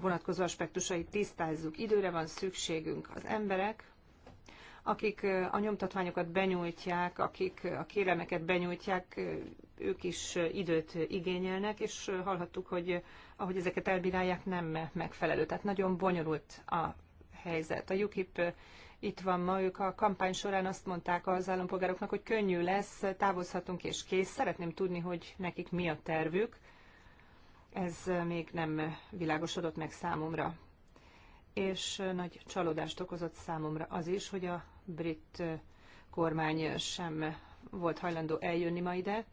vonatkozó aspektusait tisztázzuk. Időre van szükségünk. Az emberek akik a nyomtatványokat benyújtják, akik a kérelmeket benyújtják, ők is időt igényelnek, és hallhattuk, hogy ahogy ezeket elbírálják, nem megfelelő. Tehát nagyon bonyolult a helyzet. A UKIP itt van ma, ők a kampány során azt mondták az állampolgároknak, hogy könnyű lesz, távozhatunk és kész. Szeretném tudni, hogy nekik mi a tervük. Ez még nem világosodott meg számomra és nagy csalódást okozott számomra az is, hogy a brit kormány sem volt hajlandó eljönni ma ide.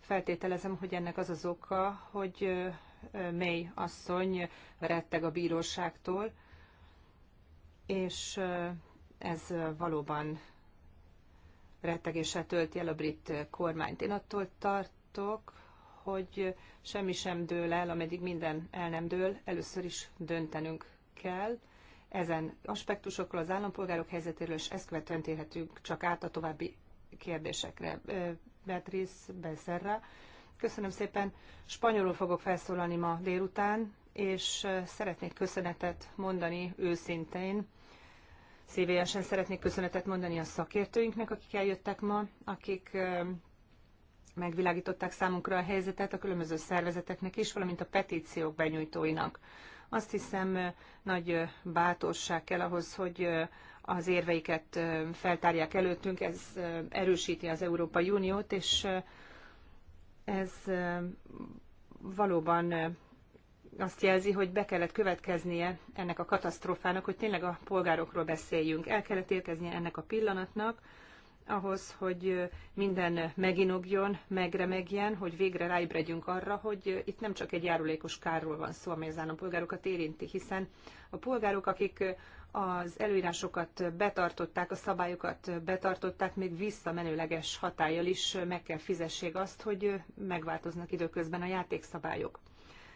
Feltételezem, hogy ennek az az oka, hogy May asszony retteg a bíróságtól, és ez valóban rettegéssel tölti el a brit kormányt. Én attól tartok, hogy semmi sem dől el, ameddig minden el nem dől, először is döntenünk kell, ezen aspektusokról, az állampolgárok helyzetéről, és ezt követően térhetünk csak át a további kérdésekre. Beatriz Becerra, köszönöm szépen. Spanyolul fogok felszólalni ma délután, és szeretnék köszönetet mondani őszintén. Szívélyesen szeretnék köszönetet mondani a szakértőinknek, akik eljöttek ma, akik megvilágították számunkra a helyzetet a különböző szervezeteknek is, valamint a petíciók benyújtóinak. Azt hiszem, nagy bátorság kell ahhoz, hogy az érveiket feltárják előttünk, ez erősíti az Európai Uniót, és ez valóban azt jelzi, hogy be kellett következnie ennek a katasztrófának, hogy tényleg a polgárokról beszéljünk. El kellett érkeznie ennek a pillanatnak, ahhoz, hogy minden meginogjon, megremegjen, hogy végre ráibredjünk arra, hogy itt nem csak egy járulékos kárról van szó, amely az állampolgárokat érinti, hiszen a polgárok, akik az előírásokat betartották, a szabályokat betartották, még visszamenőleges hatállyal is meg kell fizessék azt, hogy megváltoznak időközben a játékszabályok.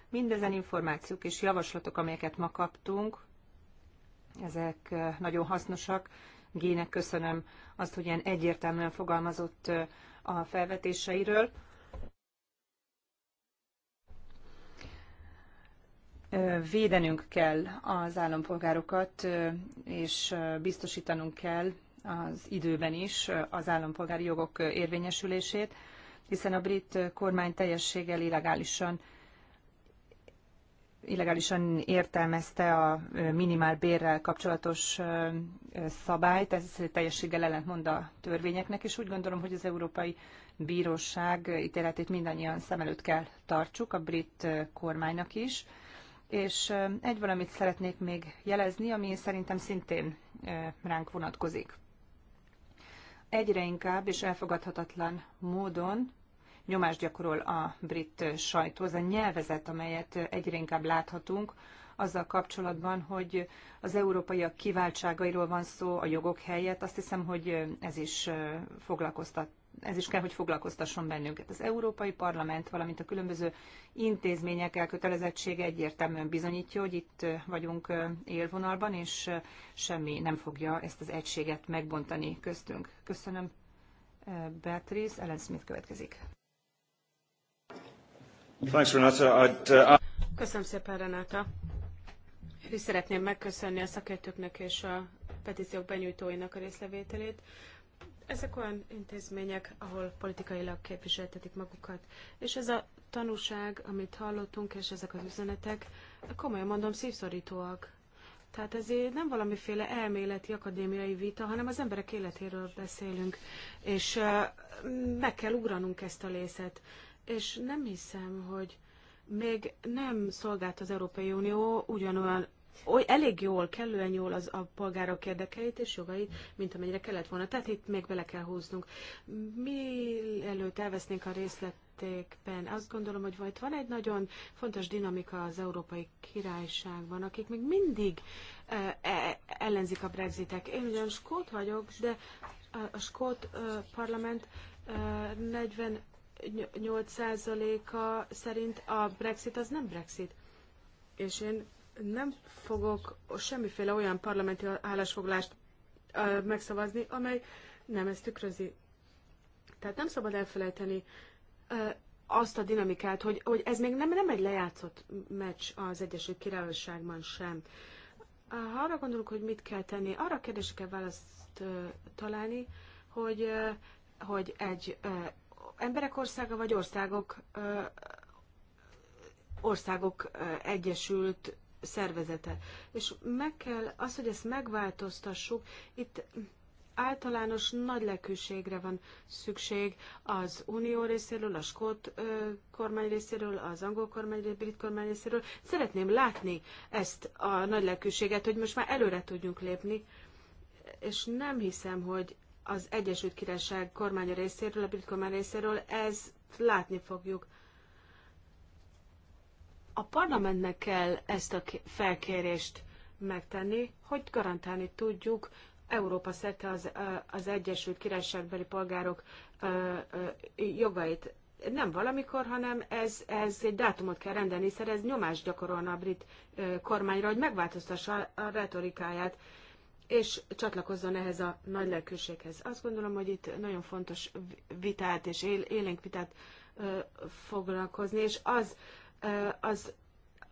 Mindezen információk és javaslatok, amelyeket ma kaptunk, ezek nagyon hasznosak, Gének köszönöm azt, hogy ilyen egyértelműen fogalmazott a felvetéseiről. Védenünk kell az állampolgárokat, és biztosítanunk kell az időben is az állampolgári jogok érvényesülését, hiszen a brit kormány teljességgel illegálisan illegálisan értelmezte a minimál bérrel kapcsolatos szabályt, ez teljességgel ellentmond a törvényeknek, és úgy gondolom, hogy az Európai Bíróság ítéletét mindannyian szem előtt kell tartsuk, a brit kormánynak is. És egy valamit szeretnék még jelezni, ami szerintem szintén ránk vonatkozik. Egyre inkább és elfogadhatatlan módon nyomást gyakorol a brit sajtó. Az a nyelvezet, amelyet egyre inkább láthatunk, azzal kapcsolatban, hogy az európaiak kiváltságairól van szó a jogok helyett. Azt hiszem, hogy ez is foglalkoztat ez is kell, hogy foglalkoztasson bennünket. Az Európai Parlament, valamint a különböző intézmények elkötelezettsége egyértelműen bizonyítja, hogy itt vagyunk élvonalban, és semmi nem fogja ezt az egységet megbontani köztünk. Köszönöm, Beatrice. Ellen Smith következik. Uh, Köszönöm szépen, Renata. Én is szeretném megköszönni a szakértőknek és a petíciók benyújtóinak a részlevételét. Ezek olyan intézmények, ahol politikailag képviseltetik magukat. És ez a tanúság, amit hallottunk, és ezek az üzenetek, komolyan mondom, szívszorítóak. Tehát ez nem valamiféle elméleti akadémiai vita, hanem az emberek életéről beszélünk, és meg kell ugranunk ezt a lészet és nem hiszem, hogy még nem szolgált az Európai Unió ugyanolyan oly, elég jól, kellően jól az a polgárok érdekeit és jogait, mint amennyire kellett volna. Tehát itt még bele kell húznunk. Mi előtt elvesznénk a részletékben, azt gondolom, hogy vagy van egy nagyon fontos dinamika az Európai Királyságban, akik még mindig e, e, ellenzik a Brexitek. Én ugyan skót vagyok, de a skót e, parlament e, 40 8%-a szerint a Brexit az nem Brexit. És én nem fogok semmiféle olyan parlamenti állásfoglást megszavazni, amely nem ezt tükrözi. Tehát nem szabad elfelejteni azt a dinamikát, hogy, hogy ez még nem, nem egy lejátszott meccs az Egyesült Királyságban sem. Ha arra gondolunk, hogy mit kell tenni, arra kérdésre kell választ találni, hogy, hogy egy emberek országa vagy országok, országok egyesült szervezete. És meg kell, az, hogy ezt megváltoztassuk, itt általános nagy lekűségre van szükség az unió részéről, a skót ö, kormány részéről, az angol kormány, a brit kormány részéről. Szeretném látni ezt a nagy lekűséget, hogy most már előre tudjunk lépni, és nem hiszem, hogy az Egyesült Királyság kormánya részéről, a brit kormány részéről, ezt látni fogjuk. A parlamentnek kell ezt a felkérést megtenni, hogy garantálni tudjuk Európa szerte az, az Egyesült Királyságbeli polgárok jogait. Nem valamikor, hanem ez, ez egy dátumot kell rendelni, hiszen ez nyomást gyakorolna a brit kormányra, hogy megváltoztassa a retorikáját és csatlakozzon ehhez a nagy lelkőséghez. Azt gondolom, hogy itt nagyon fontos vitát és él, élénk vitát ö, foglalkozni, és az, ö, az,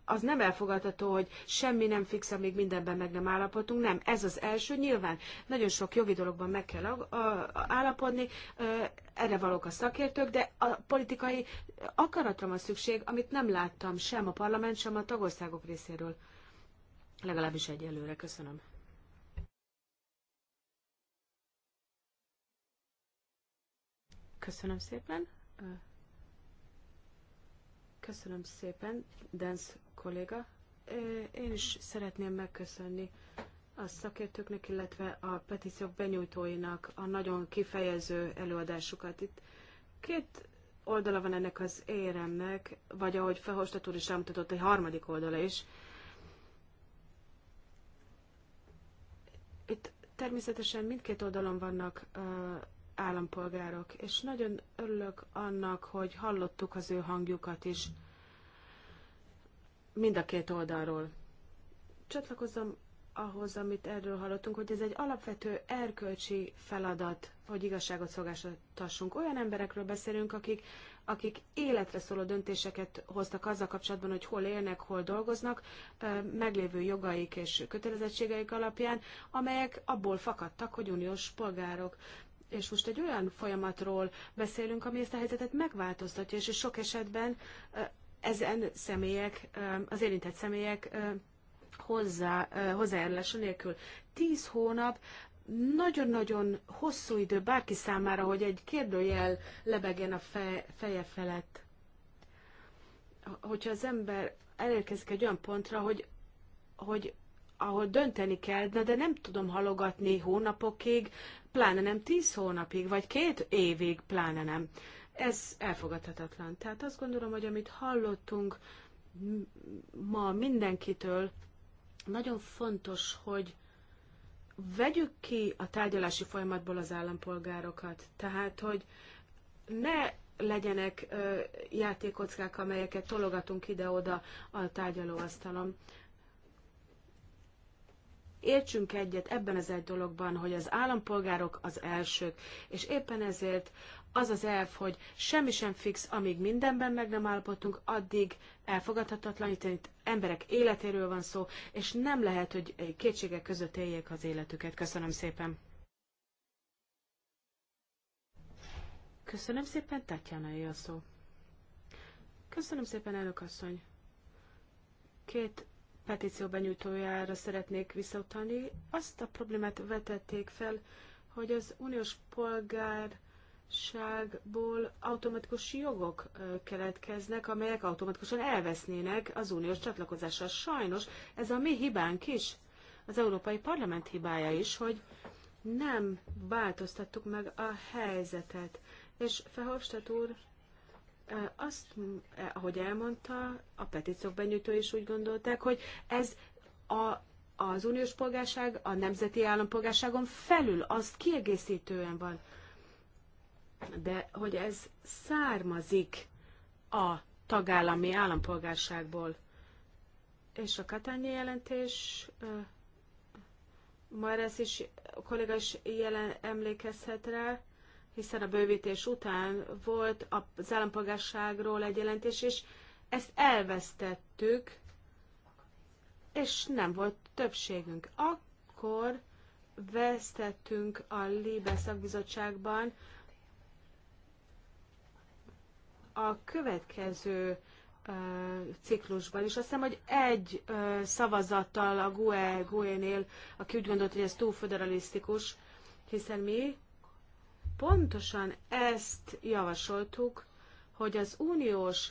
az nem elfogadható, hogy semmi nem fix, amíg mindenben meg nem állapodtunk. Nem, ez az első. Nyilván nagyon sok jogi dologban meg kell a, a, állapodni, ö, erre valók a szakértők, de a politikai akaratra van szükség, amit nem láttam sem a parlament, sem a tagországok részéről. Legalábbis egyelőre. Köszönöm. Köszönöm szépen. Köszönöm szépen, Dance kolléga. Én is szeretném megköszönni a szakértőknek, illetve a petíciók benyújtóinak a nagyon kifejező előadásukat. Itt két oldala van ennek az éremnek, vagy ahogy Fehostat úr is rámutatott, egy harmadik oldala is. Itt természetesen mindkét oldalon vannak állampolgárok, és nagyon örülök annak, hogy hallottuk az ő hangjukat is mind a két oldalról. Csatlakozom ahhoz, amit erről hallottunk, hogy ez egy alapvető erkölcsi feladat, hogy igazságot szolgáltassunk. Olyan emberekről beszélünk, akik, akik életre szóló döntéseket hoztak azzal kapcsolatban, hogy hol élnek, hol dolgoznak, meglévő jogaik és kötelezettségeik alapján, amelyek abból fakadtak, hogy uniós polgárok. És most egy olyan folyamatról beszélünk, ami ezt a helyzetet megváltoztatja, és sok esetben ezen személyek, az érintett személyek hozzá, hozzájárulása nélkül. Tíz hónap nagyon-nagyon hosszú idő bárki számára, hogy egy kérdőjel lebegjen a feje felett. Hogyha az ember elérkezik egy olyan pontra, hogy, hogy ahol dönteni kell, de, de nem tudom halogatni hónapokig, pláne nem tíz hónapig, vagy két évig, pláne nem. Ez elfogadhatatlan. Tehát azt gondolom, hogy amit hallottunk ma mindenkitől, nagyon fontos, hogy vegyük ki a tárgyalási folyamatból az állampolgárokat. Tehát, hogy ne legyenek ö, játékockák, amelyeket tologatunk ide-oda a tárgyalóasztalon értsünk egyet ebben az egy dologban, hogy az állampolgárok az elsők, és éppen ezért az az elf, hogy semmi sem fix, amíg mindenben meg nem állapodtunk, addig elfogadhatatlan, itt, itt emberek életéről van szó, és nem lehet, hogy kétségek között éljék az életüket. Köszönöm szépen! Köszönöm szépen, Tatjana a szó. Köszönöm szépen, elnök asszony. Két petíció benyújtójára szeretnék visszautalni. Azt a problémát vetették fel, hogy az uniós polgárságból automatikus jogok keletkeznek, amelyek automatikusan elvesznének az uniós csatlakozással. Sajnos ez a mi hibánk is, az Európai Parlament hibája is, hogy nem változtattuk meg a helyzetet. És Fehovstadt úr azt, ahogy elmondta, a petíciók benyújtó is úgy gondolták, hogy ez a, az uniós polgárság a nemzeti állampolgárságon felül, azt kiegészítően van. De hogy ez származik a tagállami állampolgárságból. És a Katányi jelentés, már ez is a kollega is jelen, emlékezhet rá, hiszen a bővítés után volt az állampolgárságról egy jelentés, és ezt elvesztettük, és nem volt többségünk. Akkor vesztettünk a Libe szakbizottságban a következő ö, ciklusban, és azt hiszem, hogy egy ö, szavazattal a GUE, GUE-nél, aki úgy gondolt, hogy ez túl föderalisztikus, hiszen mi Pontosan ezt javasoltuk, hogy az uniós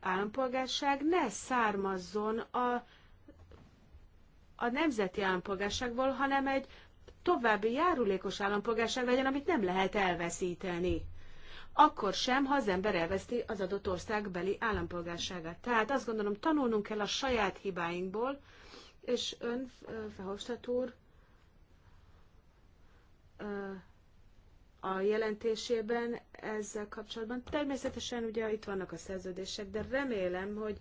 állampolgárság ne származzon a, a nemzeti állampolgárságból, hanem egy további járulékos állampolgárság legyen, amit nem lehet elveszíteni. Akkor sem, ha az ember elveszti az adott ország beli állampolgárságát. Tehát azt gondolom, tanulnunk kell a saját hibáinkból, és ön, Verhofstadt úr, a jelentésében ezzel kapcsolatban. Természetesen ugye itt vannak a szerződések, de remélem, hogy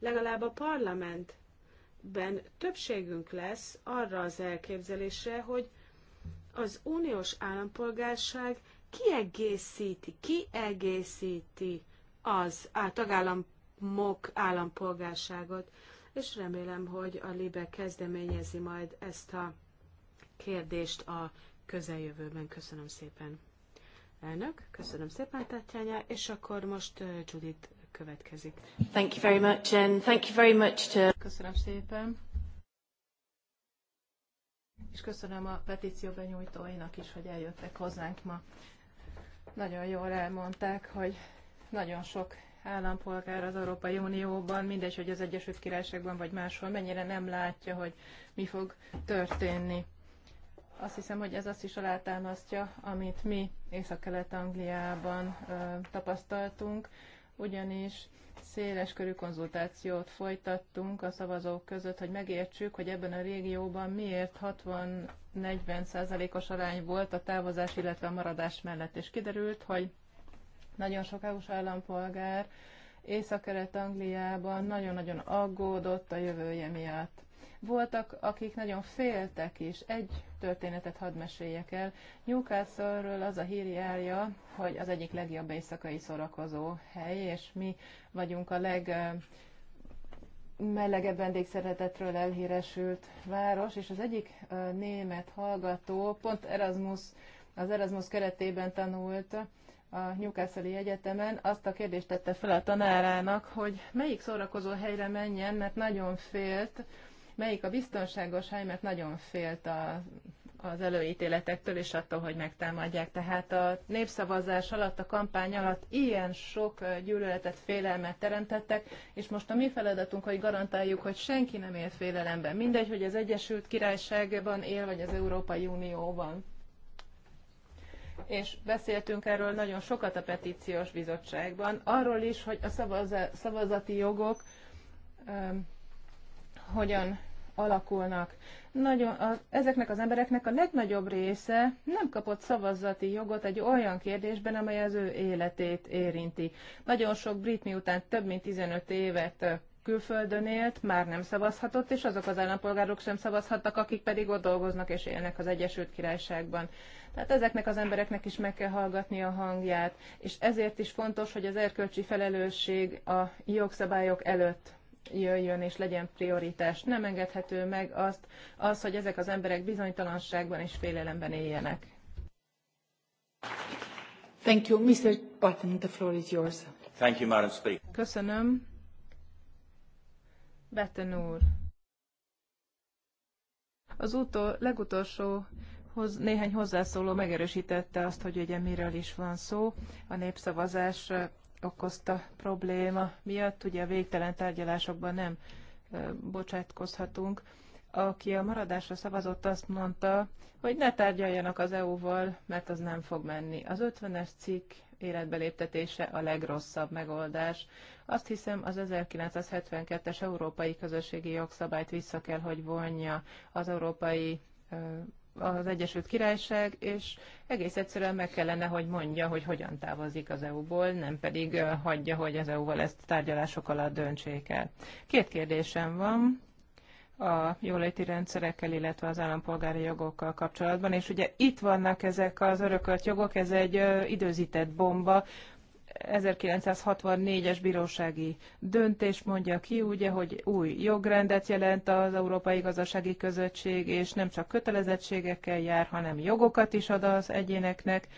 legalább a parlamentben többségünk lesz arra az elképzelésre, hogy az uniós állampolgárság kiegészíti, kiegészíti az a tagállamok állampolgárságot, és remélem, hogy a Libe kezdeményezi majd ezt a kérdést a közeljövőben. Köszönöm szépen. Elnök, köszönöm szépen, Tatjánya, és akkor most Judith következik. Thank you very much, and thank you very much to... Köszönöm szépen. És köszönöm a petíció benyújtóinak is, hogy eljöttek hozzánk ma. Nagyon jól elmondták, hogy nagyon sok állampolgár az Európai Unióban, mindegy, hogy az Egyesült Királyságban vagy máshol, mennyire nem látja, hogy mi fog történni azt hiszem, hogy ez azt is alátámasztja, amit mi Észak-Kelet-Angliában tapasztaltunk, ugyanis széles körű konzultációt folytattunk a szavazók között, hogy megértsük, hogy ebben a régióban miért 60-40 százalékos arány volt a távozás, illetve a maradás mellett. És kiderült, hogy nagyon sok EU-s állampolgár Észak-Kelet-Angliában nagyon-nagyon aggódott a jövője miatt. Voltak, akik nagyon féltek is. Egy történetet hadd meséljek el. newcastle az a híri járja, hogy az egyik legjobb éjszakai szorakozó hely, és mi vagyunk a leg melegebb vendégszeretetről elhíresült város, és az egyik német hallgató pont Erasmus, az Erasmus keretében tanult a Newcastle Egyetemen, azt a kérdést tette fel a tanárának, hogy melyik szórakozó helyre menjen, mert nagyon félt, melyik a biztonságos hely, mert nagyon félt a, az előítéletektől és attól, hogy megtámadják. Tehát a népszavazás alatt, a kampány alatt ilyen sok gyűlöletet, félelmet teremtettek, és most a mi feladatunk, hogy garantáljuk, hogy senki nem él félelemben. Mindegy, hogy az Egyesült Királyságban él, vagy az Európai Unióban. És beszéltünk erről nagyon sokat a petíciós bizottságban, arról is, hogy a szavazati jogok um, hogyan alakulnak. Nagyon, a, ezeknek az embereknek a legnagyobb része nem kapott szavazati jogot egy olyan kérdésben, amely az ő életét érinti. Nagyon sok brit miután több mint 15 évet külföldön élt, már nem szavazhatott, és azok az állampolgárok sem szavazhattak, akik pedig ott dolgoznak és élnek az Egyesült Királyságban. Tehát ezeknek az embereknek is meg kell hallgatni a hangját, és ezért is fontos, hogy az erkölcsi felelősség a jogszabályok előtt jöjjön és legyen prioritás. Nem engedhető meg azt, az, hogy ezek az emberek bizonytalanságban és félelemben éljenek. Thank you. Mr. Button, the floor is yours. Thank you, Madam Speaker. Köszönöm. Betten úr. Az utol, legutolsó hoz, néhány hozzászóló megerősítette azt, hogy ugye miről is van szó. A népszavazás okozta probléma miatt, ugye a végtelen tárgyalásokban nem bocsátkozhatunk. Aki a maradásra szavazott, azt mondta, hogy ne tárgyaljanak az EU-val, mert az nem fog menni. Az 50-es cikk léptetése a legrosszabb megoldás. Azt hiszem, az 1972-es európai közösségi jogszabályt vissza kell, hogy vonja az európai az Egyesült Királyság, és egész egyszerűen meg kellene, hogy mondja, hogy hogyan távozik az EU-ból, nem pedig hagyja, hogy az EU-val ezt tárgyalások alatt döntsék el. Két kérdésem van a jóléti rendszerekkel, illetve az állampolgári jogokkal kapcsolatban, és ugye itt vannak ezek az örökölt jogok, ez egy időzített bomba, 1964-es bírósági döntés mondja ki, ugye, hogy új jogrendet jelent az Európai Gazdasági Közösség, és nem csak kötelezettségekkel jár, hanem jogokat is ad az egyéneknek,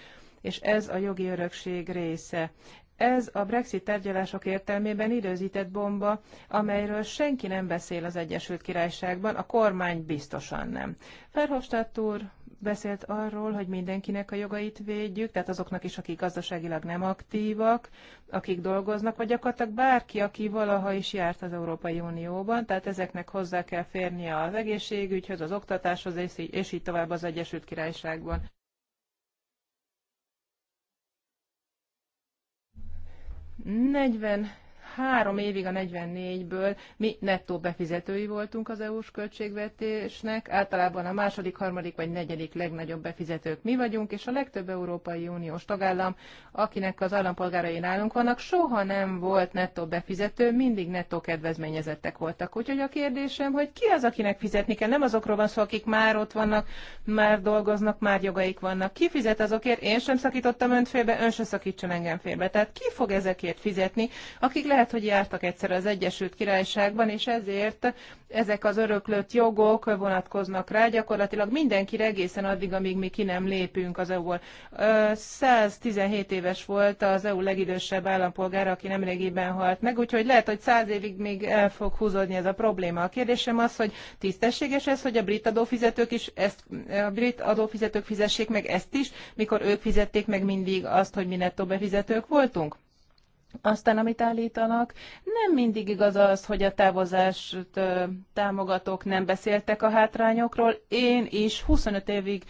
és ez a jogi örökség része. Ez a Brexit tárgyalások értelmében időzített bomba, amelyről senki nem beszél az Egyesült Királyságban, a kormány biztosan nem. Verhofstadt úr beszélt arról, hogy mindenkinek a jogait védjük, tehát azoknak is, akik gazdaságilag nem aktívak, akik dolgoznak, vagy gyakorlatilag bárki, aki valaha is járt az Európai Unióban, tehát ezeknek hozzá kell férnie az egészségügyhöz, az oktatáshoz, és így, és így tovább az Egyesült Királyságban. Negyven három évig a 44-ből mi nettó befizetői voltunk az EU-s költségvetésnek, általában a második, harmadik vagy negyedik legnagyobb befizetők mi vagyunk, és a legtöbb Európai Uniós tagállam, akinek az állampolgárai nálunk vannak, soha nem volt nettó befizető, mindig nettó kedvezményezettek voltak. Úgyhogy a kérdésem, hogy ki az, akinek fizetni kell? Nem azokról van szó, akik már ott vannak, már dolgoznak, már jogaik vannak. Ki fizet azokért? Én sem szakítottam önt félbe, ön sem szakítson engem félbe. Tehát ki fog ezekért fizetni, akik lehet lehet, hogy jártak egyszer az Egyesült Királyságban, és ezért ezek az öröklött jogok vonatkoznak rá gyakorlatilag mindenki egészen addig, amíg mi ki nem lépünk az EU-ból. 117 éves volt az EU legidősebb állampolgára, aki nemrégiben halt meg, úgyhogy lehet, hogy 100 évig még el fog húzódni ez a probléma. A kérdésem az, hogy tisztességes ez, hogy a brit adófizetők is ezt, a brit adófizetők fizessék meg ezt is, mikor ők fizették meg mindig azt, hogy mi nettó befizetők voltunk? Aztán, amit állítanak, nem mindig igaz az, hogy a távozást támogatók nem beszéltek a hátrányokról. Én is 25 évig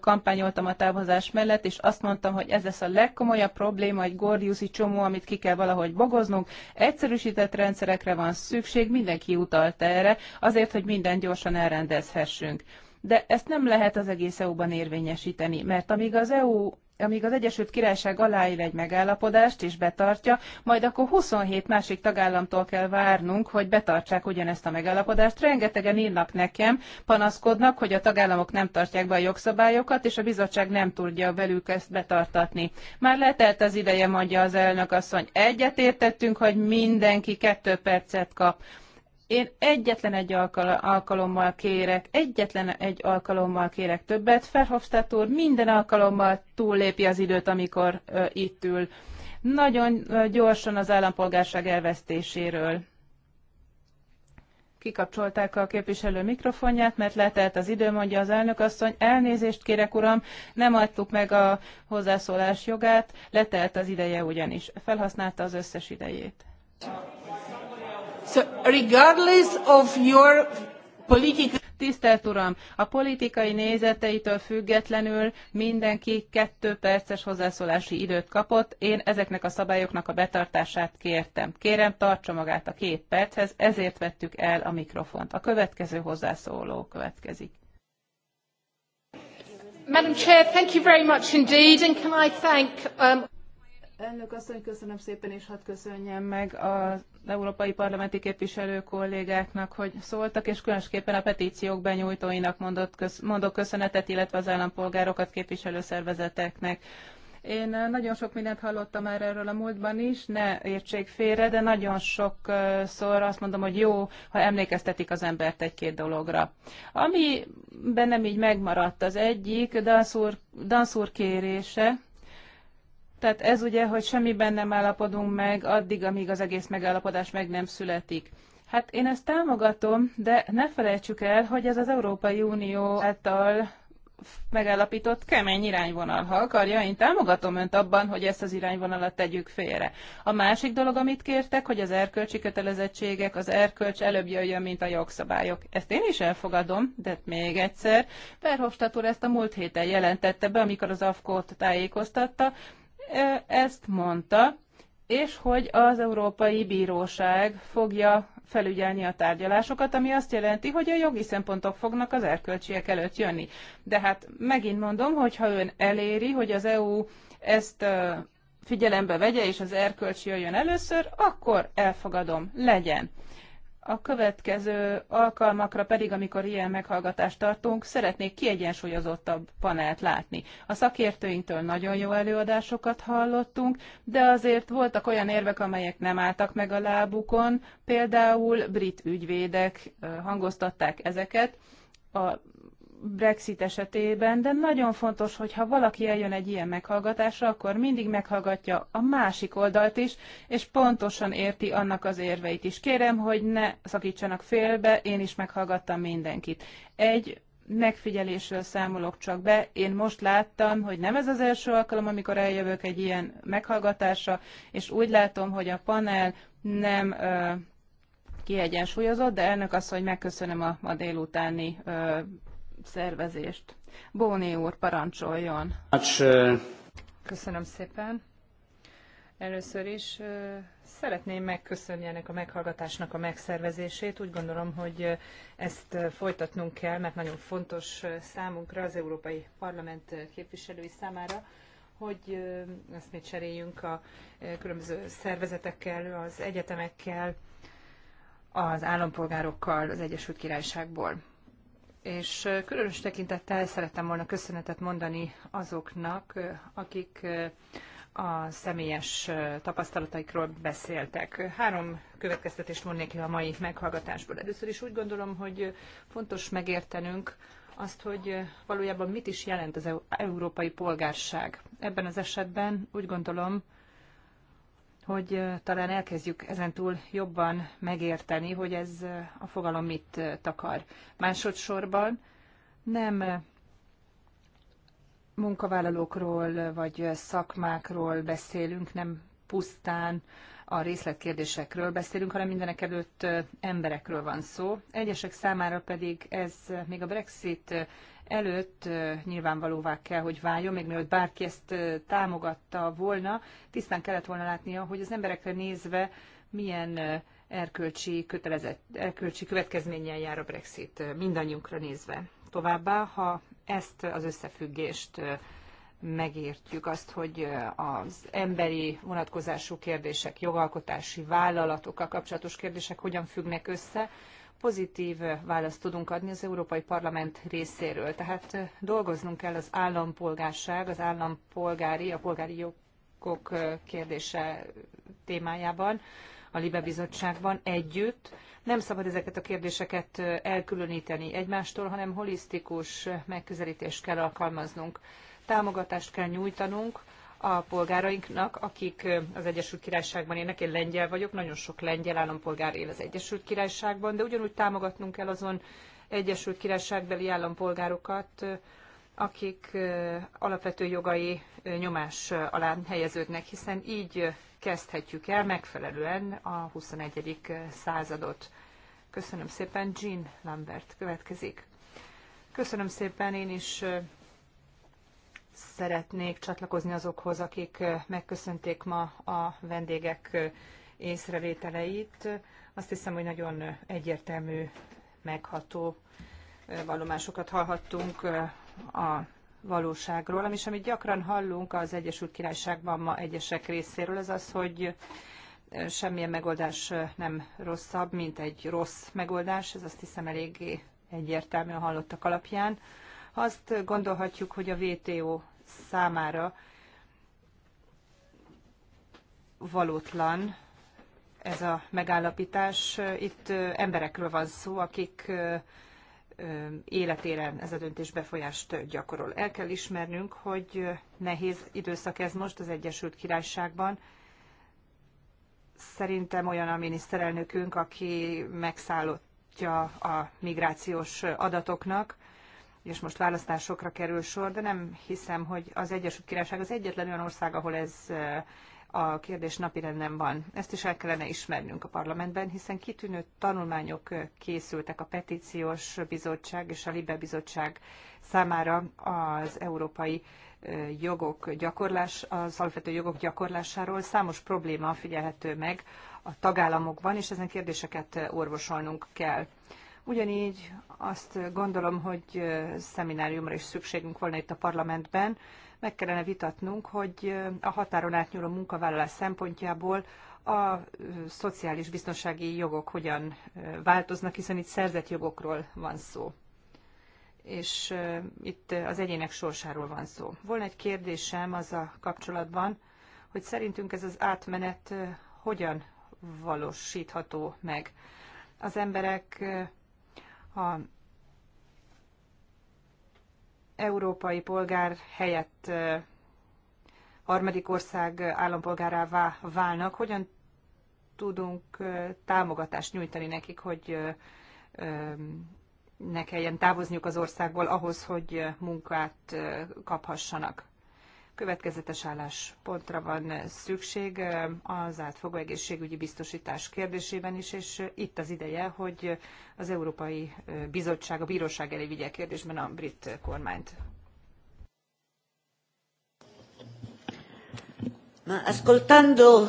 kampányoltam a távozás mellett, és azt mondtam, hogy ez lesz a legkomolyabb probléma, egy gordiuszi csomó, amit ki kell valahogy bogoznunk. Egyszerűsített rendszerekre van szükség, mindenki utalta erre, azért, hogy minden gyorsan elrendezhessünk. De ezt nem lehet az egész EU-ban érvényesíteni, mert amíg az EU amíg az Egyesült Királyság aláír egy megállapodást és betartja, majd akkor 27 másik tagállamtól kell várnunk, hogy betartsák ugyanezt a megállapodást. Rengetegen írnak nekem, panaszkodnak, hogy a tagállamok nem tartják be a jogszabályokat, és a bizottság nem tudja velük ezt betartatni. Már letelt az ideje, mondja az elnök asszony. Egyetértettünk, hogy mindenki kettő percet kap. Én egyetlen egy alkalommal kérek, egyetlen egy alkalommal kérek többet. Ferhofstadt úr minden alkalommal túllépi az időt, amikor ö, itt ül. Nagyon ö, gyorsan az állampolgárság elvesztéséről. Kikapcsolták a képviselő mikrofonját, mert letelt az idő, mondja az elnök asszony. Elnézést kérek, uram, nem adtuk meg a hozzászólás jogát, letelt az ideje ugyanis. Felhasználta az összes idejét. Tisztelt Uram, a politikai nézeteitől függetlenül mindenki kettő perces hozzászólási időt kapott. Én ezeknek a szabályoknak a betartását kértem. Kérem, tartsa magát a két perchez, ezért vettük el a mikrofont. A következő hozzászóló következik. Madam Chair, thank you very much indeed, and can I thank um... Elnök asszony, köszönöm szépen, és hadd köszönjem meg az európai parlamenti képviselő kollégáknak, hogy szóltak, és különösképpen a petíciók benyújtóinak mondott, mondok köszönetet, illetve az állampolgárokat képviselő szervezeteknek. Én eh, nagyon sok mindent hallottam már erről a múltban is, ne értsék félre, de nagyon sokszor eh, azt mondom, hogy jó, ha emlékeztetik az embert egy-két dologra. Ami bennem így megmaradt az egyik, Danszúr kérése, tehát ez ugye, hogy semmiben nem állapodunk meg addig, amíg az egész megállapodás meg nem születik. Hát én ezt támogatom, de ne felejtsük el, hogy ez az Európai Unió által megállapított kemény irányvonal. Ha akarja, én támogatom önt abban, hogy ezt az irányvonalat tegyük félre. A másik dolog, amit kértek, hogy az erkölcsi kötelezettségek, az erkölcs előbb jöjjön, mint a jogszabályok. Ezt én is elfogadom, de még egyszer. Verhofstadt úr ezt a múlt héten jelentette be, amikor az AFKO-t tájékoztatta, ezt mondta, és hogy az Európai Bíróság fogja felügyelni a tárgyalásokat, ami azt jelenti, hogy a jogi szempontok fognak az erkölcsiek előtt jönni. De hát megint mondom, hogy ha ön eléri, hogy az EU ezt figyelembe vegye, és az erkölcs jöjjön először, akkor elfogadom, legyen. A következő alkalmakra pedig, amikor ilyen meghallgatást tartunk, szeretnék kiegyensúlyozottabb panelt látni. A szakértőinktől nagyon jó előadásokat hallottunk, de azért voltak olyan érvek, amelyek nem álltak meg a lábukon, például brit ügyvédek hangoztatták ezeket, a Brexit esetében, de nagyon fontos, hogy ha valaki eljön egy ilyen meghallgatásra, akkor mindig meghallgatja a másik oldalt is, és pontosan érti annak az érveit is. Kérem, hogy ne szakítsanak félbe, én is meghallgattam mindenkit. Egy megfigyelésről számolok csak be. Én most láttam, hogy nem ez az első alkalom, amikor eljövök egy ilyen meghallgatásra, és úgy látom, hogy a panel nem ö, kiegyensúlyozott, de elnök azt, hogy megköszönöm a ma délutáni ö, szervezést. Bóni úr, parancsoljon! Uh, Köszönöm szépen! Először is uh, szeretném megköszönni ennek a meghallgatásnak a megszervezését. Úgy gondolom, hogy uh, ezt folytatnunk kell, mert nagyon fontos számunkra, az Európai Parlament képviselői számára, hogy ezt mit cseréljünk a különböző szervezetekkel, az egyetemekkel, az állampolgárokkal az Egyesült Királyságból és különös tekintettel szerettem volna köszönetet mondani azoknak, akik a személyes tapasztalataikról beszéltek. Három következtetést mondnék le a mai meghallgatásból. Először is úgy gondolom, hogy fontos megértenünk azt, hogy valójában mit is jelent az európai polgárság. Ebben az esetben úgy gondolom, hogy talán elkezdjük ezentúl jobban megérteni, hogy ez a fogalom mit takar. Másodszorban nem munkavállalókról vagy szakmákról beszélünk, nem pusztán a részletkérdésekről beszélünk, hanem mindenek előtt emberekről van szó. Egyesek számára pedig ez még a Brexit előtt nyilvánvalóvá kell, hogy váljon, még mielőtt bárki ezt támogatta volna, tisztán kellett volna látnia, hogy az emberekre nézve milyen erkölcsi, kötelezett, erkölcsi következménnyel jár a Brexit mindannyiunkra nézve. Továbbá, ha ezt az összefüggést megértjük azt, hogy az emberi vonatkozású kérdések, jogalkotási vállalatokkal kapcsolatos kérdések hogyan függnek össze, pozitív választ tudunk adni az Európai Parlament részéről. Tehát dolgoznunk kell az állampolgárság, az állampolgári, a polgári jogok kérdése témájában, a Libe Bizottságban együtt. Nem szabad ezeket a kérdéseket elkülöníteni egymástól, hanem holisztikus megközelítést kell alkalmaznunk támogatást kell nyújtanunk a polgárainknak, akik az Egyesült Királyságban élnek. Én lengyel vagyok, nagyon sok lengyel állampolgár él az Egyesült Királyságban, de ugyanúgy támogatnunk kell azon Egyesült Királyságbeli állampolgárokat, akik alapvető jogai nyomás alá helyeződnek, hiszen így kezdhetjük el megfelelően a 21. századot. Köszönöm szépen, Jean Lambert következik. Köszönöm szépen, én is szeretnék csatlakozni azokhoz, akik eh, megköszönték ma a vendégek eh, észrevételeit. Azt hiszem, hogy nagyon eh, egyértelmű, megható vallomásokat hallhattunk a valóságról, és amit gyakran hallunk az Egyesült Királyságban ma egyesek részéről, az az, hogy semmilyen megoldás nem rosszabb, mint egy rossz megoldás, ez azt hiszem eléggé egyértelmű a hallottak alapján. Azt gondolhatjuk, hogy a WTO számára valótlan ez a megállapítás. Itt emberekről van szó, akik életére ez a döntés befolyást gyakorol. El kell ismernünk, hogy nehéz időszak ez most az Egyesült Királyságban. Szerintem olyan a miniszterelnökünk, aki megszállottja a migrációs adatoknak, és most választásokra kerül sor, de nem hiszem, hogy az Egyesült Királyság az egyetlen olyan ország, ahol ez eh, a kérdés napirenden van. Ezt is el kellene ismernünk a parlamentben, hiszen kitűnő tanulmányok eh, készültek a petíciós bizottság és a Libe bizottság számára az európai eh, jogok gyakorlás, az alapvető jogok gyakorlásáról számos probléma figyelhető meg a tagállamokban, és ezen kérdéseket orvosolnunk kell. Ugyanígy azt gondolom, hogy szemináriumra is szükségünk volna itt a parlamentben. Meg kellene vitatnunk, hogy a határon átnyúló munkavállalás szempontjából a szociális biztonsági jogok hogyan változnak, hiszen itt szerzett jogokról van szó és itt az egyének sorsáról van szó. Volna egy kérdésem az a kapcsolatban, hogy szerintünk ez az átmenet hogyan valósítható meg. Az emberek a európai polgár helyett harmadik ország állampolgárává válnak, hogyan tudunk támogatást nyújtani nekik, hogy ne kelljen távozniuk az országból ahhoz, hogy munkát kaphassanak következetes álláspontra van szükség az átfogó egészségügyi biztosítás kérdésében is, és itt az ideje, hogy az Európai Bizottság a bíróság elé vigye kérdésben a brit kormányt. Ma ascoltando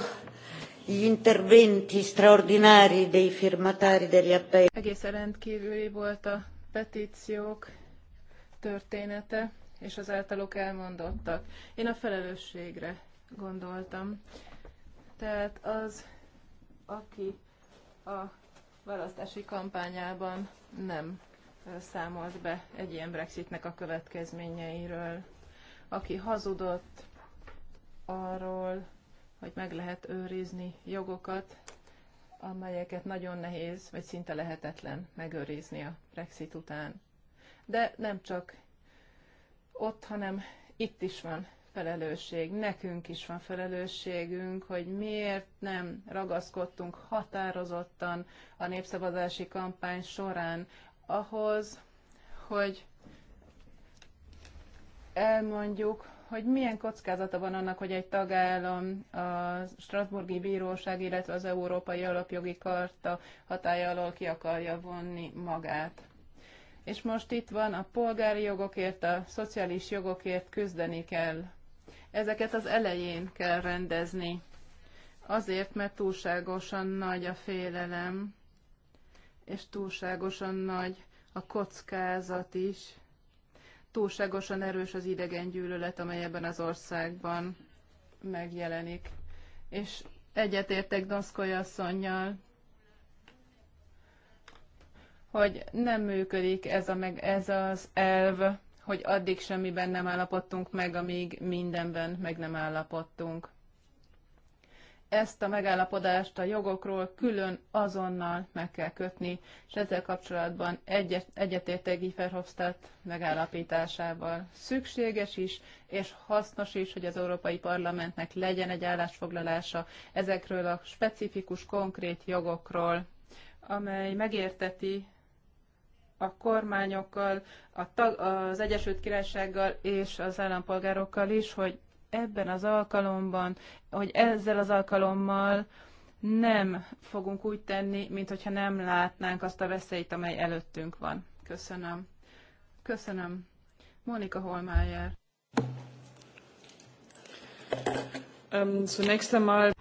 gli interventi straordinari dei firmatari degli appelli. Egészen rendkívüli volt a petíciók története és az általuk elmondottak. Én a felelősségre gondoltam. Tehát az, aki a választási kampányában nem számolt be egy ilyen Brexitnek a következményeiről, aki hazudott arról, hogy meg lehet őrizni jogokat, amelyeket nagyon nehéz, vagy szinte lehetetlen megőrizni a Brexit után. De nem csak ott, hanem itt is van felelősség, nekünk is van felelősségünk, hogy miért nem ragaszkodtunk határozottan a népszavazási kampány során ahhoz, hogy elmondjuk, hogy milyen kockázata van annak, hogy egy tagállam a Strasburgi Bíróság, illetve az Európai Alapjogi Karta hatája alól ki akarja vonni magát és most itt van a polgári jogokért, a szociális jogokért küzdeni kell. Ezeket az elején kell rendezni. Azért, mert túlságosan nagy a félelem, és túlságosan nagy a kockázat is, túlságosan erős az idegen gyűlölet, amely ebben az országban megjelenik. És egyetértek Donszkoly asszonynal, hogy nem működik ez, a, meg ez az elv, hogy addig semmiben nem állapodtunk meg, amíg mindenben meg nem állapodtunk. Ezt a megállapodást a jogokról külön azonnal meg kell kötni, és ezzel kapcsolatban egyet, egyetértek Giferhofstadt megállapításával. Szükséges is, és hasznos is, hogy az Európai Parlamentnek legyen egy állásfoglalása ezekről a specifikus, konkrét jogokról, amely megérteti a kormányokkal, a tag, az Egyesült Királysággal és az állampolgárokkal is, hogy ebben az alkalomban, hogy ezzel az alkalommal nem fogunk úgy tenni, mint hogyha nem látnánk azt a veszélyt, amely előttünk van. Köszönöm. Köszönöm. Monika Holmájer. Um, zunächst einmal...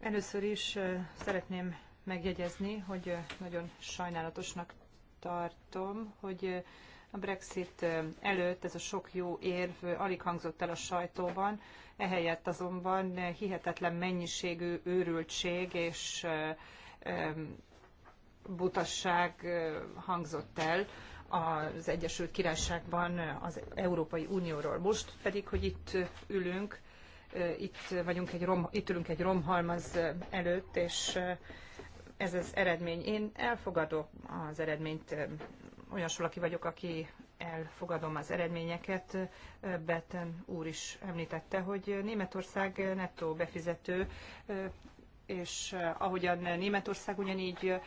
Először is uh, szeretném megjegyezni, hogy uh, nagyon sajnálatosnak tartom, hogy a Brexit előtt ez a sok jó érv alig hangzott el a sajtóban, ehelyett azonban hihetetlen mennyiségű őrültség és butasság hangzott el az Egyesült Királyságban az Európai Unióról. Most pedig, hogy itt ülünk, itt, vagyunk egy rom, itt ülünk egy romhalmaz előtt, és ez az eredmény. Én elfogadok az eredményt, olyas valaki vagyok, aki elfogadom az eredményeket. Betten úr is említette, hogy Németország nettó befizető, és ahogyan Németország ugyanígy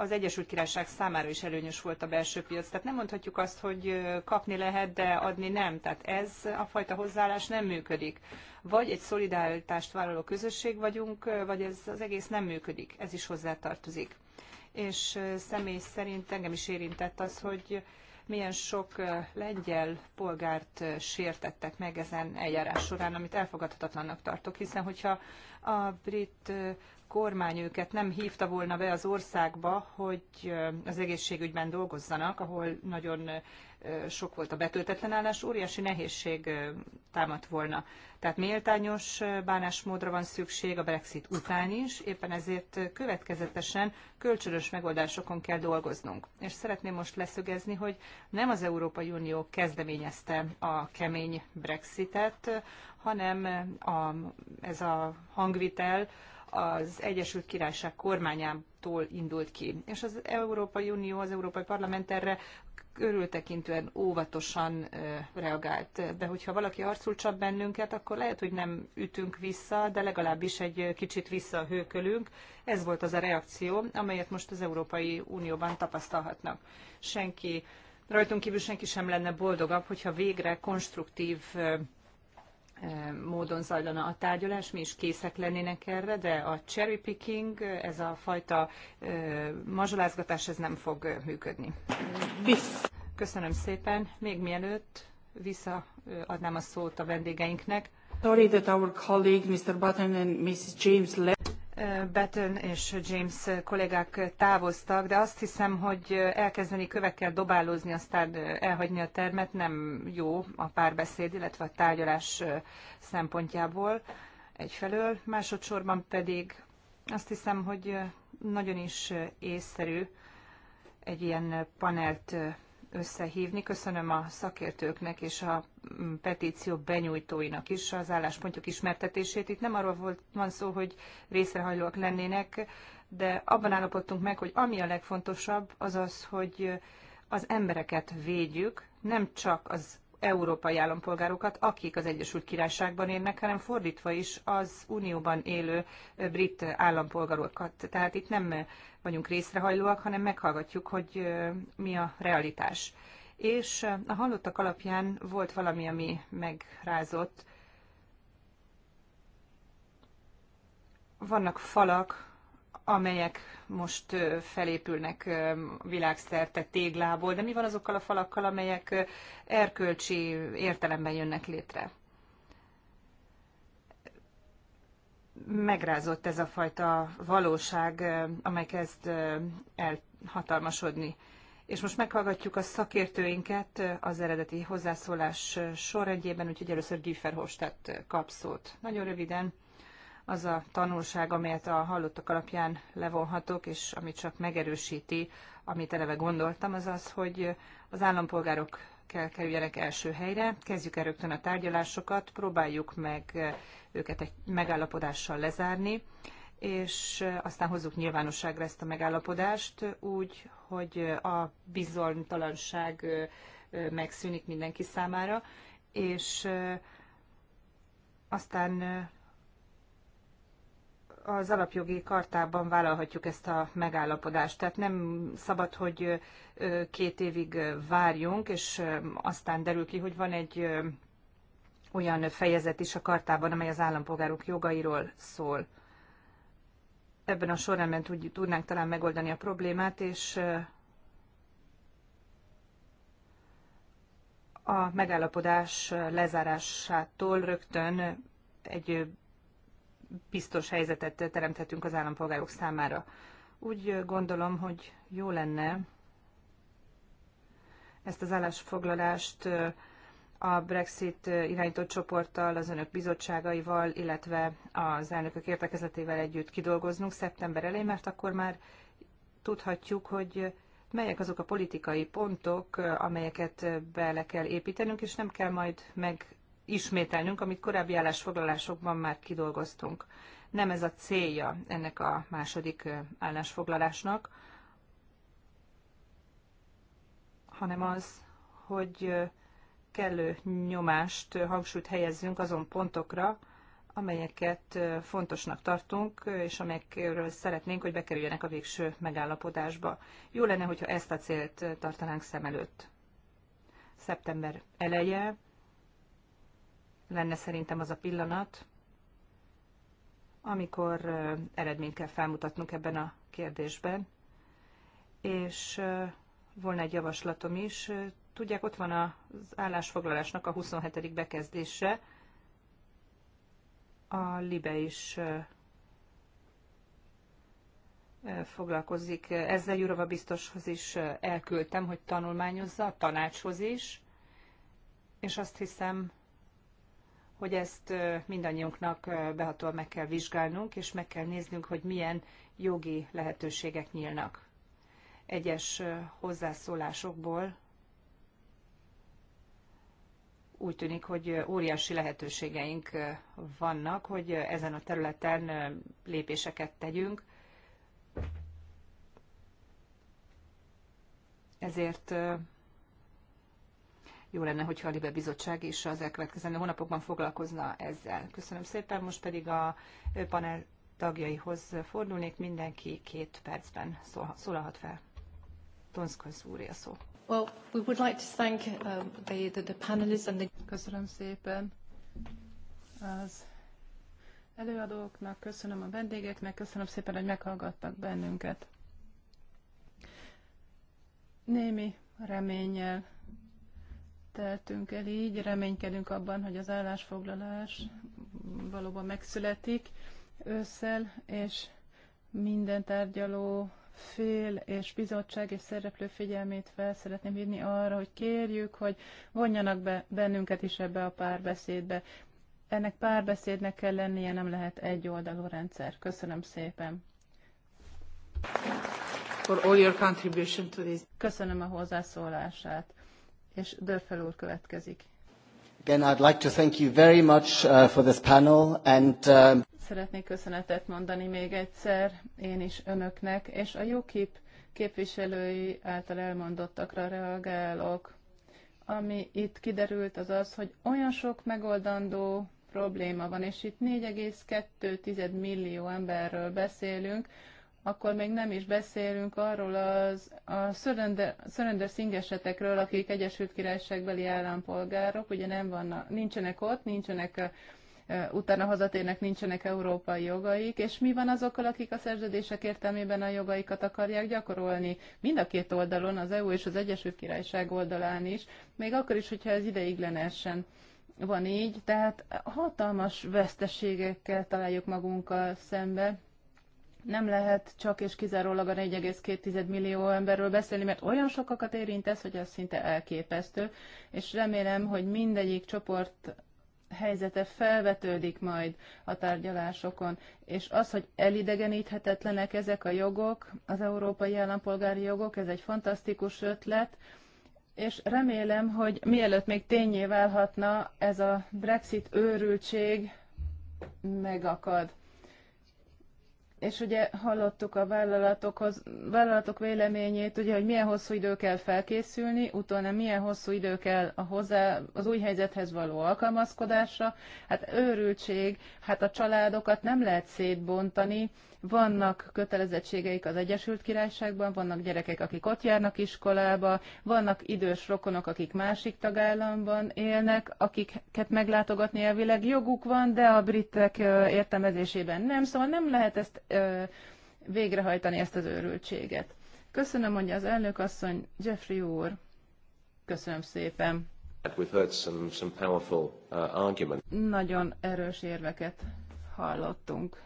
az Egyesült Királyság számára is előnyös volt a belső piac. Tehát nem mondhatjuk azt, hogy kapni lehet, de adni nem. Tehát ez a fajta hozzáállás nem működik. Vagy egy szolidaritást vállaló közösség vagyunk, vagy ez az egész nem működik. Ez is hozzátartozik. És személy szerint engem is érintett az, hogy milyen sok lengyel polgárt sértettek meg ezen eljárás során, amit elfogadhatatlannak tartok, hiszen hogyha a brit kormány őket nem hívta volna be az országba, hogy az egészségügyben dolgozzanak, ahol nagyon sok volt a betöltetlen állás, óriási nehézség támadt volna. Tehát méltányos bánásmódra van szükség a Brexit után is, éppen ezért következetesen kölcsönös megoldásokon kell dolgoznunk. És szeretném most leszögezni, hogy nem az Európai Unió kezdeményezte a kemény Brexitet, hanem a, ez a hangvitel az Egyesült Királyság kormányától indult ki. És az Európai Unió, az Európai Parlament erre körültekintően óvatosan reagált. De hogyha valaki arcul csap bennünket, akkor lehet, hogy nem ütünk vissza, de legalábbis egy kicsit vissza hőkölünk. Ez volt az a reakció, amelyet most az Európai Unióban tapasztalhatnak. Senki, rajtunk kívül senki sem lenne boldogabb, hogyha végre konstruktív módon zajlana a tárgyalás, mi is készek lennének erre, de a cherry picking, ez a fajta mazsolázgatás, ez nem fog működni. Visz. Köszönöm szépen. Még mielőtt visszaadnám a szót a vendégeinknek. Sorry that our colleague Mr. Button and Mrs. James left. Batten és James kollégák távoztak, de azt hiszem, hogy elkezdeni kövekkel dobálózni, aztán elhagyni a termet nem jó a párbeszéd, illetve a tárgyalás szempontjából egyfelől, másodszorban pedig azt hiszem, hogy nagyon is észszerű egy ilyen panelt összehívni. Köszönöm a szakértőknek és a mm, petíció benyújtóinak is az álláspontjuk ismertetését. Itt nem arról volt, van szó, hogy részrehajlóak lennének, de abban állapodtunk meg, hogy ami a legfontosabb, az az, hogy az embereket védjük, nem csak az európai állampolgárokat, akik az Egyesült Királyságban élnek, hanem fordítva is az Unióban élő brit állampolgárokat. Tehát itt nem vagyunk részrehajlóak, hanem meghallgatjuk, hogy mi a realitás. És a hallottak alapján volt valami, ami megrázott. Vannak falak, amelyek most felépülnek világszerte téglából, de mi van azokkal a falakkal, amelyek erkölcsi értelemben jönnek létre? Megrázott ez a fajta valóság, amely kezd elhatalmasodni. És most meghallgatjuk a szakértőinket az eredeti hozzászólás sorrendjében, úgyhogy először Giffer Hofstadt kap szót. Nagyon röviden az a tanulság, amelyet a hallottak alapján levonhatok, és amit csak megerősíti, amit eleve gondoltam, az az, hogy az állampolgárok kell kerüljenek első helyre. Kezdjük el rögtön a tárgyalásokat, próbáljuk meg őket egy megállapodással lezárni, és aztán hozzuk nyilvánosságra ezt a megállapodást úgy, hogy a bizonytalanság megszűnik mindenki számára, és aztán az alapjogi kartában vállalhatjuk ezt a megállapodást. Tehát nem szabad, hogy két évig várjunk, és aztán derül ki, hogy van egy olyan fejezet is a kartában, amely az állampolgárok jogairól szól. Ebben a sorrendben tudnánk talán megoldani a problémát, és a megállapodás lezárásától rögtön egy biztos helyzetet teremthetünk az állampolgárok számára. Úgy gondolom, hogy jó lenne ezt az állásfoglalást a Brexit irányított csoporttal, az önök bizottságaival, illetve az elnökök értekezletével együtt kidolgoznunk szeptember elején, mert akkor már tudhatjuk, hogy melyek azok a politikai pontok, amelyeket bele kell építenünk, és nem kell majd meg ismételnünk, amit korábbi állásfoglalásokban már kidolgoztunk. Nem ez a célja ennek a második állásfoglalásnak, hanem az, hogy kellő nyomást, hangsúlyt helyezzünk azon pontokra, amelyeket fontosnak tartunk, és amelyekről szeretnénk, hogy bekerüljenek a végső megállapodásba. Jó lenne, hogyha ezt a célt tartanánk szem előtt. Szeptember eleje, lenne szerintem az a pillanat, amikor eredményt kell felmutatnunk ebben a kérdésben. És volna egy javaslatom is. Tudják, ott van az állásfoglalásnak a 27. bekezdése. A LIBE is foglalkozik. Ezzel Jurova biztoshoz is elküldtem, hogy tanulmányozza, a tanácshoz is. És azt hiszem, hogy ezt mindannyiunknak behatóan meg kell vizsgálnunk, és meg kell néznünk, hogy milyen jogi lehetőségek nyílnak. Egyes hozzászólásokból úgy tűnik, hogy óriási lehetőségeink vannak, hogy ezen a területen lépéseket tegyünk. Ezért jó lenne, hogyha a Libe Bizottság is az elkövetkezendő hónapokban foglalkozna ezzel. Köszönöm szépen, most pedig a panel tagjaihoz fordulnék, mindenki két percben szól, szólalhat fel. Tonszkonsz úr a szó. Well, we would like to thank uh, the, the, the panelists and the... Köszönöm szépen az előadóknak, köszönöm a vendégeknek, köszönöm szépen, hogy meghallgattak bennünket. Némi reménnyel teltünk el így, reménykedünk abban, hogy az állásfoglalás valóban megszületik ősszel, és minden tárgyaló fél és bizottság és szereplő figyelmét fel szeretném hívni arra, hogy kérjük, hogy vonjanak be bennünket is ebbe a párbeszédbe. Ennek párbeszédnek kell lennie, nem lehet egy oldalú rendszer. Köszönöm szépen. For all your contribution to this. Köszönöm a hozzászólását és Dörfel úr következik. Again, I'd like to thank you very much uh, for this panel and uh... Szeretnék köszönetet mondani még egyszer én is önöknek, és a UKIP képviselői által elmondottakra reagálok. Ami itt kiderült, az az, hogy olyan sok megoldandó probléma van, és itt 4,2 millió emberről beszélünk, akkor még nem is beszélünk arról az, a Surrender, Surrender Singh esetekről, akik Egyesült Királyságbeli állampolgárok, ugye nem vannak, nincsenek ott, nincsenek utána hazatérnek, nincsenek európai jogaik, és mi van azokkal, akik a szerződések értelmében a jogaikat akarják gyakorolni? Mind a két oldalon, az EU és az Egyesült Királyság oldalán is, még akkor is, hogyha ez ideiglenesen van így, tehát hatalmas veszteségekkel találjuk magunkkal szembe, nem lehet csak és kizárólag a 4,2 millió emberről beszélni, mert olyan sokakat érint ez, hogy az szinte elképesztő, és remélem, hogy mindegyik csoport helyzete felvetődik majd a tárgyalásokon, és az, hogy elidegeníthetetlenek ezek a jogok, az európai állampolgári jogok, ez egy fantasztikus ötlet, és remélem, hogy mielőtt még tényé válhatna, ez a Brexit őrültség megakad és ugye hallottuk a vállalatokhoz, vállalatok véleményét, ugye, hogy milyen hosszú idő kell felkészülni, utána milyen hosszú idő kell a hozzá, az új helyzethez való alkalmazkodásra. Hát őrültség, hát a családokat nem lehet szétbontani, vannak kötelezettségeik az Egyesült Királyságban, vannak gyerekek, akik ott járnak iskolába, vannak idős rokonok, akik másik tagállamban élnek, akiket meglátogatni elvileg joguk van, de a britek értelmezésében nem. Szóval nem lehet ezt végrehajtani, ezt az őrültséget. Köszönöm, mondja az elnök asszony, Jeffrey úr. Köszönöm szépen. We've heard some, some powerful, uh, argument. Nagyon erős érveket hallottunk.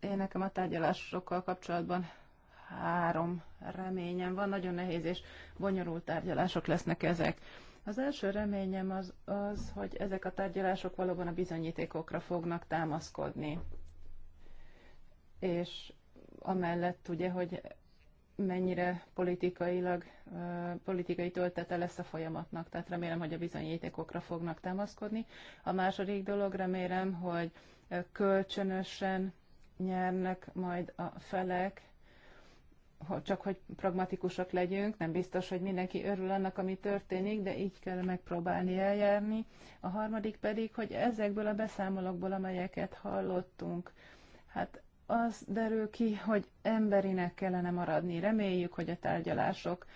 Én nekem a tárgyalásokkal kapcsolatban három reményem van, nagyon nehéz és bonyolult tárgyalások lesznek ezek. Az első reményem az, az, hogy ezek a tárgyalások valóban a bizonyítékokra fognak támaszkodni. És amellett ugye, hogy mennyire politikailag, politikai töltete lesz a folyamatnak, tehát remélem, hogy a bizonyítékokra fognak támaszkodni. A második dolog remélem, hogy kölcsönösen nyernek majd a felek, csak hogy pragmatikusak legyünk, nem biztos, hogy mindenki örül annak, ami történik, de így kell megpróbálni eljárni. A harmadik pedig, hogy ezekből a beszámolókból, amelyeket hallottunk, hát az derül ki, hogy emberinek kellene maradni. Reméljük, hogy a tárgyalások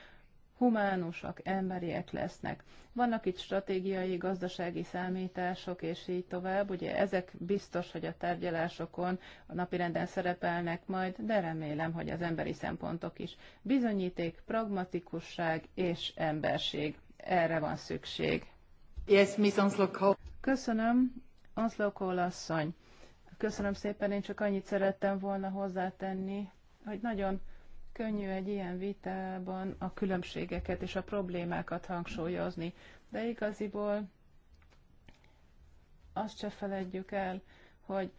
humánusak, emberiek lesznek. Vannak itt stratégiai, gazdasági számítások, és így tovább. Ugye ezek biztos, hogy a tárgyalásokon a napirenden szerepelnek majd, de remélem, hogy az emberi szempontok is. Bizonyíték, pragmatikusság és emberség. Erre van szükség. Yes, Miss Onslokó. Köszönöm, Onslokó asszony. Köszönöm szépen, én csak annyit szerettem volna hozzátenni, hogy nagyon könnyű egy ilyen vitában a különbségeket és a problémákat hangsúlyozni, de igaziból azt se feledjük el, hogy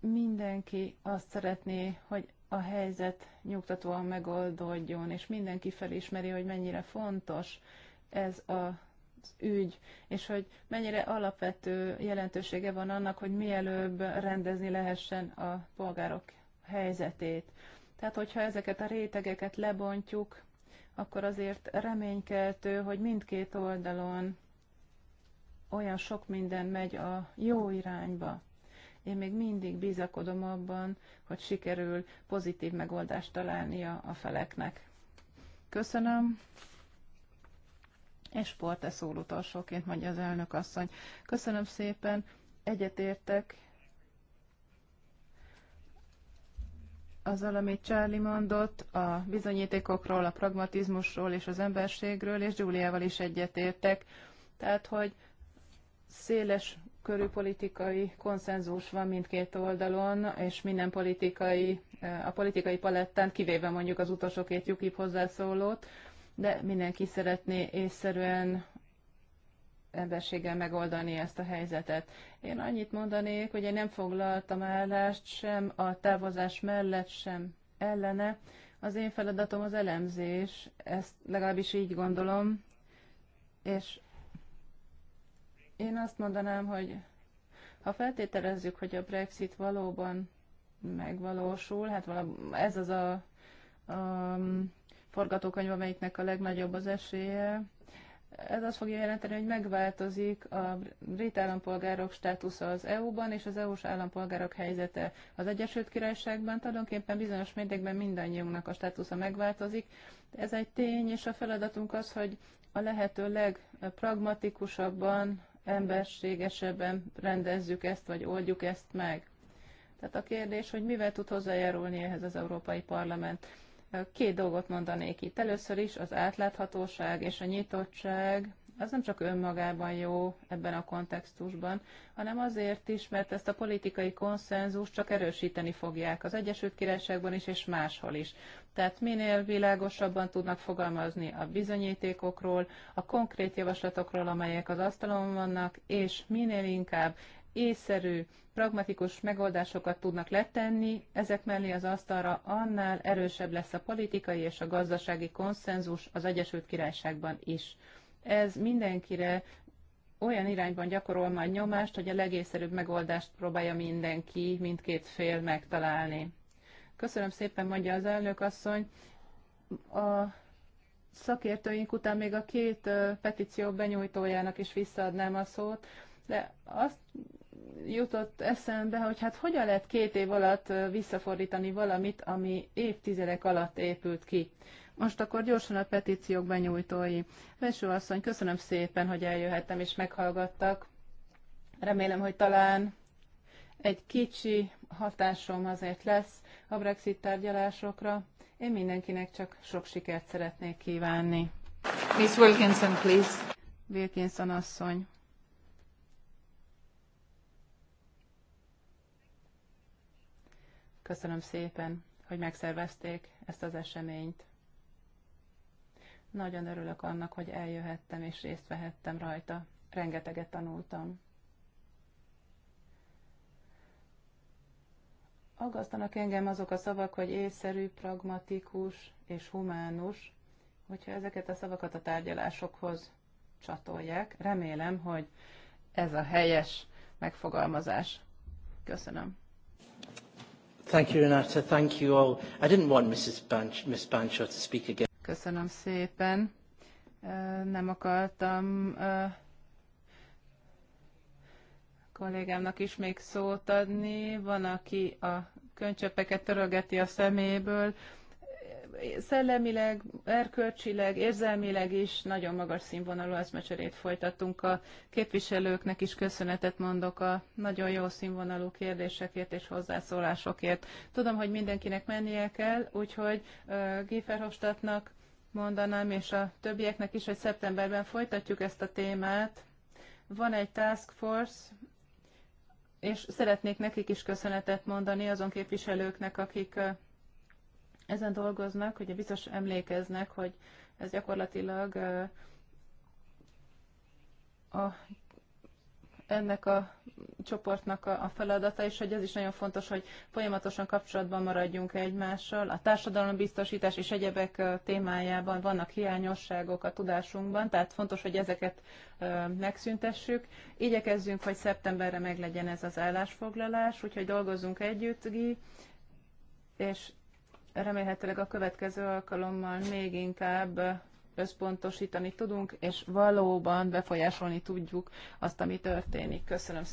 mindenki azt szeretné, hogy a helyzet nyugtatóan megoldódjon, és mindenki felismeri, hogy mennyire fontos ez a az ügy, és hogy mennyire alapvető jelentősége van annak, hogy mielőbb rendezni lehessen a polgárok helyzetét. Tehát, hogyha ezeket a rétegeket lebontjuk, akkor azért reménykeltő, hogy mindkét oldalon olyan sok minden megy a jó irányba. Én még mindig bizakodom abban, hogy sikerül pozitív megoldást találnia a feleknek. Köszönöm. És sport, ez szól utolsóként, mondja az elnök asszony. Köszönöm szépen, egyetértek azzal, amit Charlie mondott a bizonyítékokról, a pragmatizmusról és az emberségről, és Giuliával is egyetértek. Tehát, hogy széles körű politikai konszenzus van mindkét oldalon, és minden politikai, a politikai palettán, kivéve mondjuk az utolsó két UKIP hozzászólót, de mindenki szeretné észszerűen emberséggel megoldani ezt a helyzetet. Én annyit mondanék, hogy én nem foglaltam állást sem a távozás mellett, sem ellene. Az én feladatom az elemzés, ezt legalábbis így gondolom, és én azt mondanám, hogy ha feltételezzük, hogy a Brexit valóban megvalósul, hát ez az a, a mm, forgatókönyv, amelyiknek a legnagyobb az esélye, ez azt fogja jelenteni, hogy megváltozik a brit állampolgárok státusza az EU-ban és az EU-s állampolgárok helyzete az Egyesült Királyságban. Tulajdonképpen bizonyos mértékben mindannyiunknak a státusza megváltozik. Ez egy tény, és a feladatunk az, hogy a lehető legpragmatikusabban, emberségesebben rendezzük ezt, vagy oldjuk ezt meg. Tehát a kérdés, hogy mivel tud hozzájárulni ehhez az Európai Parlament. Két dolgot mondanék itt. Először is az átláthatóság és a nyitottság az nem csak önmagában jó ebben a kontextusban, hanem azért is, mert ezt a politikai konszenzus csak erősíteni fogják az Egyesült Királyságban is és máshol is. Tehát minél világosabban tudnak fogalmazni a bizonyítékokról, a konkrét javaslatokról, amelyek az asztalon vannak, és minél inkább észszerű, pragmatikus megoldásokat tudnak letenni, ezek mellé az asztalra annál erősebb lesz a politikai és a gazdasági konszenzus az Egyesült Királyságban is. Ez mindenkire olyan irányban gyakorol majd nyomást, hogy a legészszerűbb megoldást próbálja mindenki, mindkét fél megtalálni. Köszönöm szépen, mondja az elnök asszony. A szakértőink után még a két petíció benyújtójának is visszaadnám a szót, de azt jutott eszembe, hogy hát hogyan lehet két év alatt visszafordítani valamit, ami évtizedek alatt épült ki. Most akkor gyorsan a petíciók benyújtói. Veső asszony, köszönöm szépen, hogy eljöhettem és meghallgattak. Remélem, hogy talán egy kicsi hatásom azért lesz a Brexit tárgyalásokra. Én mindenkinek csak sok sikert szeretnék kívánni. Miss Wilkinson, please. Wilkinson asszony. Köszönöm szépen, hogy megszervezték ezt az eseményt. Nagyon örülök annak, hogy eljöhettem és részt vehettem rajta. Rengeteget tanultam. Aggasztanak engem azok a szavak, hogy észszerű, pragmatikus és humánus, hogyha ezeket a szavakat a tárgyalásokhoz csatolják. Remélem, hogy ez a helyes megfogalmazás. Köszönöm. Thank you, Renata. Thank you all. I didn't want Mrs. Banch, Miss Bancho to speak again. Köszönöm szépen. Nem akartam kollégámnak is még szót adni. Van, aki a könycsöpeket törölgeti a szeméből, szellemileg, erkölcsileg, érzelmileg is nagyon magas színvonalú eszmecserét folytattunk a képviselőknek is köszönetet mondok a nagyon jó színvonalú kérdésekért és hozzászólásokért. Tudom, hogy mindenkinek mennie kell, úgyhogy uh, Giferhofstadtnak mondanám, és a többieknek is, hogy szeptemberben folytatjuk ezt a témát. Van egy task force, és szeretnék nekik is köszönetet mondani azon képviselőknek, akik ezen dolgoznak, ugye biztos emlékeznek, hogy ez gyakorlatilag a, ennek a csoportnak a, a feladata, és hogy ez is nagyon fontos, hogy folyamatosan kapcsolatban maradjunk egymással. A társadalombiztosítás és egyebek témájában vannak hiányosságok a tudásunkban, tehát fontos, hogy ezeket ö, megszüntessük. Igyekezzünk, hogy szeptemberre meglegyen ez az állásfoglalás, úgyhogy dolgozzunk együtt, Gi, és remélhetőleg a következő alkalommal még inkább összpontosítani tudunk, és valóban befolyásolni tudjuk azt, ami történik. Köszönöm szépen.